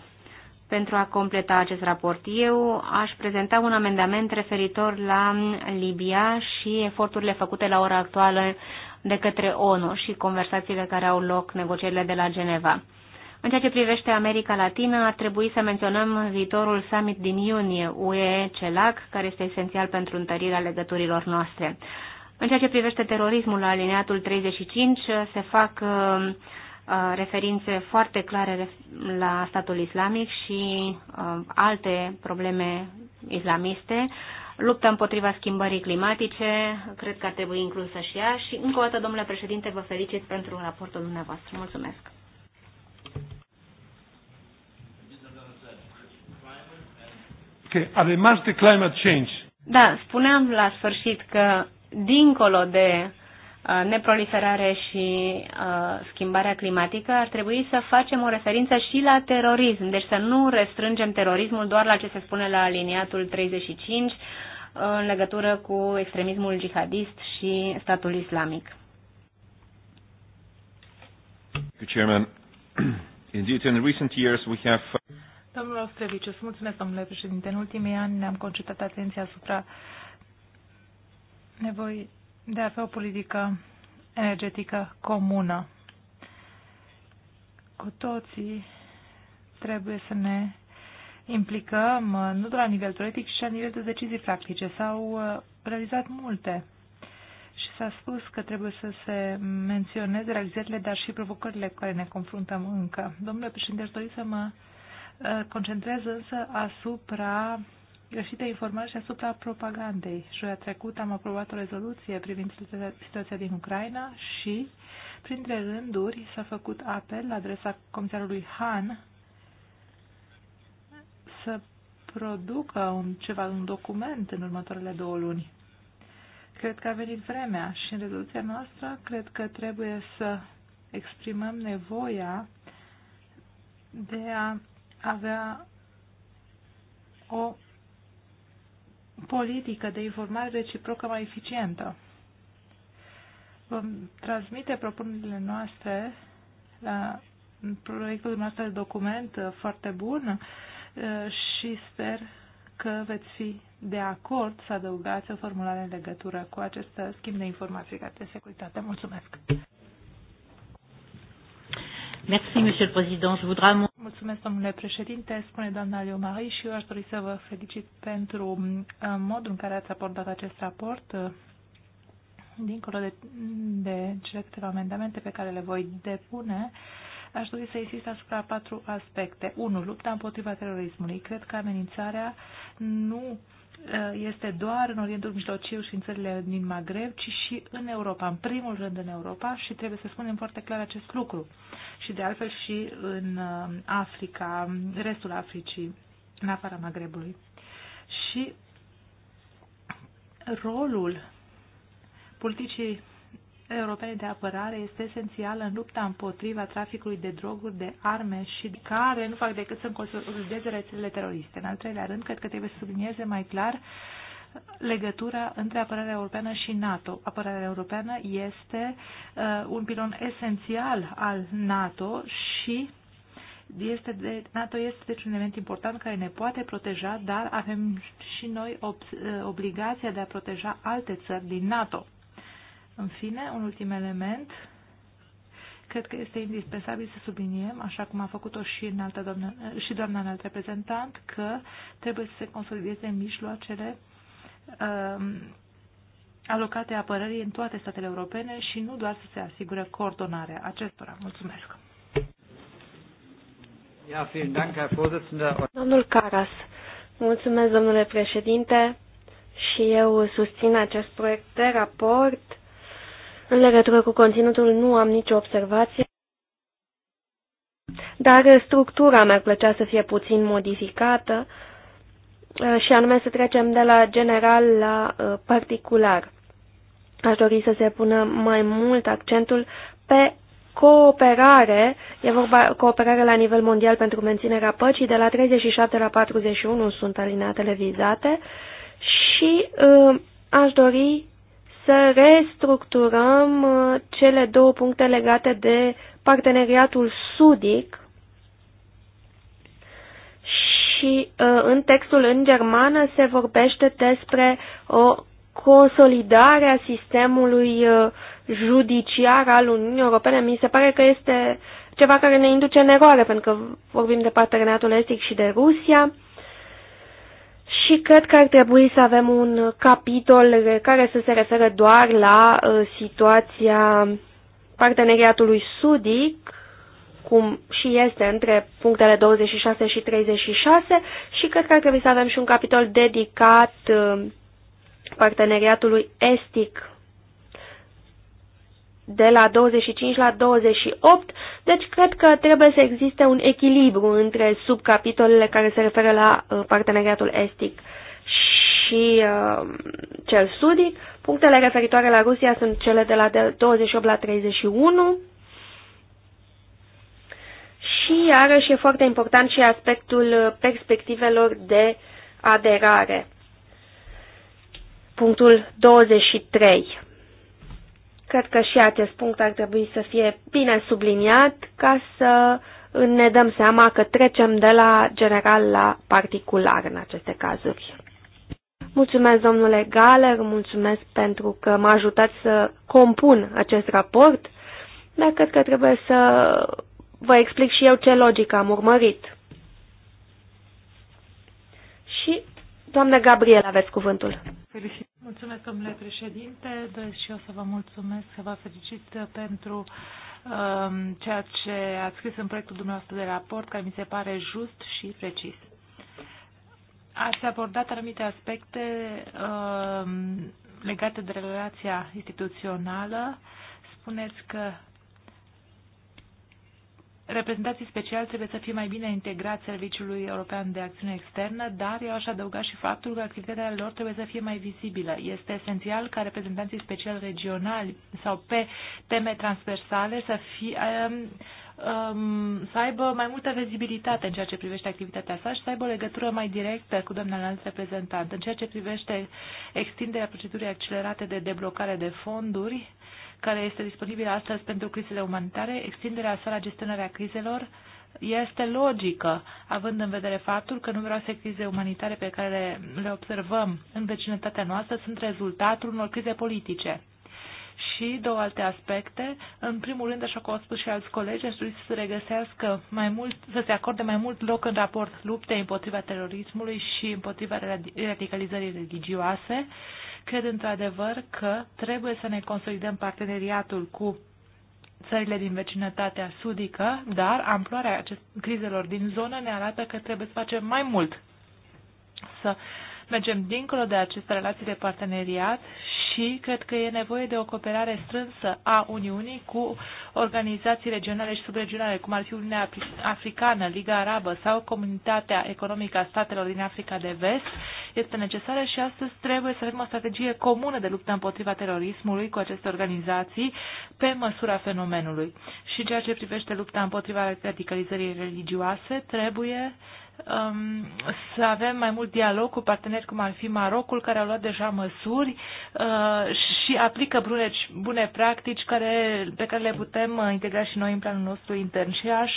pentru a completa acest raport. Eu aș prezenta un amendament referitor la Libia și eforturile făcute la ora actuală de către ONU și conversațiile care au loc, negocierile de la Geneva. În ceea ce privește America Latină, ar trebui să menționăm viitorul summit din iunie, UE-CELAC, care este esențial pentru întărirea legăturilor noastre. În ceea ce privește terorismul la alineatul 35, se fac uh, Uh, referințe foarte clare la statul islamic și uh, alte probleme islamiste, lupta împotriva schimbării climatice, cred că ar trebui inclusă și ea și încă o dată, domnule președinte, vă felicit pentru raportul dumneavoastră. Mulțumesc! de climate change. Da, spuneam la sfârșit că dincolo de Uh, neproliferare și uh, schimbarea climatică, ar trebui să facem o referință și la terorism, deci să nu restrângem terorismul doar la ce se spune la aliniatul 35 uh, în legătură cu extremismul jihadist și statul islamic. Chairman, indeed, in recent years we have Domnul Ostreviciu, mulțumesc, domnule președinte. În ultimii ani ne-am concentrat atenția asupra nevoii de a avea o politică energetică comună. Cu toții trebuie să ne implicăm, nu doar la nivel teoretic, ci și la nivel de decizii practice. S-au uh, realizat multe și s-a spus că trebuie să se menționeze realizările, dar și provocările cu care ne confruntăm încă. Domnule președinte, aș dori să mă uh, concentrez însă asupra greșite informări și asupra propagandei. Joia trecută am aprobat o rezoluție privind situația din Ucraina și, printre rânduri, s-a făcut apel la adresa comisarului Han să producă un, ceva, un document în următoarele două luni. Cred că a venit vremea și în rezoluția noastră cred că trebuie să exprimăm nevoia de a avea o politică de informare reciprocă mai eficientă. Vom transmite propunerile noastre la proiectul nostru de document uh, foarte bun uh, și sper că veți fi de acord să adăugați o formulare în legătură cu acest schimb de informații care de securitate. Mulțumesc! Merci, Monsieur le Président. Je voudrais... Mulțumesc, domnule președinte, spune doamna Leo Marie și eu aș dori să vă felicit pentru modul în care ați abordat acest raport, dincolo de, de cele câteva amendamente pe care le voi depune aș dori să insist asupra patru aspecte. 1. Lupta împotriva terorismului. Cred că amenințarea nu Eh, este doar în Orientul Mijlociu și în țările din Maghreb, ci și în Europa, în primul rând în Europa și trebuie să spunem foarte clar acest lucru. Și de altfel și în eh, Africa, restul Africii, în afara Maghrebului. Și rolul politicii Europene de Apărare este esențială în lupta împotriva traficului de droguri, de arme și care nu fac decât să înconsolideze rețelele teroriste. În al treilea rând, cred că trebuie să sublinieze mai clar legătura între apărarea europeană și NATO. Apărarea europeană este uh, un pilon esențial al NATO și este de, NATO este deci un element important care ne poate proteja, dar avem și noi ob, uh, obligația de a proteja alte țări din NATO. În fine, un ultim element. Cred că este indispensabil să subliniem, așa cum a făcut-o și, în altă doamnă, și doamna înalt reprezentant, că trebuie să se consolideze mijloacele um, alocate apărării în toate statele europene și nu doar să se asigure coordonarea acestora. Mulțumesc! Domnul Caras, mulțumesc, domnule președinte, și eu susțin acest proiect de raport în legătură cu conținutul nu am nicio observație, dar structura mi-ar plăcea să fie puțin modificată uh, și anume să trecem de la general la uh, particular. Aș dori să se pună mai mult accentul pe cooperare, e vorba cooperare la nivel mondial pentru menținerea păcii, de la 37 la 41 sunt alineatele vizate și uh, aș dori să restructurăm uh, cele două puncte legate de parteneriatul sudic și uh, în textul în germană se vorbește despre o consolidare a sistemului uh, judiciar al Uniunii Europene. Mi se pare că este ceva care ne induce în eroare, pentru că vorbim de parteneriatul estic și de Rusia. Și cred că ar trebui să avem un capitol care să se referă doar la uh, situația parteneriatului sudic, cum și este între punctele 26 și 36 și cred că ar trebui să avem și un capitol dedicat uh, parteneriatului estic de la 25 la 28, deci cred că trebuie să existe un echilibru între subcapitolele care se referă la uh, parteneriatul estic și uh, cel sudic. Punctele referitoare la Rusia sunt cele de la 28 la 31. Și iarăși e foarte important și aspectul uh, perspectivelor de aderare. Punctul 23. Cred că și acest punct ar trebui să fie bine subliniat ca să ne dăm seama că trecem de la general la particular în aceste cazuri. Mulțumesc, domnule Galer, mulțumesc pentru că m-a ajutat să compun acest raport, dar cred că trebuie să vă explic și eu ce logică am urmărit. Doamna Gabriela, aveți cuvântul. Felicit. Mulțumesc, domnule președinte, deci și eu să vă mulțumesc, să vă felicit pentru um, ceea ce ați scris în proiectul dumneavoastră de raport, care mi se pare just și precis. Ați abordat anumite aspecte um, legate de relația instituțională. Spuneți că reprezentanții speciali trebuie să fie mai bine integrați Serviciului European de Acțiune Externă, dar eu aș adăuga și faptul că activitatea lor trebuie să fie mai vizibilă. Este esențial ca reprezentanții speciali regionali sau pe teme transversale să fie um, um, să aibă mai multă vizibilitate în ceea ce privește activitatea sa și să aibă o legătură mai directă cu doamna înalt reprezentant. În ceea ce privește extinderea procedurii accelerate de deblocare de fonduri, care este disponibilă astăzi pentru crizele umanitare, extinderea sa la gestionarea crizelor este logică, având în vedere faptul că numeroase crize umanitare pe care le observăm în vecinătatea noastră sunt rezultatul unor crize politice. Și două alte aspecte. În primul rând, așa cum au spus și alți colegi, aș dori să se regăsească mai mult, să se acorde mai mult loc în raport luptei împotriva terorismului și împotriva radicalizării religioase. Uh, Cred într-adevăr că trebuie să ne consolidăm parteneriatul cu țările din vecinătatea sudică, dar amploarea crizelor din zonă ne arată că trebuie să facem mai mult. Să mergem dincolo de aceste relații de parteneriat și cred că e nevoie de o cooperare strânsă a Uniunii cu organizații regionale și subregionale, cum ar fi Uniunea Africană, Liga Arabă sau Comunitatea Economică a Statelor din Africa de Vest. Este necesară și astăzi trebuie să avem o strategie comună de luptă împotriva terorismului cu aceste organizații pe măsura fenomenului. Și ceea ce privește lupta împotriva radicalizării religioase, trebuie um, să avem mai mult dialog cu parteneri cum ar fi Marocul, care au luat deja măsuri uh, și aplică bune, bune practici care, pe care le putem uh, integra și noi în planul nostru intern. Și aș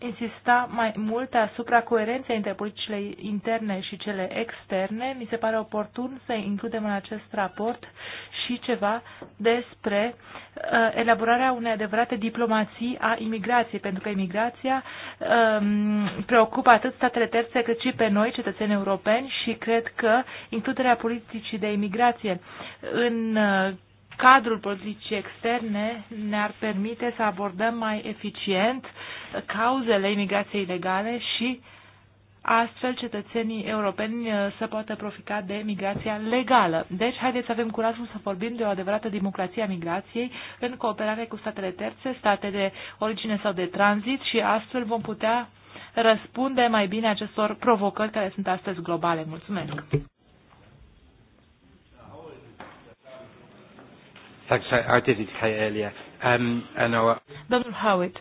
insista mai mult asupra coerenței între politicile interne și cele externe. Mi se pare oportun să includem în acest raport și ceva despre uh, elaborarea unei adevărate diplomații a imigrației, pentru că imigrația um, preocupă atât statele terțe cât și pe noi, cetățeni europeni, și cred că includerea politicii de imigrație în uh, cadrul politicii externe ne-ar permite să abordăm mai eficient cauzele imigrației ilegale și astfel cetățenii europeni uh, să poată profita de migrația legală. Deci, haideți să avem curajul să vorbim de o adevărată democrație a migrației în cooperare cu statele terțe, state de origine sau de tranzit și astfel vom putea răspunde mai bine acestor provocări care sunt astăzi globale. Mulțumesc! Thanks, I, I did indicate earlier. Um, and our... Domnul Howitt,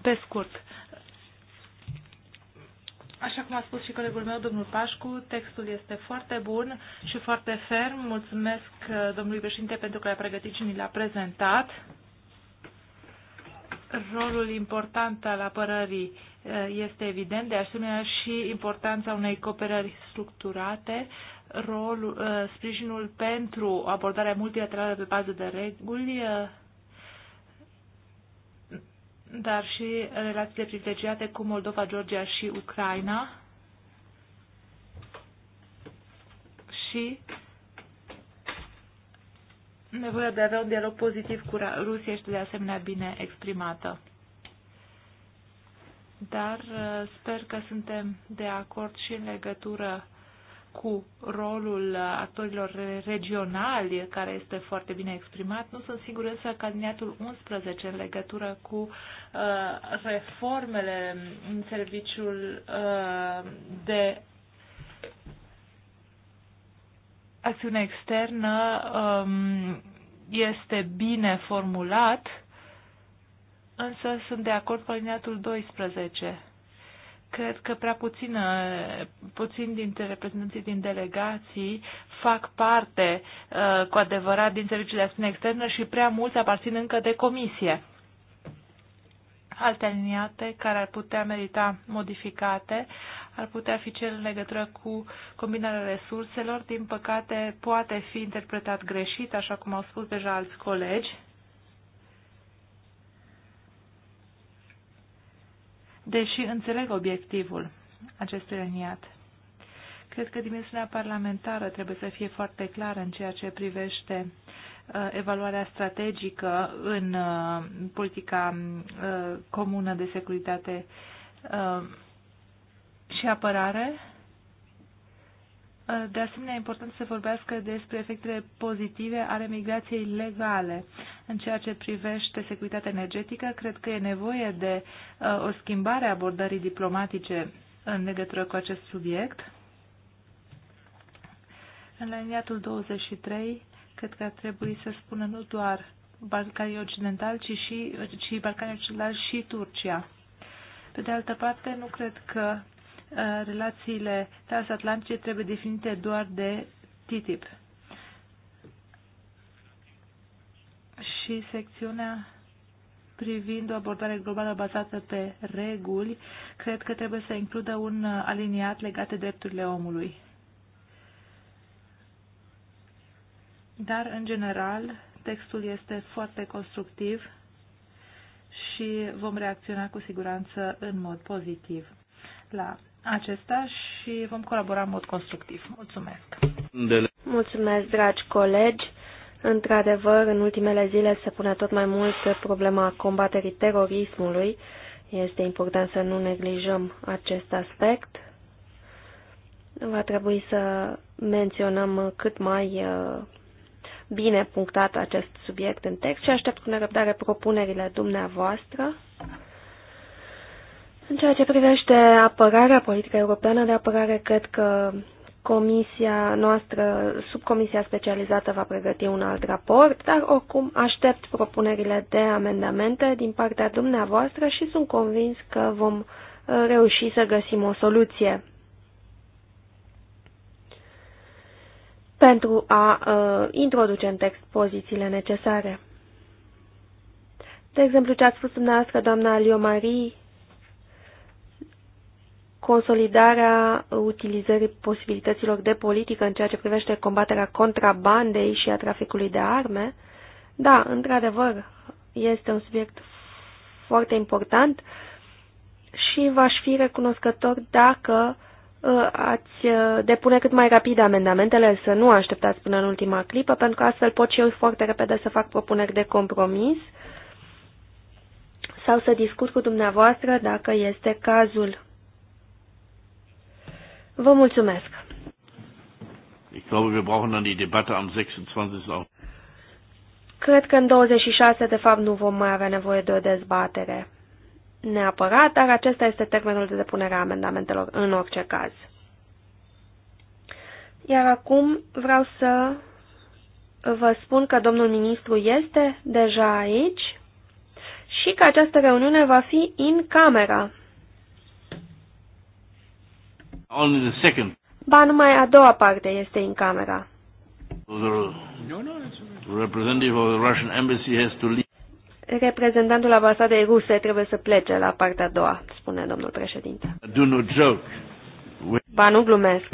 pe scurt, Așa cum a spus și colegul meu, domnul Pașcu, textul este foarte bun și foarte ferm. Mulțumesc uh, domnului președinte pentru că l-a pregătit și ni l-a prezentat. Rolul important al apărării uh, este evident, de asemenea și importanța unei cooperări structurate rolul, uh, sprijinul pentru abordarea multilaterală pe bază de reguli, uh, dar și relațiile privilegiate cu Moldova, Georgia și Ucraina și nevoia de a avea un dialog pozitiv cu Rusia este de asemenea bine exprimată. Dar uh, sper că suntem de acord și în legătură cu rolul actorilor regionali, care este foarte bine exprimat. Nu sunt sigur însă că aliniatul 11 în legătură cu uh, reformele în serviciul uh, de acțiune externă um, este bine formulat, însă sunt de acord cu aliniatul 12 cred că prea puțină, puțin dintre reprezentanții din delegații fac parte uh, cu adevărat din serviciul de acțiune externă și prea mulți aparțin încă de comisie. Alte aliniate care ar putea merita modificate ar putea fi cel în legătură cu combinarea resurselor, din păcate poate fi interpretat greșit, așa cum au spus deja alți colegi deși înțeleg obiectivul acestui aliniat. Cred că dimensiunea parlamentară trebuie să fie foarte clară în ceea ce privește uh, evaluarea strategică în uh, politica uh, comună de securitate și apărare Eh, de asemenea, e important să se vorbească despre efectele pozitive ale migrației legale. În ceea ce privește securitatea energetică, cred că e nevoie de eh, o schimbare a abordării diplomatice în legătură cu acest subiect. În liniatul 23, cred că ar trebui să spună nu doar Balcanii Occidentali, ci și ci Balcanii Occidentali și Turcia. Pe de altă parte, nu cred că relațiile transatlantice trebuie definite doar de TTIP. Și secțiunea privind o abordare globală bazată pe reguli, cred că trebuie să includă un aliniat legat de drepturile omului. Dar, în general, textul este foarte constructiv și vom reacționa cu siguranță în mod pozitiv la acesta și vom colabora în mod constructiv. Mulțumesc! Mulțumesc, dragi colegi! Într-adevăr, în ultimele zile se pune tot mai mult problema combaterii terorismului. Este important să nu neglijăm acest aspect. Va trebui să menționăm cât mai uh, bine punctat acest subiect în text și aștept cu nerăbdare propunerile dumneavoastră. În ceea ce privește apărarea, politică europeană de apărare, cred că comisia noastră, subcomisia specializată va pregăti un alt raport, dar oricum aștept propunerile de amendamente din partea dumneavoastră și sunt convins că vom uh, reuși să găsim o soluție pentru a uh, introduce în text pozițiile necesare. De exemplu, ce ați spus dumneavoastră, doamna Liomarie, Marie, consolidarea utilizării posibilităților de politică în ceea ce privește combaterea contrabandei și a traficului de arme. Da, într-adevăr, este un subiect foarte important și v-aș fi recunoscător dacă uh, ați uh, depune cât mai rapid amendamentele, să nu așteptați până în ultima clipă, pentru că astfel pot și eu foarte repede să fac propuneri de compromis sau să discut cu dumneavoastră dacă este cazul. Vă mulțumesc! Ich glaube, wir brauchen dann die Debatte am 26. Cred că în 26, de fapt, nu vom mai avea nevoie de o dezbatere neapărat, dar acesta este termenul de depunere a amendamentelor în orice caz. Iar acum vreau să vă spun că domnul ministru este deja aici și că această reuniune va fi în camera. Only the second. Ba, numai a doua parte este în camera. Reprezentantul ambasadei ruse trebuie să plece la partea a doua, spune domnul președinte. Do no joke. Ba, nu glumesc.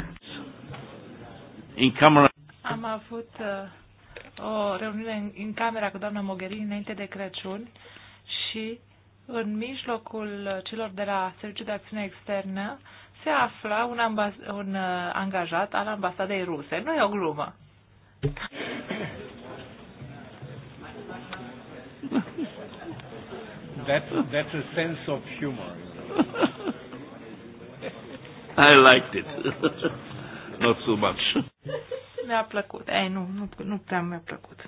In camera. Am avut uh, o reuniune în, în camera cu doamna Mogherini înainte de Crăciun și în mijlocul celor de la Serviciul de Acțiune Externă se afla un, ambas- un uh, angajat al ambasadei ruse. Nu e o glumă. That's, that's a sense of humor. I liked it. Not so much. Mi-a plăcut. Ei, nu, nu, nu prea mi-a plăcut.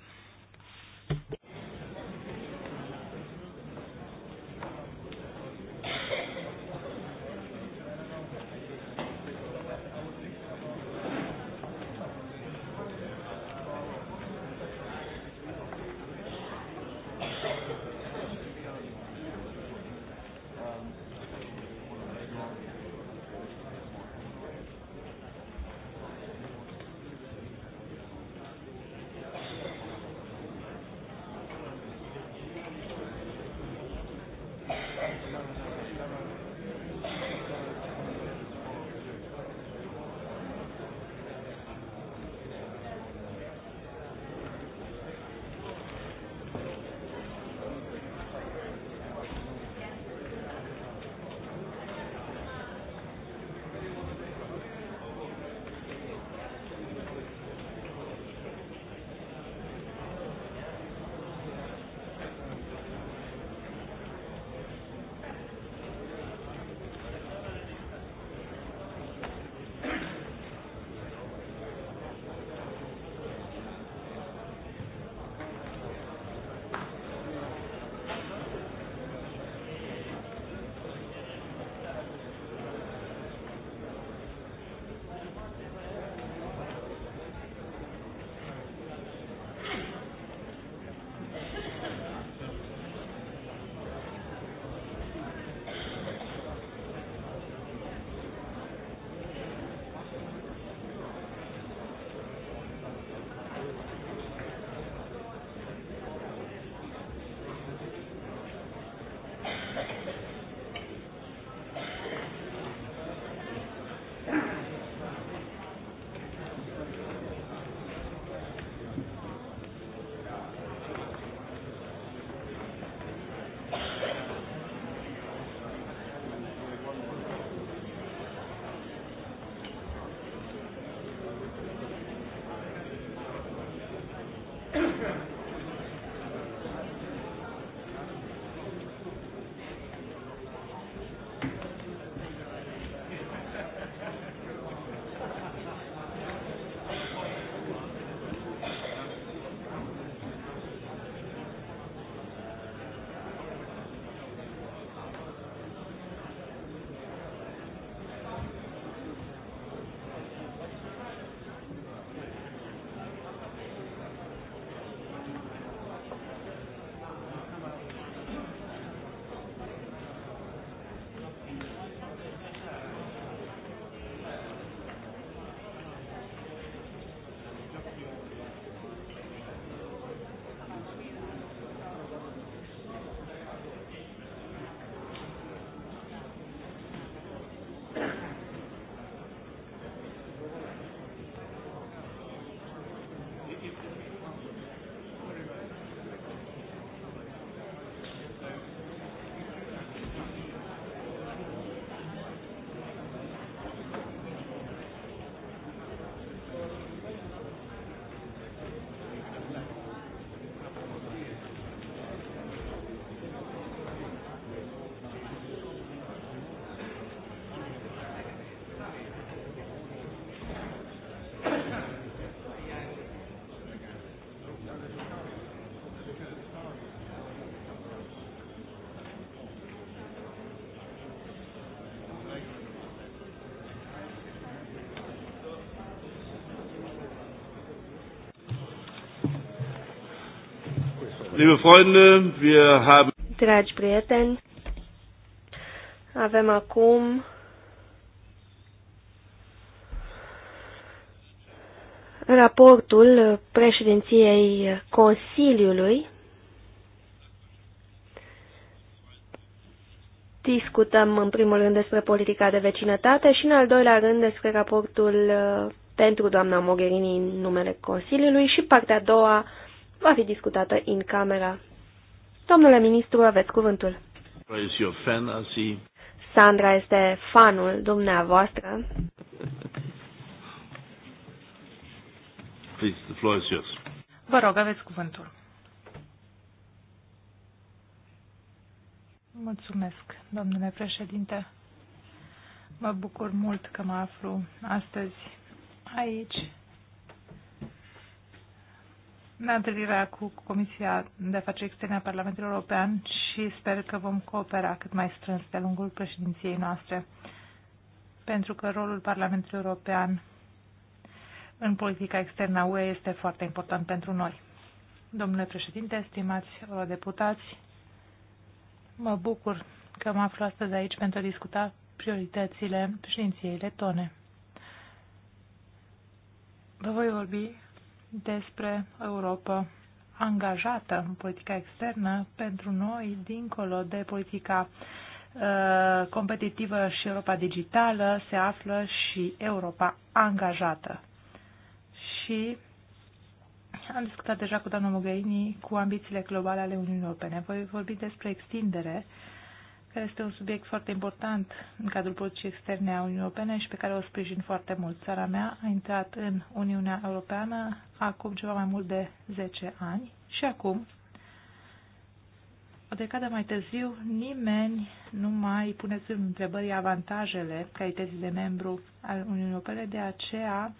Liebe Freunde, wir haben Dragi prieteni, avem acum raportul președinției Consiliului. Discutăm în primul rând despre politica de vecinătate și în al doilea rând despre raportul uh, pentru doamna Mogherini în numele Consiliului și partea a doua va fi discutată în camera. Domnule ministru, aveți cuvântul. Sandra este fanul dumneavoastră. Please, the floor is yours. Vă rog, aveți cuvântul. Mulțumesc, domnule președinte. Mă bucur mult că mă aflu astăzi aici la întâlnirea cu Comisia de Afaceri Externe a Parlamentului European și sper că vom coopera cât mai strâns de-a lungul președinției noastre, pentru că rolul Parlamentului European în politica externă a UE este foarte important pentru noi. Domnule președinte, stimați deputați, mă bucur că mă aflu astăzi aici pentru a discuta prioritățile președinției letone. Vă voi vorbi despre Europa angajată în politica externă pentru noi, dincolo de politica uh, competitivă și Europa digitală, se află și Europa angajată. Și am discutat deja cu doamna Mogherini cu ambițiile globale ale Uniunii Europene. Voi vorbi despre extindere uh, care este un subiect foarte important în cadrul politicii externe a Uniunii Europene și pe care o sprijin foarte mult. Țara mea a intrat în Uniunea Europeană acum ceva mai mult de 10 ani și acum, o decadă mai târziu, nimeni nu mai pune în întrebări avantajele calității de membru al Uniunii Europene, de aceea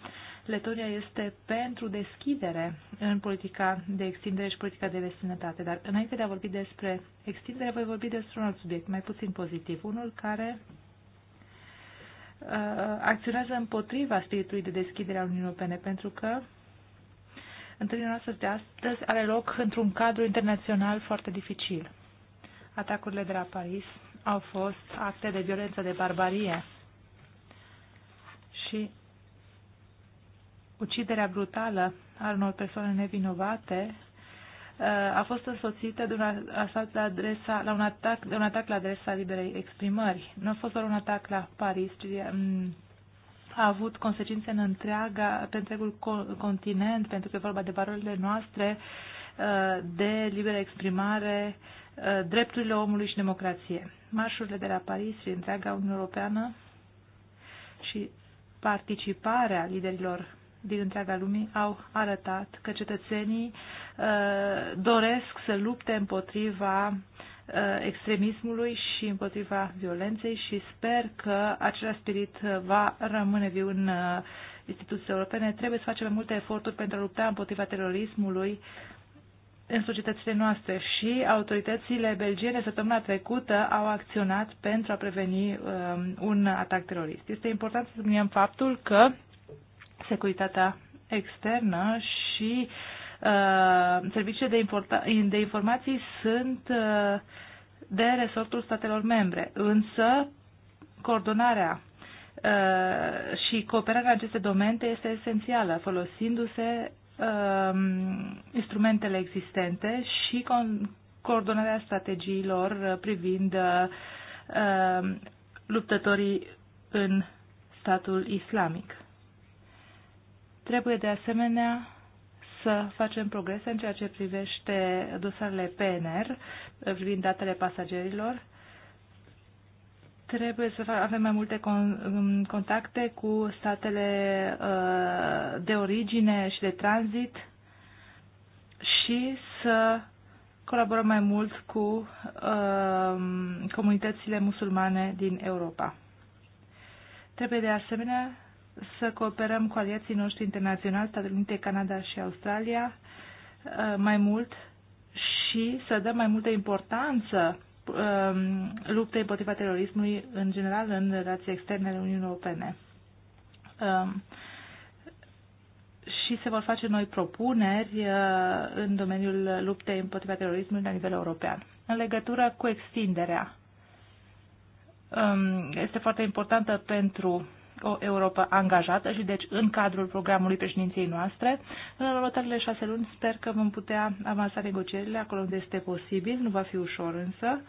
Letonia este pentru deschidere în politica de extindere și politica de vecinătate. Dar înainte de a vorbi despre extindere, voi vorbi despre un alt subiect, mai puțin pozitiv, unul care uh, acționează împotriva spiritului de deschidere al Uniunii Europene, pentru că întâlnirea noastră de astăzi are loc într-un cadru internațional foarte dificil. Atacurile de la Paris au fost acte de violență, de barbarie și uciderea brutală a unor persoane nevinovate uh, a fost însoțită de un asalt la adresa, la un atac, de un atac la adresa liberei exprimări. Nu a fost doar un atac la Paris, ci um, a avut consecințe în întreaga, pe întregul continent, pentru că e vorba de valorile noastre, uh, de liberă exprimare, uh, drepturile omului și democrație. Marșurile de la Paris și întreaga Uniune Europeană și participarea liderilor din întreaga lume au arătat că cetățenii uh, doresc să lupte împotriva uh, extremismului și împotriva violenței și sper că același spirit uh, va rămâne viu în instituțiile europene. Trebuie să facem multe eforturi pentru a lupta împotriva terorismului în societățile noastre și autoritățile belgiene săptămâna trecută au acționat pentru a preveni um, un atac terorist. Este important să subliniem faptul că securitatea externă și uh, serviciile de, de informații sunt uh, de resortul statelor membre. Însă, coordonarea uh, și cooperarea în aceste domenii este esențială, folosindu-se uh, instrumentele existente și coordonarea strategiilor privind uh, um, luptătorii în statul islamic. Trebuie de asemenea să facem progrese în ceea ce privește dosarele PNR privind datele pasagerilor. Trebuie să avem mai multe contacte cu statele uh, de origine și de tranzit și să colaborăm mai mult cu uh, comunitățile musulmane din Europa. Trebuie de asemenea să cooperăm cu aliații noștri internaționali, Statele Unite, Canada și Australia, uh, mai mult și să dăm mai multă importanță um, luptei împotriva terorismului în general în relații externe ale Uniunii Europene. Um, și se vor face noi propuneri uh, în domeniul luptei împotriva terorismului la nivel european. În legătură cu extinderea, um, este foarte importantă pentru o Europa angajată și deci în cadrul programului președinției noastre. În următoarele șase luni sper că vom putea avansa negocierile acolo unde este posibil, nu va fi ușor însă.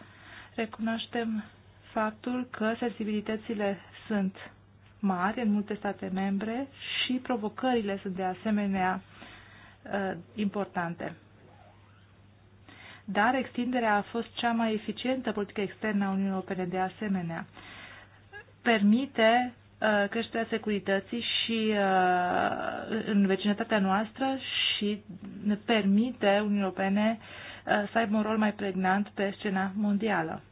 Recunoaștem faptul că sensibilitățile sunt mari în multe state membre și provocările sunt de asemenea uh, importante. Dar extinderea a fost cea mai eficientă politică externă a Uniunii Europene de asemenea. Permite Uh, creșterea securității și uh, în vecinătatea noastră și ne permite Uniunii Europene uh, să aibă un rol mai pregnant pe scena mondială.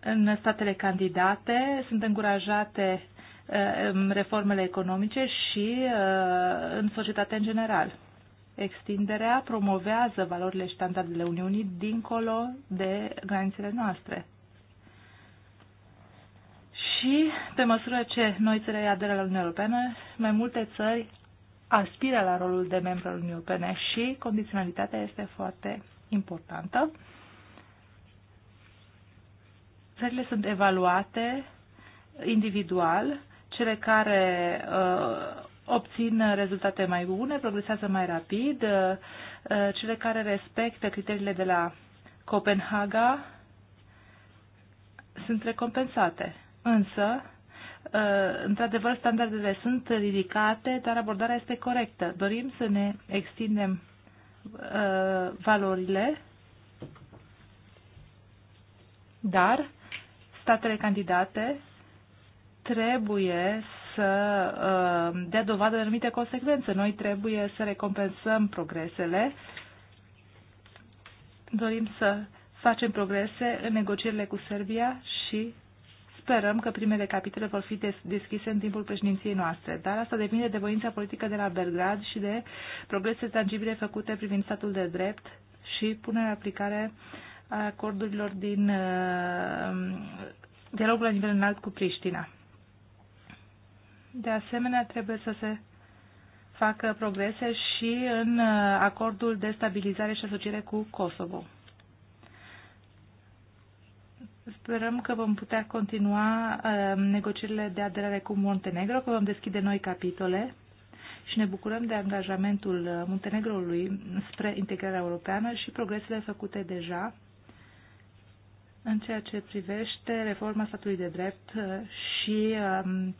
În statele candidate sunt încurajate um, reformele economice și în societatea în general. Extinderea promovează valorile și standardele Uniunii dincolo de granițele noastre și, pe măsură ce noi țări aderă la Uniunea Europeană, mai multe țări aspiră la rolul de membru al Uniunii Europene și condiționalitatea este foarte importantă. Țările sunt evaluate individual, cele care uh, obțin rezultate mai bune, progresează mai rapid, uh, uh cele care respectă criteriile de la Copenhaga sunt recompensate. Însă, ă, într-adevăr, standardele sunt ridicate, dar abordarea este corectă. Dorim să ne extindem ă, valorile, dar statele candidate trebuie să ă, dea dovadă de anumite consecvențe. Noi trebuie să recompensăm progresele. Dorim să facem progrese în negocierile cu Serbia și Sperăm că primele capitole vor fi deschise în timpul președinției noastre, dar asta depinde de voința politică de la Belgrad și de progrese tangibile făcute privind statul de drept și punerea în aplicare a acordurilor din uh, dialogul la nivel înalt cu Priștina. De asemenea, trebuie să se facă progrese și în uh, acordul de stabilizare și asociere cu Kosovo. Sperăm că vom putea continua uh, negocierile de aderare cu Montenegro, că vom deschide noi capitole și ne bucurăm de angajamentul uh, Montenegrului spre integrarea europeană și progresele făcute deja în ceea ce privește reforma statului de drept uh, și um,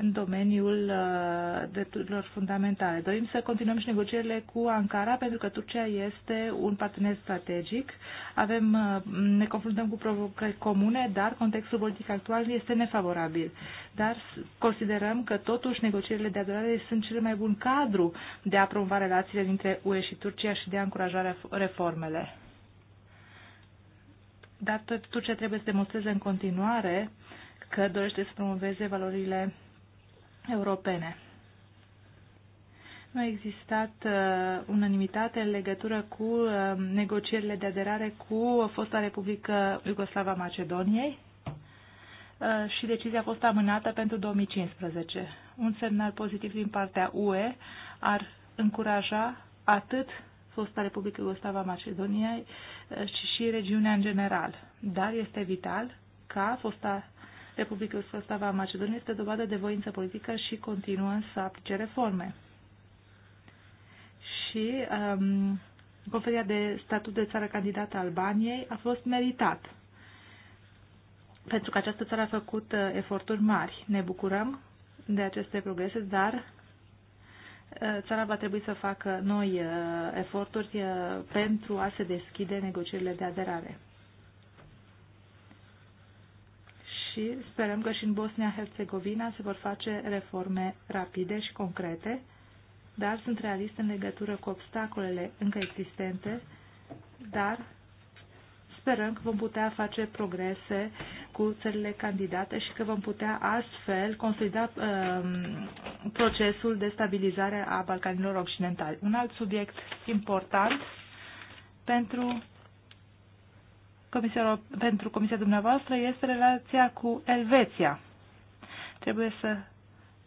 în domeniul uh, drepturilor fundamentale. Dorim să continuăm și negocierile cu Ankara pentru că Turcia este un partener strategic. Avem, uh, ne confruntăm cu provocări comune, dar contextul politic actual este nefavorabil. Dar considerăm că totuși negocierile de aderare sunt cel mai bun cadru de a promova relațiile dintre UE și Turcia și de a încuraja reformele dar Turcia trebuie să demonstreze în continuare că dorește să promoveze valorile europene. Nu a existat uh, unanimitate în legătură cu uh, negocierile de aderare cu fosta Republică Iugoslava Macedoniei uh, și decizia a fost amânată pentru 2015. Un semnal pozitiv din partea UE ar încuraja atât fosta Republică Iugoslava Macedoniei, ci uh, și regiunea în general. Dar este vital ca fosta Republica Sostava a Macedoniei este dovadă de voință politică și continuă să aplice reforme. Și um, conferia de statut de țară candidată a Albaniei a fost meritat, pentru că această țară a făcut uh, eforturi mari. Ne bucurăm de aceste progrese, dar uh, țara va trebui să facă noi uh, eforturi uh, pentru a se deschide negocierile de aderare. și sperăm că și în Bosnia-Herzegovina se vor face reforme rapide și concrete, dar sunt realist în legătură cu obstacolele încă existente, dar sperăm că vom putea face progrese cu țările candidate și că vom putea astfel consolida um, procesul de stabilizare a Balcanilor Occidentali. Un alt subiect important pentru Comisia, pentru Comisia dumneavoastră este relația cu Elveția. Trebuie să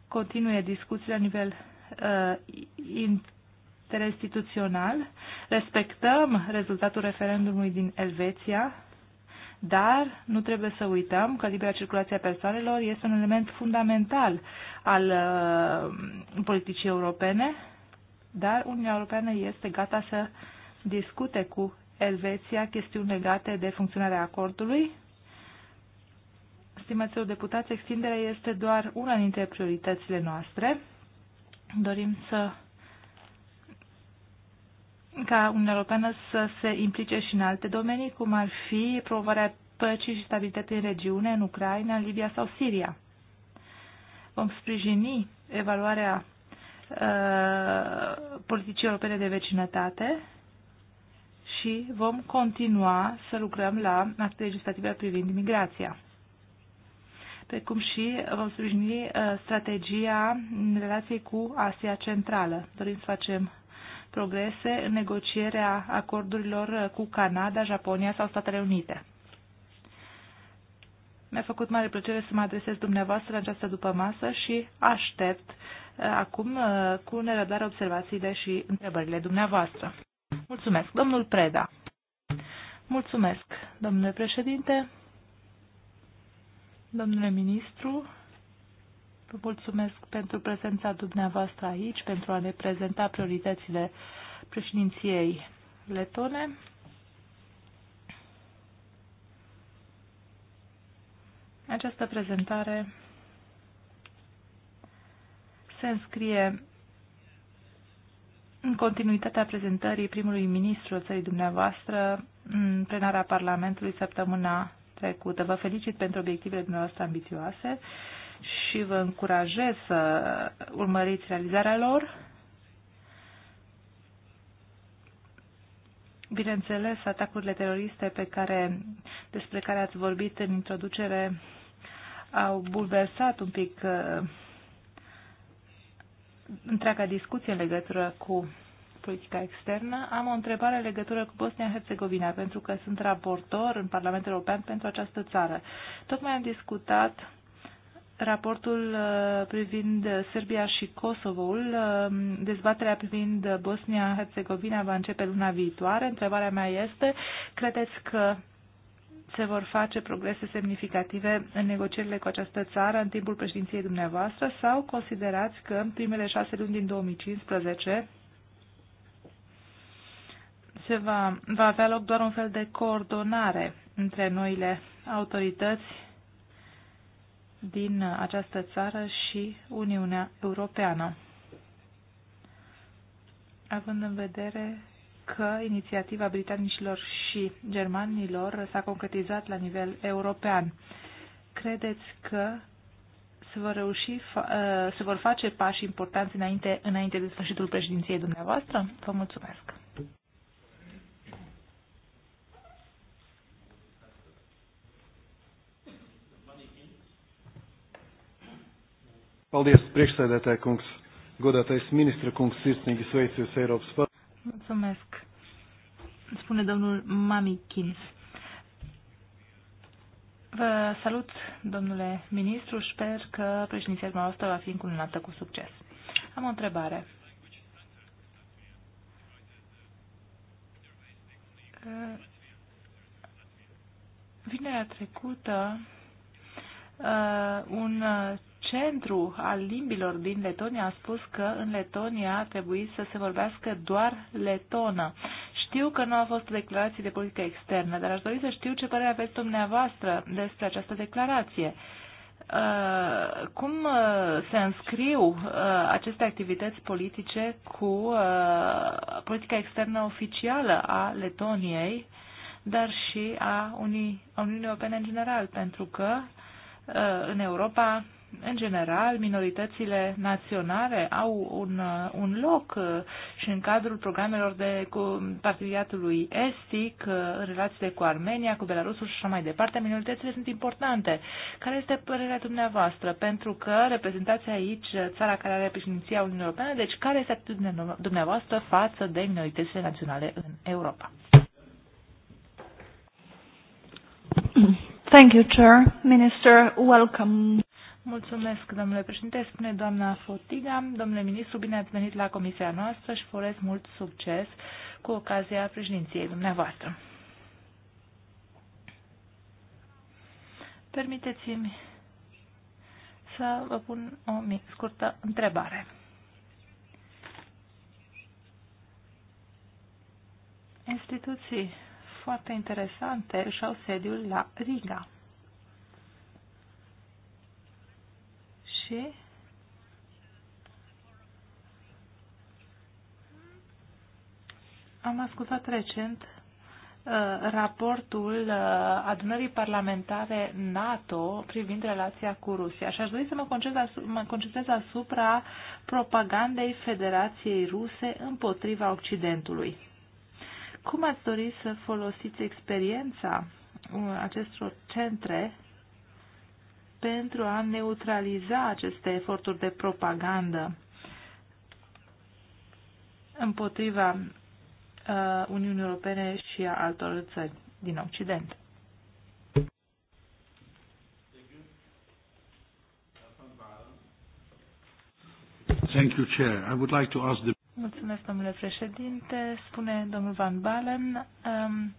continue discuții la nivel uh, interinstituțional. Respectăm rezultatul referendumului din Elveția, dar nu trebuie să uităm că libera circulație a persoanelor este un element fundamental al uh, politicii europene, dar Uniunea Europeană este gata să discute cu Elveția chestiuni legate de funcționarea acordului. Stimați eu, deputați, extinderea este doar una dintre prioritățile noastre. Dorim să ca Uniunea Europeană să se implice și în alte domenii, cum ar fi promovarea păcii și stabilității în regiune, în Ucraina, în Libia sau Siria. Vom sprijini evaluarea uh, politicii europene de vecinătate și vom continua să lucrăm la acte legislative privind imigrația precum și vom sprijini uh, strategia în relație cu Asia Centrală. Dorim să facem progrese în negocierea acordurilor uh, cu Canada, Japonia sau Statele Unite. Mi-a făcut mare plăcere să mă adresez dumneavoastră în această dupămasă și aștept uh, acum cu nerăbdare observațiile și întrebările dumneavoastră. Mulțumesc. Domnul Preda. Mulțumesc, domnule președinte, domnule ministru. Vă mulțumesc pentru prezența dumneavoastră aici, pentru a ne prezenta prioritățile președinției letone. Această prezentare se înscrie în continuitatea prezentării primului ministru țării dumneavoastră în plenarea Parlamentului săptămâna trecută. Vă felicit pentru obiectivele dumneavoastră ambițioase și vă încurajez să urmăriți realizarea lor. Bineînțeles, atacurile teroriste pe care, despre care ați vorbit în introducere au bulversat un pic uh, întreaga discuție în legătură cu politica externă, am o întrebare în legătură cu Bosnia-Herzegovina, pentru că sunt raportor în Parlamentul European pentru această țară. Tocmai am discutat raportul uh, privind Serbia și Kosovoul. Uh, dezbaterea privind Bosnia-Herzegovina va începe luna viitoare. Întrebarea mea este, credeți că se vor face progrese semnificative în negocierile cu această țară în timpul președinției dumneavoastră sau considerați că în primele șase luni din 2015 se va, va avea loc doar un fel de coordonare între noile autorități din această țară și Uniunea Europeană, având în vedere că inițiativa britanicilor și germanilor s-a concretizat la nivel european. Credeți că se vor reuși, ă, se vor face pași importanți înainte, înainte de sfârșitul președinției dumneavoastră? Vă mulțumesc! Paldies, priekšsēdētāja kungs, godātais ministra kungs, sirsnīgi sveicu jūs Eiropas Mulțumesc, spune domnul Mami Kins. Vă salut, domnule ministru. Sper că președinția noastră va fi încununată cu succes. Am o întrebare. Vinerea trecută, uh, un centru al limbilor din Letonia a spus că în Letonia a trebuit să se vorbească doar letonă. Știu că nu a fost o declarație de politică externă, dar aș dori să știu ce părere aveți dumneavoastră despre această declarație. Uh, cum uh, se înscriu uh, aceste activități politice cu uh, politica externă oficială a Letoniei, dar și a, a Uniunii Europene în general, pentru că uh, în Europa în general, minoritățile naționale au un, un loc uh, și în cadrul programelor de cu parteneriatului estic, uh, relațiile cu Armenia, cu Belarusul și așa mai departe, minoritățile sunt importante. Care este părerea dumneavoastră? Pentru că reprezentați aici țara care are președinția Uniunii Europene, deci care este atitudinea dumneavoastră față de minoritățile naționale în Europa? Thank you, Chair. Minister, welcome. Mulțumesc, domnule președinte, spune doamna Fotiga. Domnule ministru, bine ați venit la comisia noastră și vă mult succes cu ocazia președinției dumneavoastră. Permiteți-mi să vă pun o mică, scurtă întrebare. Instituții foarte interesante își au sediul la Riga. și am ascultat recent uh, raportul uh, adunării parlamentare NATO privind relația cu Rusia și aș dori să mă mă concentrez asupra propagandei Federației Ruse împotriva Occidentului. Cum ați dori să folosiți experiența uh, acestor centre pentru a neutraliza aceste eforturi de propagandă împotriva uh, Uniunii Europene și a altor țări din Occident. Thank you, Chair. I would like to ask the... Mulțumesc, domnule președinte. Spune domnul Van Balen. Um,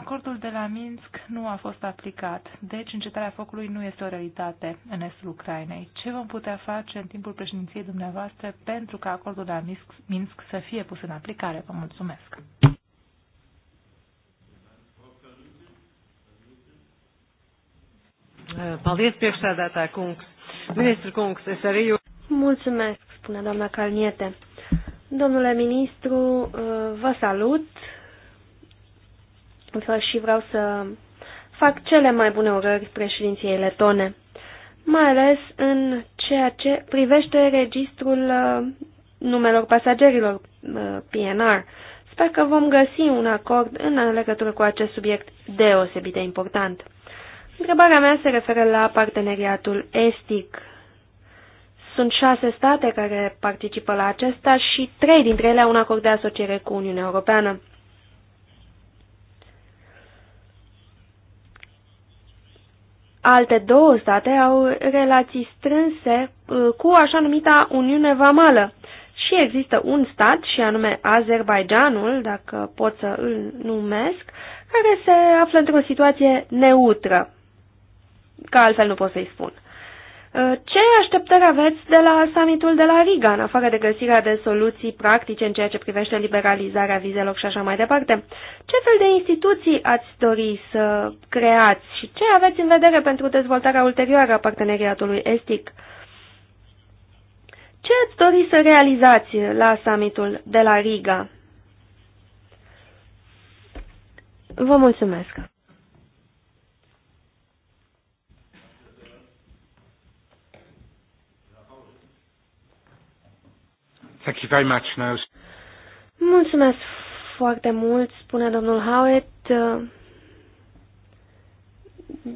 Acordul de la Minsk nu a fost aplicat, deci încetarea focului nu este o realitate în estul Ucrainei. Ce vom putea face în timpul președinției dumneavoastră pentru ca acordul de la Minsk, Minsk să fie pus în aplicare? Vă mulțumesc! Mulțumesc, spune doamna Calniete. Domnule ministru, vă salut Mulțumesc și vreau să fac cele mai bune urări președinției letone, mai ales în ceea ce privește registrul uh, numelor pasagerilor uh, PNR. Sper că vom găsi un acord în legătură cu acest subiect deosebit de important. Întrebarea mea se referă la parteneriatul estic. Sunt șase state care participă la acesta și trei dintre ele au un acord de asociere cu Uniunea Europeană. Alte două state au relații strânse uh, cu așa numita Uniune Vamală și există un stat, și anume Azerbaijanul, dacă pot să îl numesc, care se află într-o situație neutră, ca altfel nu pot să-i spun. Uh, ce așteptări aveți de la summitul de la Riga, în afară de găsirea de soluții practice în ceea ce privește liberalizarea vizelor și așa mai departe? Ce fel de instituții ați dori să creați și ce aveți în vedere pentru dezvoltarea ulterioară a parteneriatului estic? Ce ați dori să realizați la summitul de la Riga? Vă mulțumesc! Thank you very much, Nose. Mulțumesc foarte mult, spune domnul Howitt.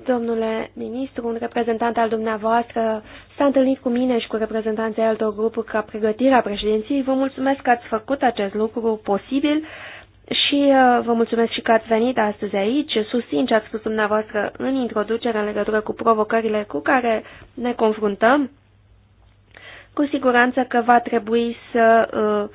Domnule ministru, un reprezentant al dumneavoastră s-a întâlnit cu mine și cu reprezentanții altor grupuri ca pregătirea președinției. Vă mulțumesc că ați făcut acest lucru posibil și uh, vă mulțumesc și că ați venit astăzi aici. Susțin ce ați spus dumneavoastră în introducere în legătură cu provocările cu care ne confruntăm cu siguranță că va trebui să uh,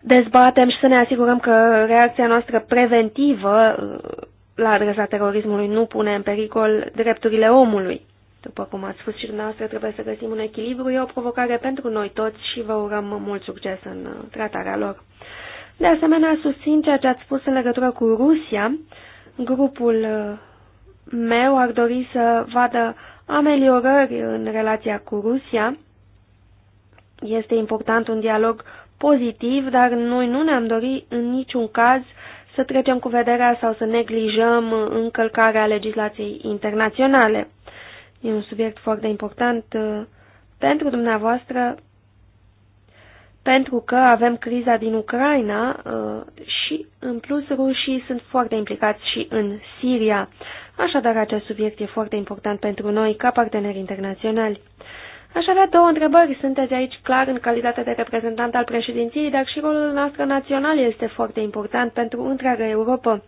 dezbatem și să ne asigurăm că reacția noastră preventivă uh, la adresa terorismului nu pune în pericol drepturile omului. După cum ați spus și dumneavoastră, trebuie să găsim un echilibru. E o provocare pentru noi toți și vă urăm mult succes în uh, tratarea lor. De asemenea, susțin ceea ce ați spus în legătură cu Rusia. Grupul meu ar dori să vadă ameliorări în relația cu Rusia este important un dialog pozitiv, dar noi nu ne-am dorit în niciun caz să trecem cu vederea sau să neglijăm încălcarea legislației internaționale. E un subiect foarte important uh, pentru dumneavoastră, pentru că avem criza din Ucraina uh, și, în plus, rușii sunt foarte implicați și în Siria. Așadar, acest subiect e foarte important pentru noi ca parteneri internaționali. Aș avea două întrebări. Sunteți aici clar în calitate de reprezentant al președinției, dar și rolul noastră național este foarte important pentru întreaga Europa.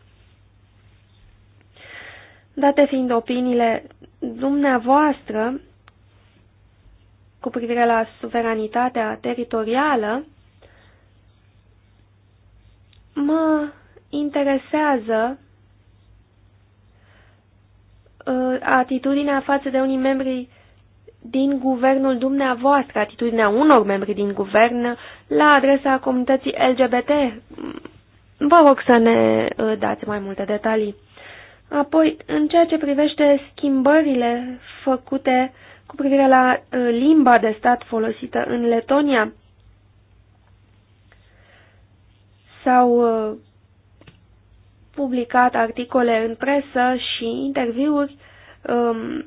Date fiind opiniile dumneavoastră cu privire la suveranitatea teritorială, mă interesează uh, atitudinea față de unii membri din guvernul dumneavoastră, atitudinea unor membri din guvern la adresa comunității LGBT? Vă rog să ne uh, dați mai multe detalii. Apoi, în ceea ce privește schimbările făcute cu privire la uh, limba de stat folosită în Letonia, sau uh, publicat articole în presă și interviuri um,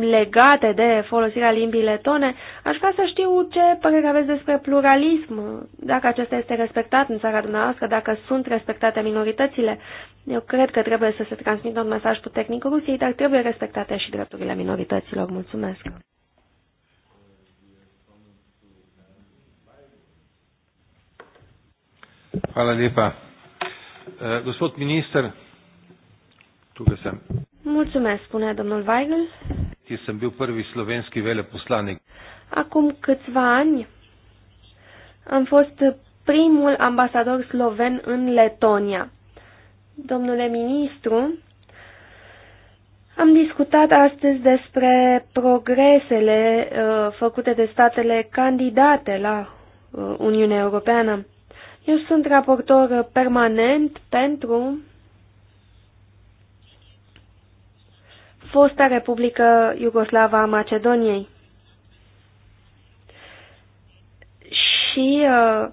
legate de folosirea limbii letone, aș vrea să știu ce părere aveți despre pluralism, dacă acesta este respectat în țara dumneavoastră, dacă sunt respectate minoritățile. Eu cred că trebuie să se transmită un mesaj puternic Rusiei, dar trebuie respectate și drepturile minorităților. Mulțumesc! Hvala Uh, Gospod minister, tu sam. Mulțumesc, spune domnul Weigel ti sem bil prvi slovenski veleposlanik. Acum câțiva ani am fost primul ambasador sloven în Letonia. Domnule ministru, am discutat astăzi despre progresele uh, făcute de statele candidate la uh, Uniunea Europeană. Eu sunt raportor permanent pentru fosta Republică Iugoslava a Macedoniei. Și uh,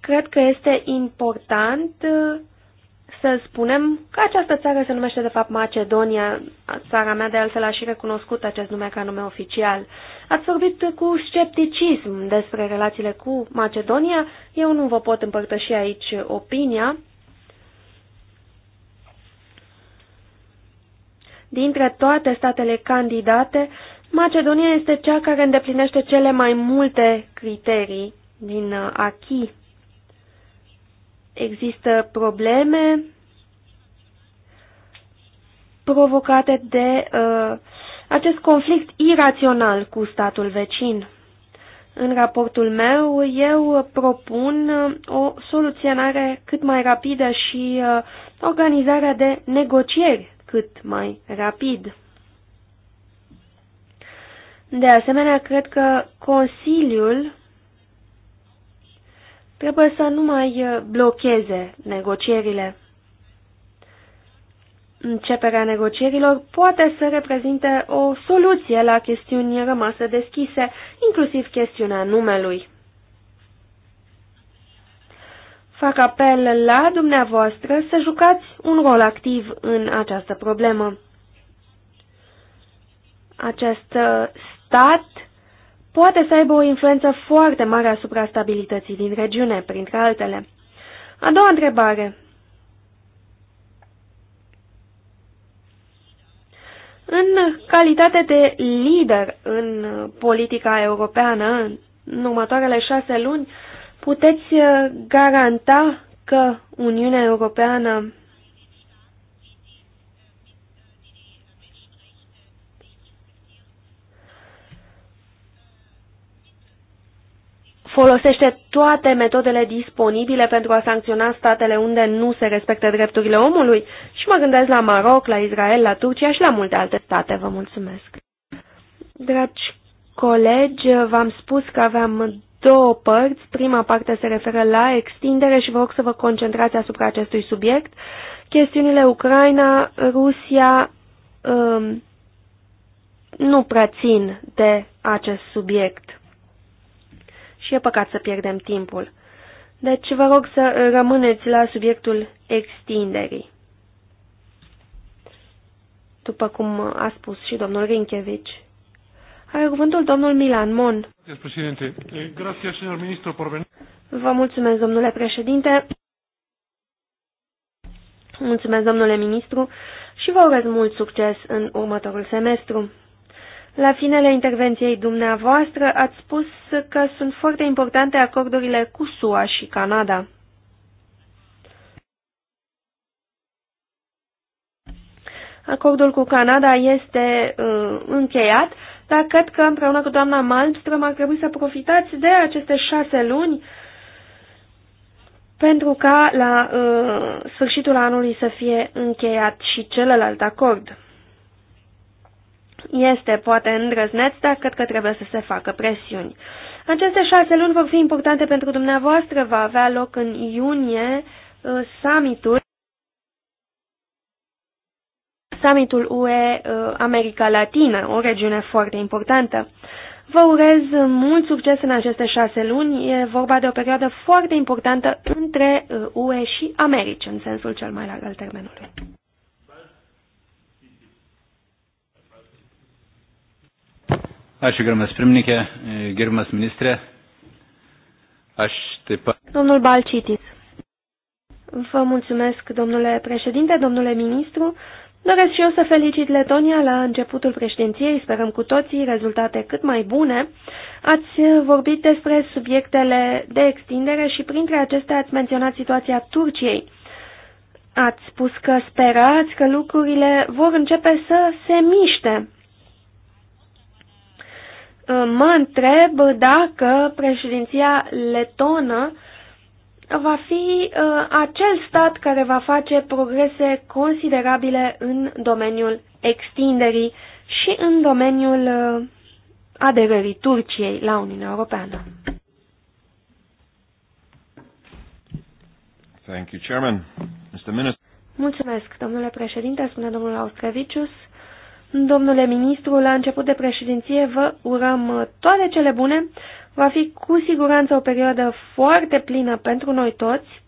cred că este important uh, să spunem că această țară se numește de fapt Macedonia, țara mea de altfel a și recunoscut acest nume ca nume oficial. Ați vorbit cu scepticism despre relațiile cu Macedonia, eu nu vă pot împărtăși aici opinia, Dintre toate statele candidate, Macedonia este cea care îndeplinește cele mai multe criterii din uh, achi. Există probleme provocate de uh, acest conflict irațional cu statul vecin. În raportul meu, eu propun uh, o soluționare cât mai rapidă și uh, organizarea de negocieri cât mai rapid. De asemenea, cred că Consiliul trebuie să nu mai blocheze negocierile. Începerea negocierilor poate să reprezinte o soluție la chestiuni rămase deschise, inclusiv chestiunea numelui. Fac apel la dumneavoastră să jucați un rol activ în această problemă. Acest stat poate să aibă o influență foarte mare asupra stabilității din regiune, printre altele. A doua întrebare. În calitate de lider în politica europeană, în următoarele șase luni, Puteți uh, garanta că Uniunea Europeană folosește toate metodele disponibile pentru a sancționa statele unde nu se respectă drepturile omului și mă gândesc la Maroc, la Israel, la Turcia și la multe alte state. Vă mulțumesc! Dragi colegi, v-am spus că aveam două părți. Prima parte se referă la extindere și vă rog să vă concentrați asupra acestui subiect. Chestiunile Ucraina, Rusia um, nu prea țin de acest subiect. Și e păcat să pierdem timpul. Deci vă rog să rămâneți la subiectul extinderii. După cum a spus și domnul Rinchevici. Are cuvântul domnul Milan Mon. Eh, vă mulțumesc, domnule președinte. Mulțumesc, domnule ministru, și vă urez mult succes în următorul semestru. La finele intervenției dumneavoastră ați spus că sunt foarte importante acordurile cu SUA și Canada. Acordul cu Canada este uh, încheiat dar cred că împreună cu doamna Malmström ar trebui să profitați de aceste șase luni pentru ca la uh, sfârșitul anului să fie încheiat și celălalt acord. Este poate îndrăzneț, dar cred că trebuie să se facă presiuni. Aceste șase luni vor fi importante pentru dumneavoastră, va avea loc în iunie uh, summitul summitul UE uh, America Latină, o regiune foarte importantă. Vă urez mult succes în aceste șase luni. E vorba de o perioadă foarte importantă între UE uh, și Americi, în sensul cel mai larg al termenului. Ačiū, gerbiamas pirmininkė, gerbiamas ministrė. Aș te Domnul Balcitis. Vă mulțumesc, domnule președinte, domnule ministru. Doresc și eu să felicit Letonia la începutul președinției, sperăm cu toții rezultate cât mai bune. Ați vorbit despre subiectele de extindere și printre acestea ați menționat situația Turciei. Ați spus că sperați că lucrurile vor începe să se miște. Mă întreb dacă președinția letonă va fi uh, acel stat care va face progrese considerabile în domeniul extinderii și în domeniul uh, aderării Turciei la Uniunea Europeană. Thank you, Chairman. Mr. Minister. Mulțumesc, domnule președinte, spune domnul Austrevicius. Domnule ministru, la început de președinție vă urăm uh, toate cele bune. Va fi cu siguranță o perioadă foarte plină pentru noi toți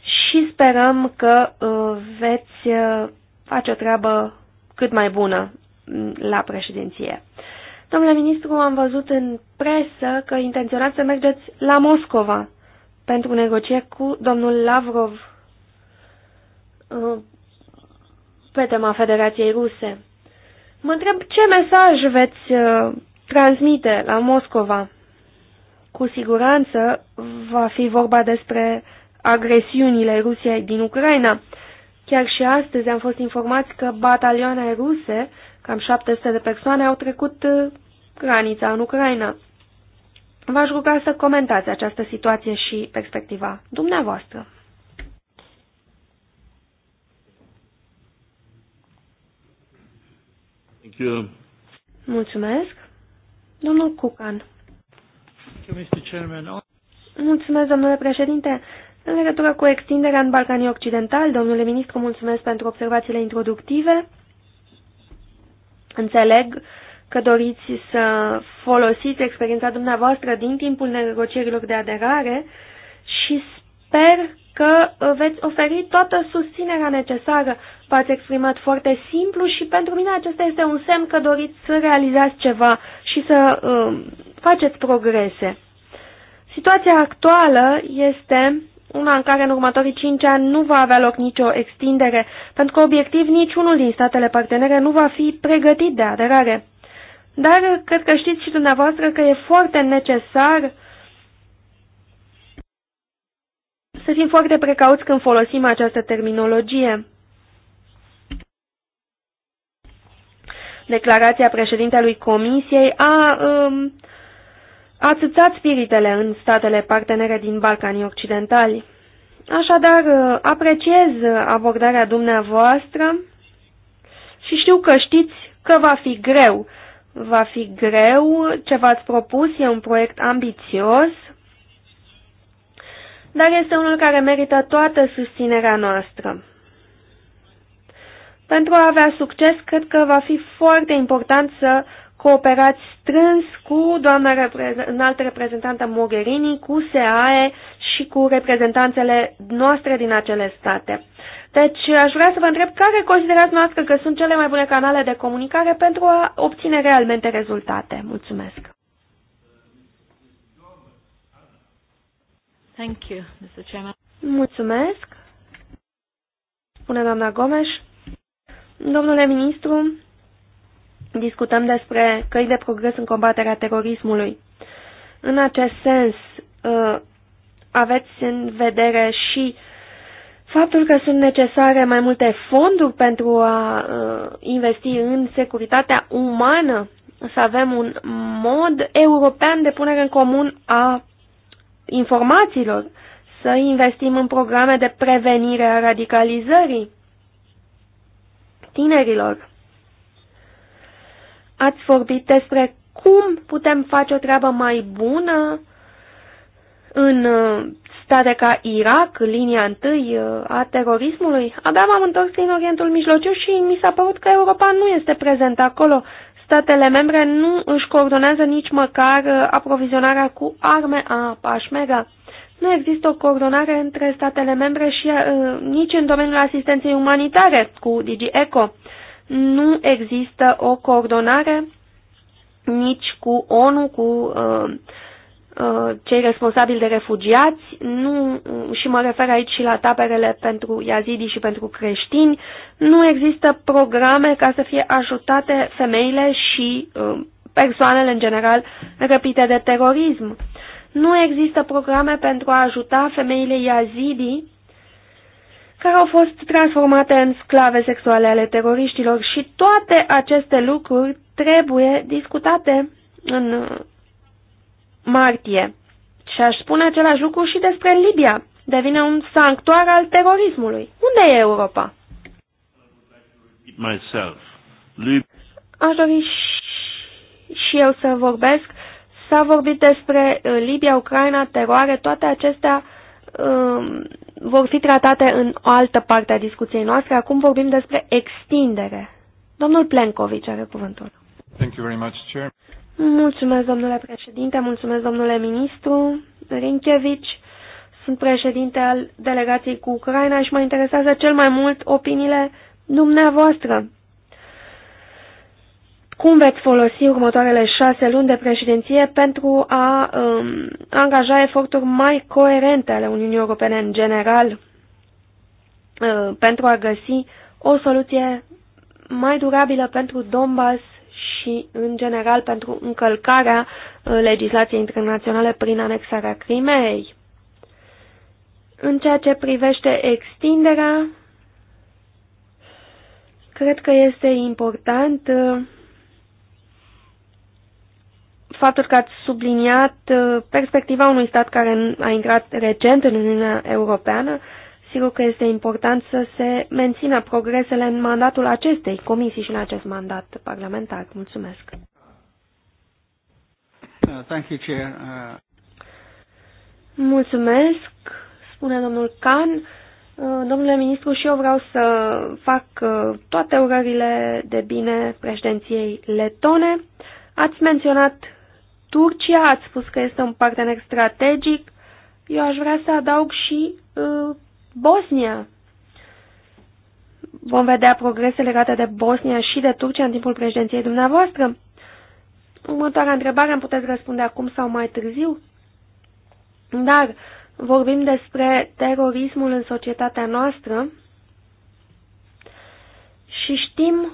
și sperăm că uh, veți uh, face o treabă cât mai bună mm, la președinție. Domnule ministru, am văzut în presă că intenționați să mergeți la Moscova pentru negocieri cu domnul Lavrov uh, pe tema Federației Ruse. Mă întreb ce mesaj veți transmite la Moscova. Cu siguranță va fi vorba despre agresiunile Rusiei din Ucraina. Chiar și astăzi am fost informați că batalioane ruse, cam 700 de persoane, au trecut uh, granița în Ucraina. V-aș ruga să comentați această situație și perspectiva dumneavoastră. Mulțumesc. Domnul Cucan. Mulțumesc, domnule președinte. În legătură cu extinderea în Balcanii Occidentali, domnule ministru, mulțumesc pentru observațiile introductive. Înțeleg că doriți să folosiți experiența dumneavoastră din timpul negocierilor de aderare și sper că uh, veți oferi toată susținerea necesară. V-ați exprimat foarte simplu și pentru mine acesta este un semn că doriți să realizați ceva și să uh, faceți progrese. Situația actuală este una în care în următorii 5 ani nu va avea loc nicio extindere, pentru că obiectiv niciunul din statele partenere nu va fi pregătit de aderare. Dar cred că știți și dumneavoastră că e foarte necesar uh, să fim foarte precauți când folosim această terminologie. Declarația președintelui Comisiei a um, atâțat spiritele în statele partenere din Balcanii Occidentali. Așadar, uh, apreciez abordarea dumneavoastră și știu că știți că va fi greu. Va fi greu ce v-ați propus, e un proiect ambițios dar este unul care merită toată susținerea noastră. Pentru a avea succes, cred că va fi foarte important să cooperați strâns cu doamna înaltă reprezentantă Mogherini, cu SEAE și cu reprezentanțele noastre din acele state. Deci aș vrea să vă întreb care considerați noastră că sunt cele mai bune canale de comunicare pentru a obține realmente rezultate. Mulțumesc! Thank you, Mr. Chairman. Mulțumesc. Spune doamna Gomes. Domnule ministru, discutăm despre căi de progres în combaterea terorismului. În acest sens, uh, aveți în vedere și faptul că sunt necesare mai multe fonduri pentru a uh, investi în securitatea umană, să avem un mod european de punere în comun a informațiilor, să investim în programe de prevenire a radicalizării tinerilor. Ați vorbit despre cum putem face o treabă mai bună în uh, state ca Irak, linia întâi uh, a terorismului. Abia m-am întors din Orientul Mijlociu și mi s-a părut că Europa nu este prezentă acolo statele membre nu își coordonează nici măcar uh, aprovizionarea cu arme a Pașmega. Nu există o coordonare între statele membre și uh, nici în domeniul asistenței umanitare cu DigiEco. Nu există o coordonare nici cu ONU, cu uh, Uh, cei responsabili de refugiați, nu, și mă refer aici și la taberele pentru yazidi și pentru creștini, nu există programe ca să fie ajutate femeile și uh, persoanele în general răpite de terorism. Nu există programe pentru a ajuta femeile yazidi care au fost transformate în sclave sexuale ale teroriștilor și toate aceste lucruri trebuie discutate în uh, martie. Și aș spune același lucru și despre Libia. Devine un sanctuar al terorismului. Unde e Europa? Aș dori și eu să vorbesc. S-a vorbit despre uh, Libia, Ucraina, teroare, toate acestea um, vor fi tratate în o altă parte a discuției noastre. Acum vorbim despre extindere. Domnul Plenković are cuvântul. Thank you very much, Chair. Mulțumesc, domnule președinte, mulțumesc, domnule ministru Rinchevici. Sunt președinte al delegației cu Ucraina și mă interesează cel mai mult opiniile dumneavoastră. Cum veți folosi următoarele șase luni de președinție pentru a um, angaja eforturi mai coerente ale Uniunii Europene în general uh, pentru a găsi o soluție mai durabilă pentru Donbass și, în general, pentru încălcarea uh, legislației internaționale prin anexarea Crimeei. În ceea ce privește extinderea, cred că este important uh, faptul că ați subliniat uh, perspectiva unui stat care a intrat recent în Uniunea Europeană, Sigur că este important să se mențină progresele în mandatul acestei comisii și în acest mandat parlamentar. Mulțumesc. Uh, thank you, Chair. Uh, Mulțumesc, spune domnul Can. Uh, domnule ministru, și eu vreau să fac toate urările de bine președinției letone. Ați menționat Turcia, ați spus că este un partener strategic. Eu aș vrea să adaug și uh, Bosnia. Vom vedea progrese legate de Bosnia și de Turcia în timpul președinției dumneavoastră. Următoarea întrebare îmi puteți răspunde acum sau mai târziu, dar vorbim despre terorismul în societatea noastră și știm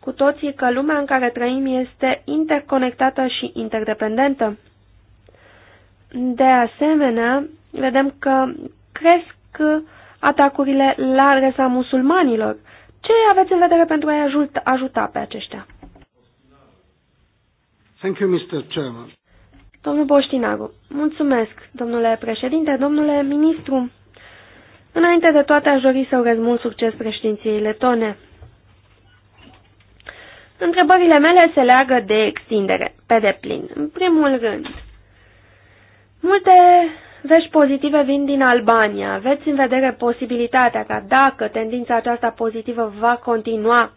cu toții că lumea în care trăim este interconectată și interdependentă. De asemenea, vedem că cresc atacurile la adresa musulmanilor. Ce aveți în vedere pentru a-i ajuta, ajuta pe aceștia? Thank you, Mr. Chairman. Domnul Boștinaru, mulțumesc, domnule președinte, domnule ministru. Înainte de toate, aș dori să urez mult succes președinției letone. Întrebările mele se leagă de extindere, pe deplin. În primul rând, multe Vești pozitive vin din Albania. Aveți în vedere posibilitatea ca dacă tendința aceasta pozitivă va continua,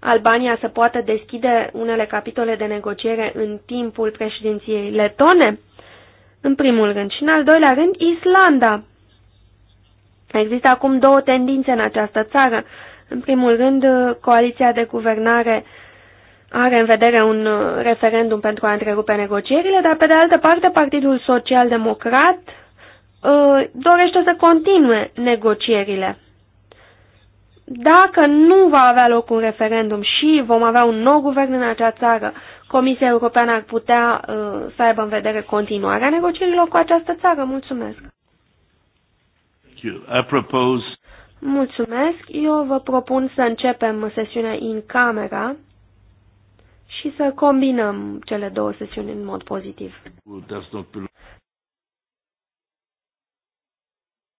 Albania să poată deschide unele capitole de negociere în timpul președinției letone? În primul rând. Și în al doilea rând, Islanda. Există acum două tendințe în această țară. În primul rând, coaliția de guvernare are în vedere un uh, referendum pentru a întrerupe negocierile, dar pe de altă parte Partidul Social Democrat Uh, dorește să continue negocierile. Dacă nu va avea loc un referendum și vom avea un nou guvern în acea țară, Comisia Europeană ar putea uh, să aibă în vedere continuarea negocierilor cu această țară. Mulțumesc! Mulțumesc! Eu vă propun să începem sesiunea în camera și să combinăm cele două sesiuni în mod pozitiv.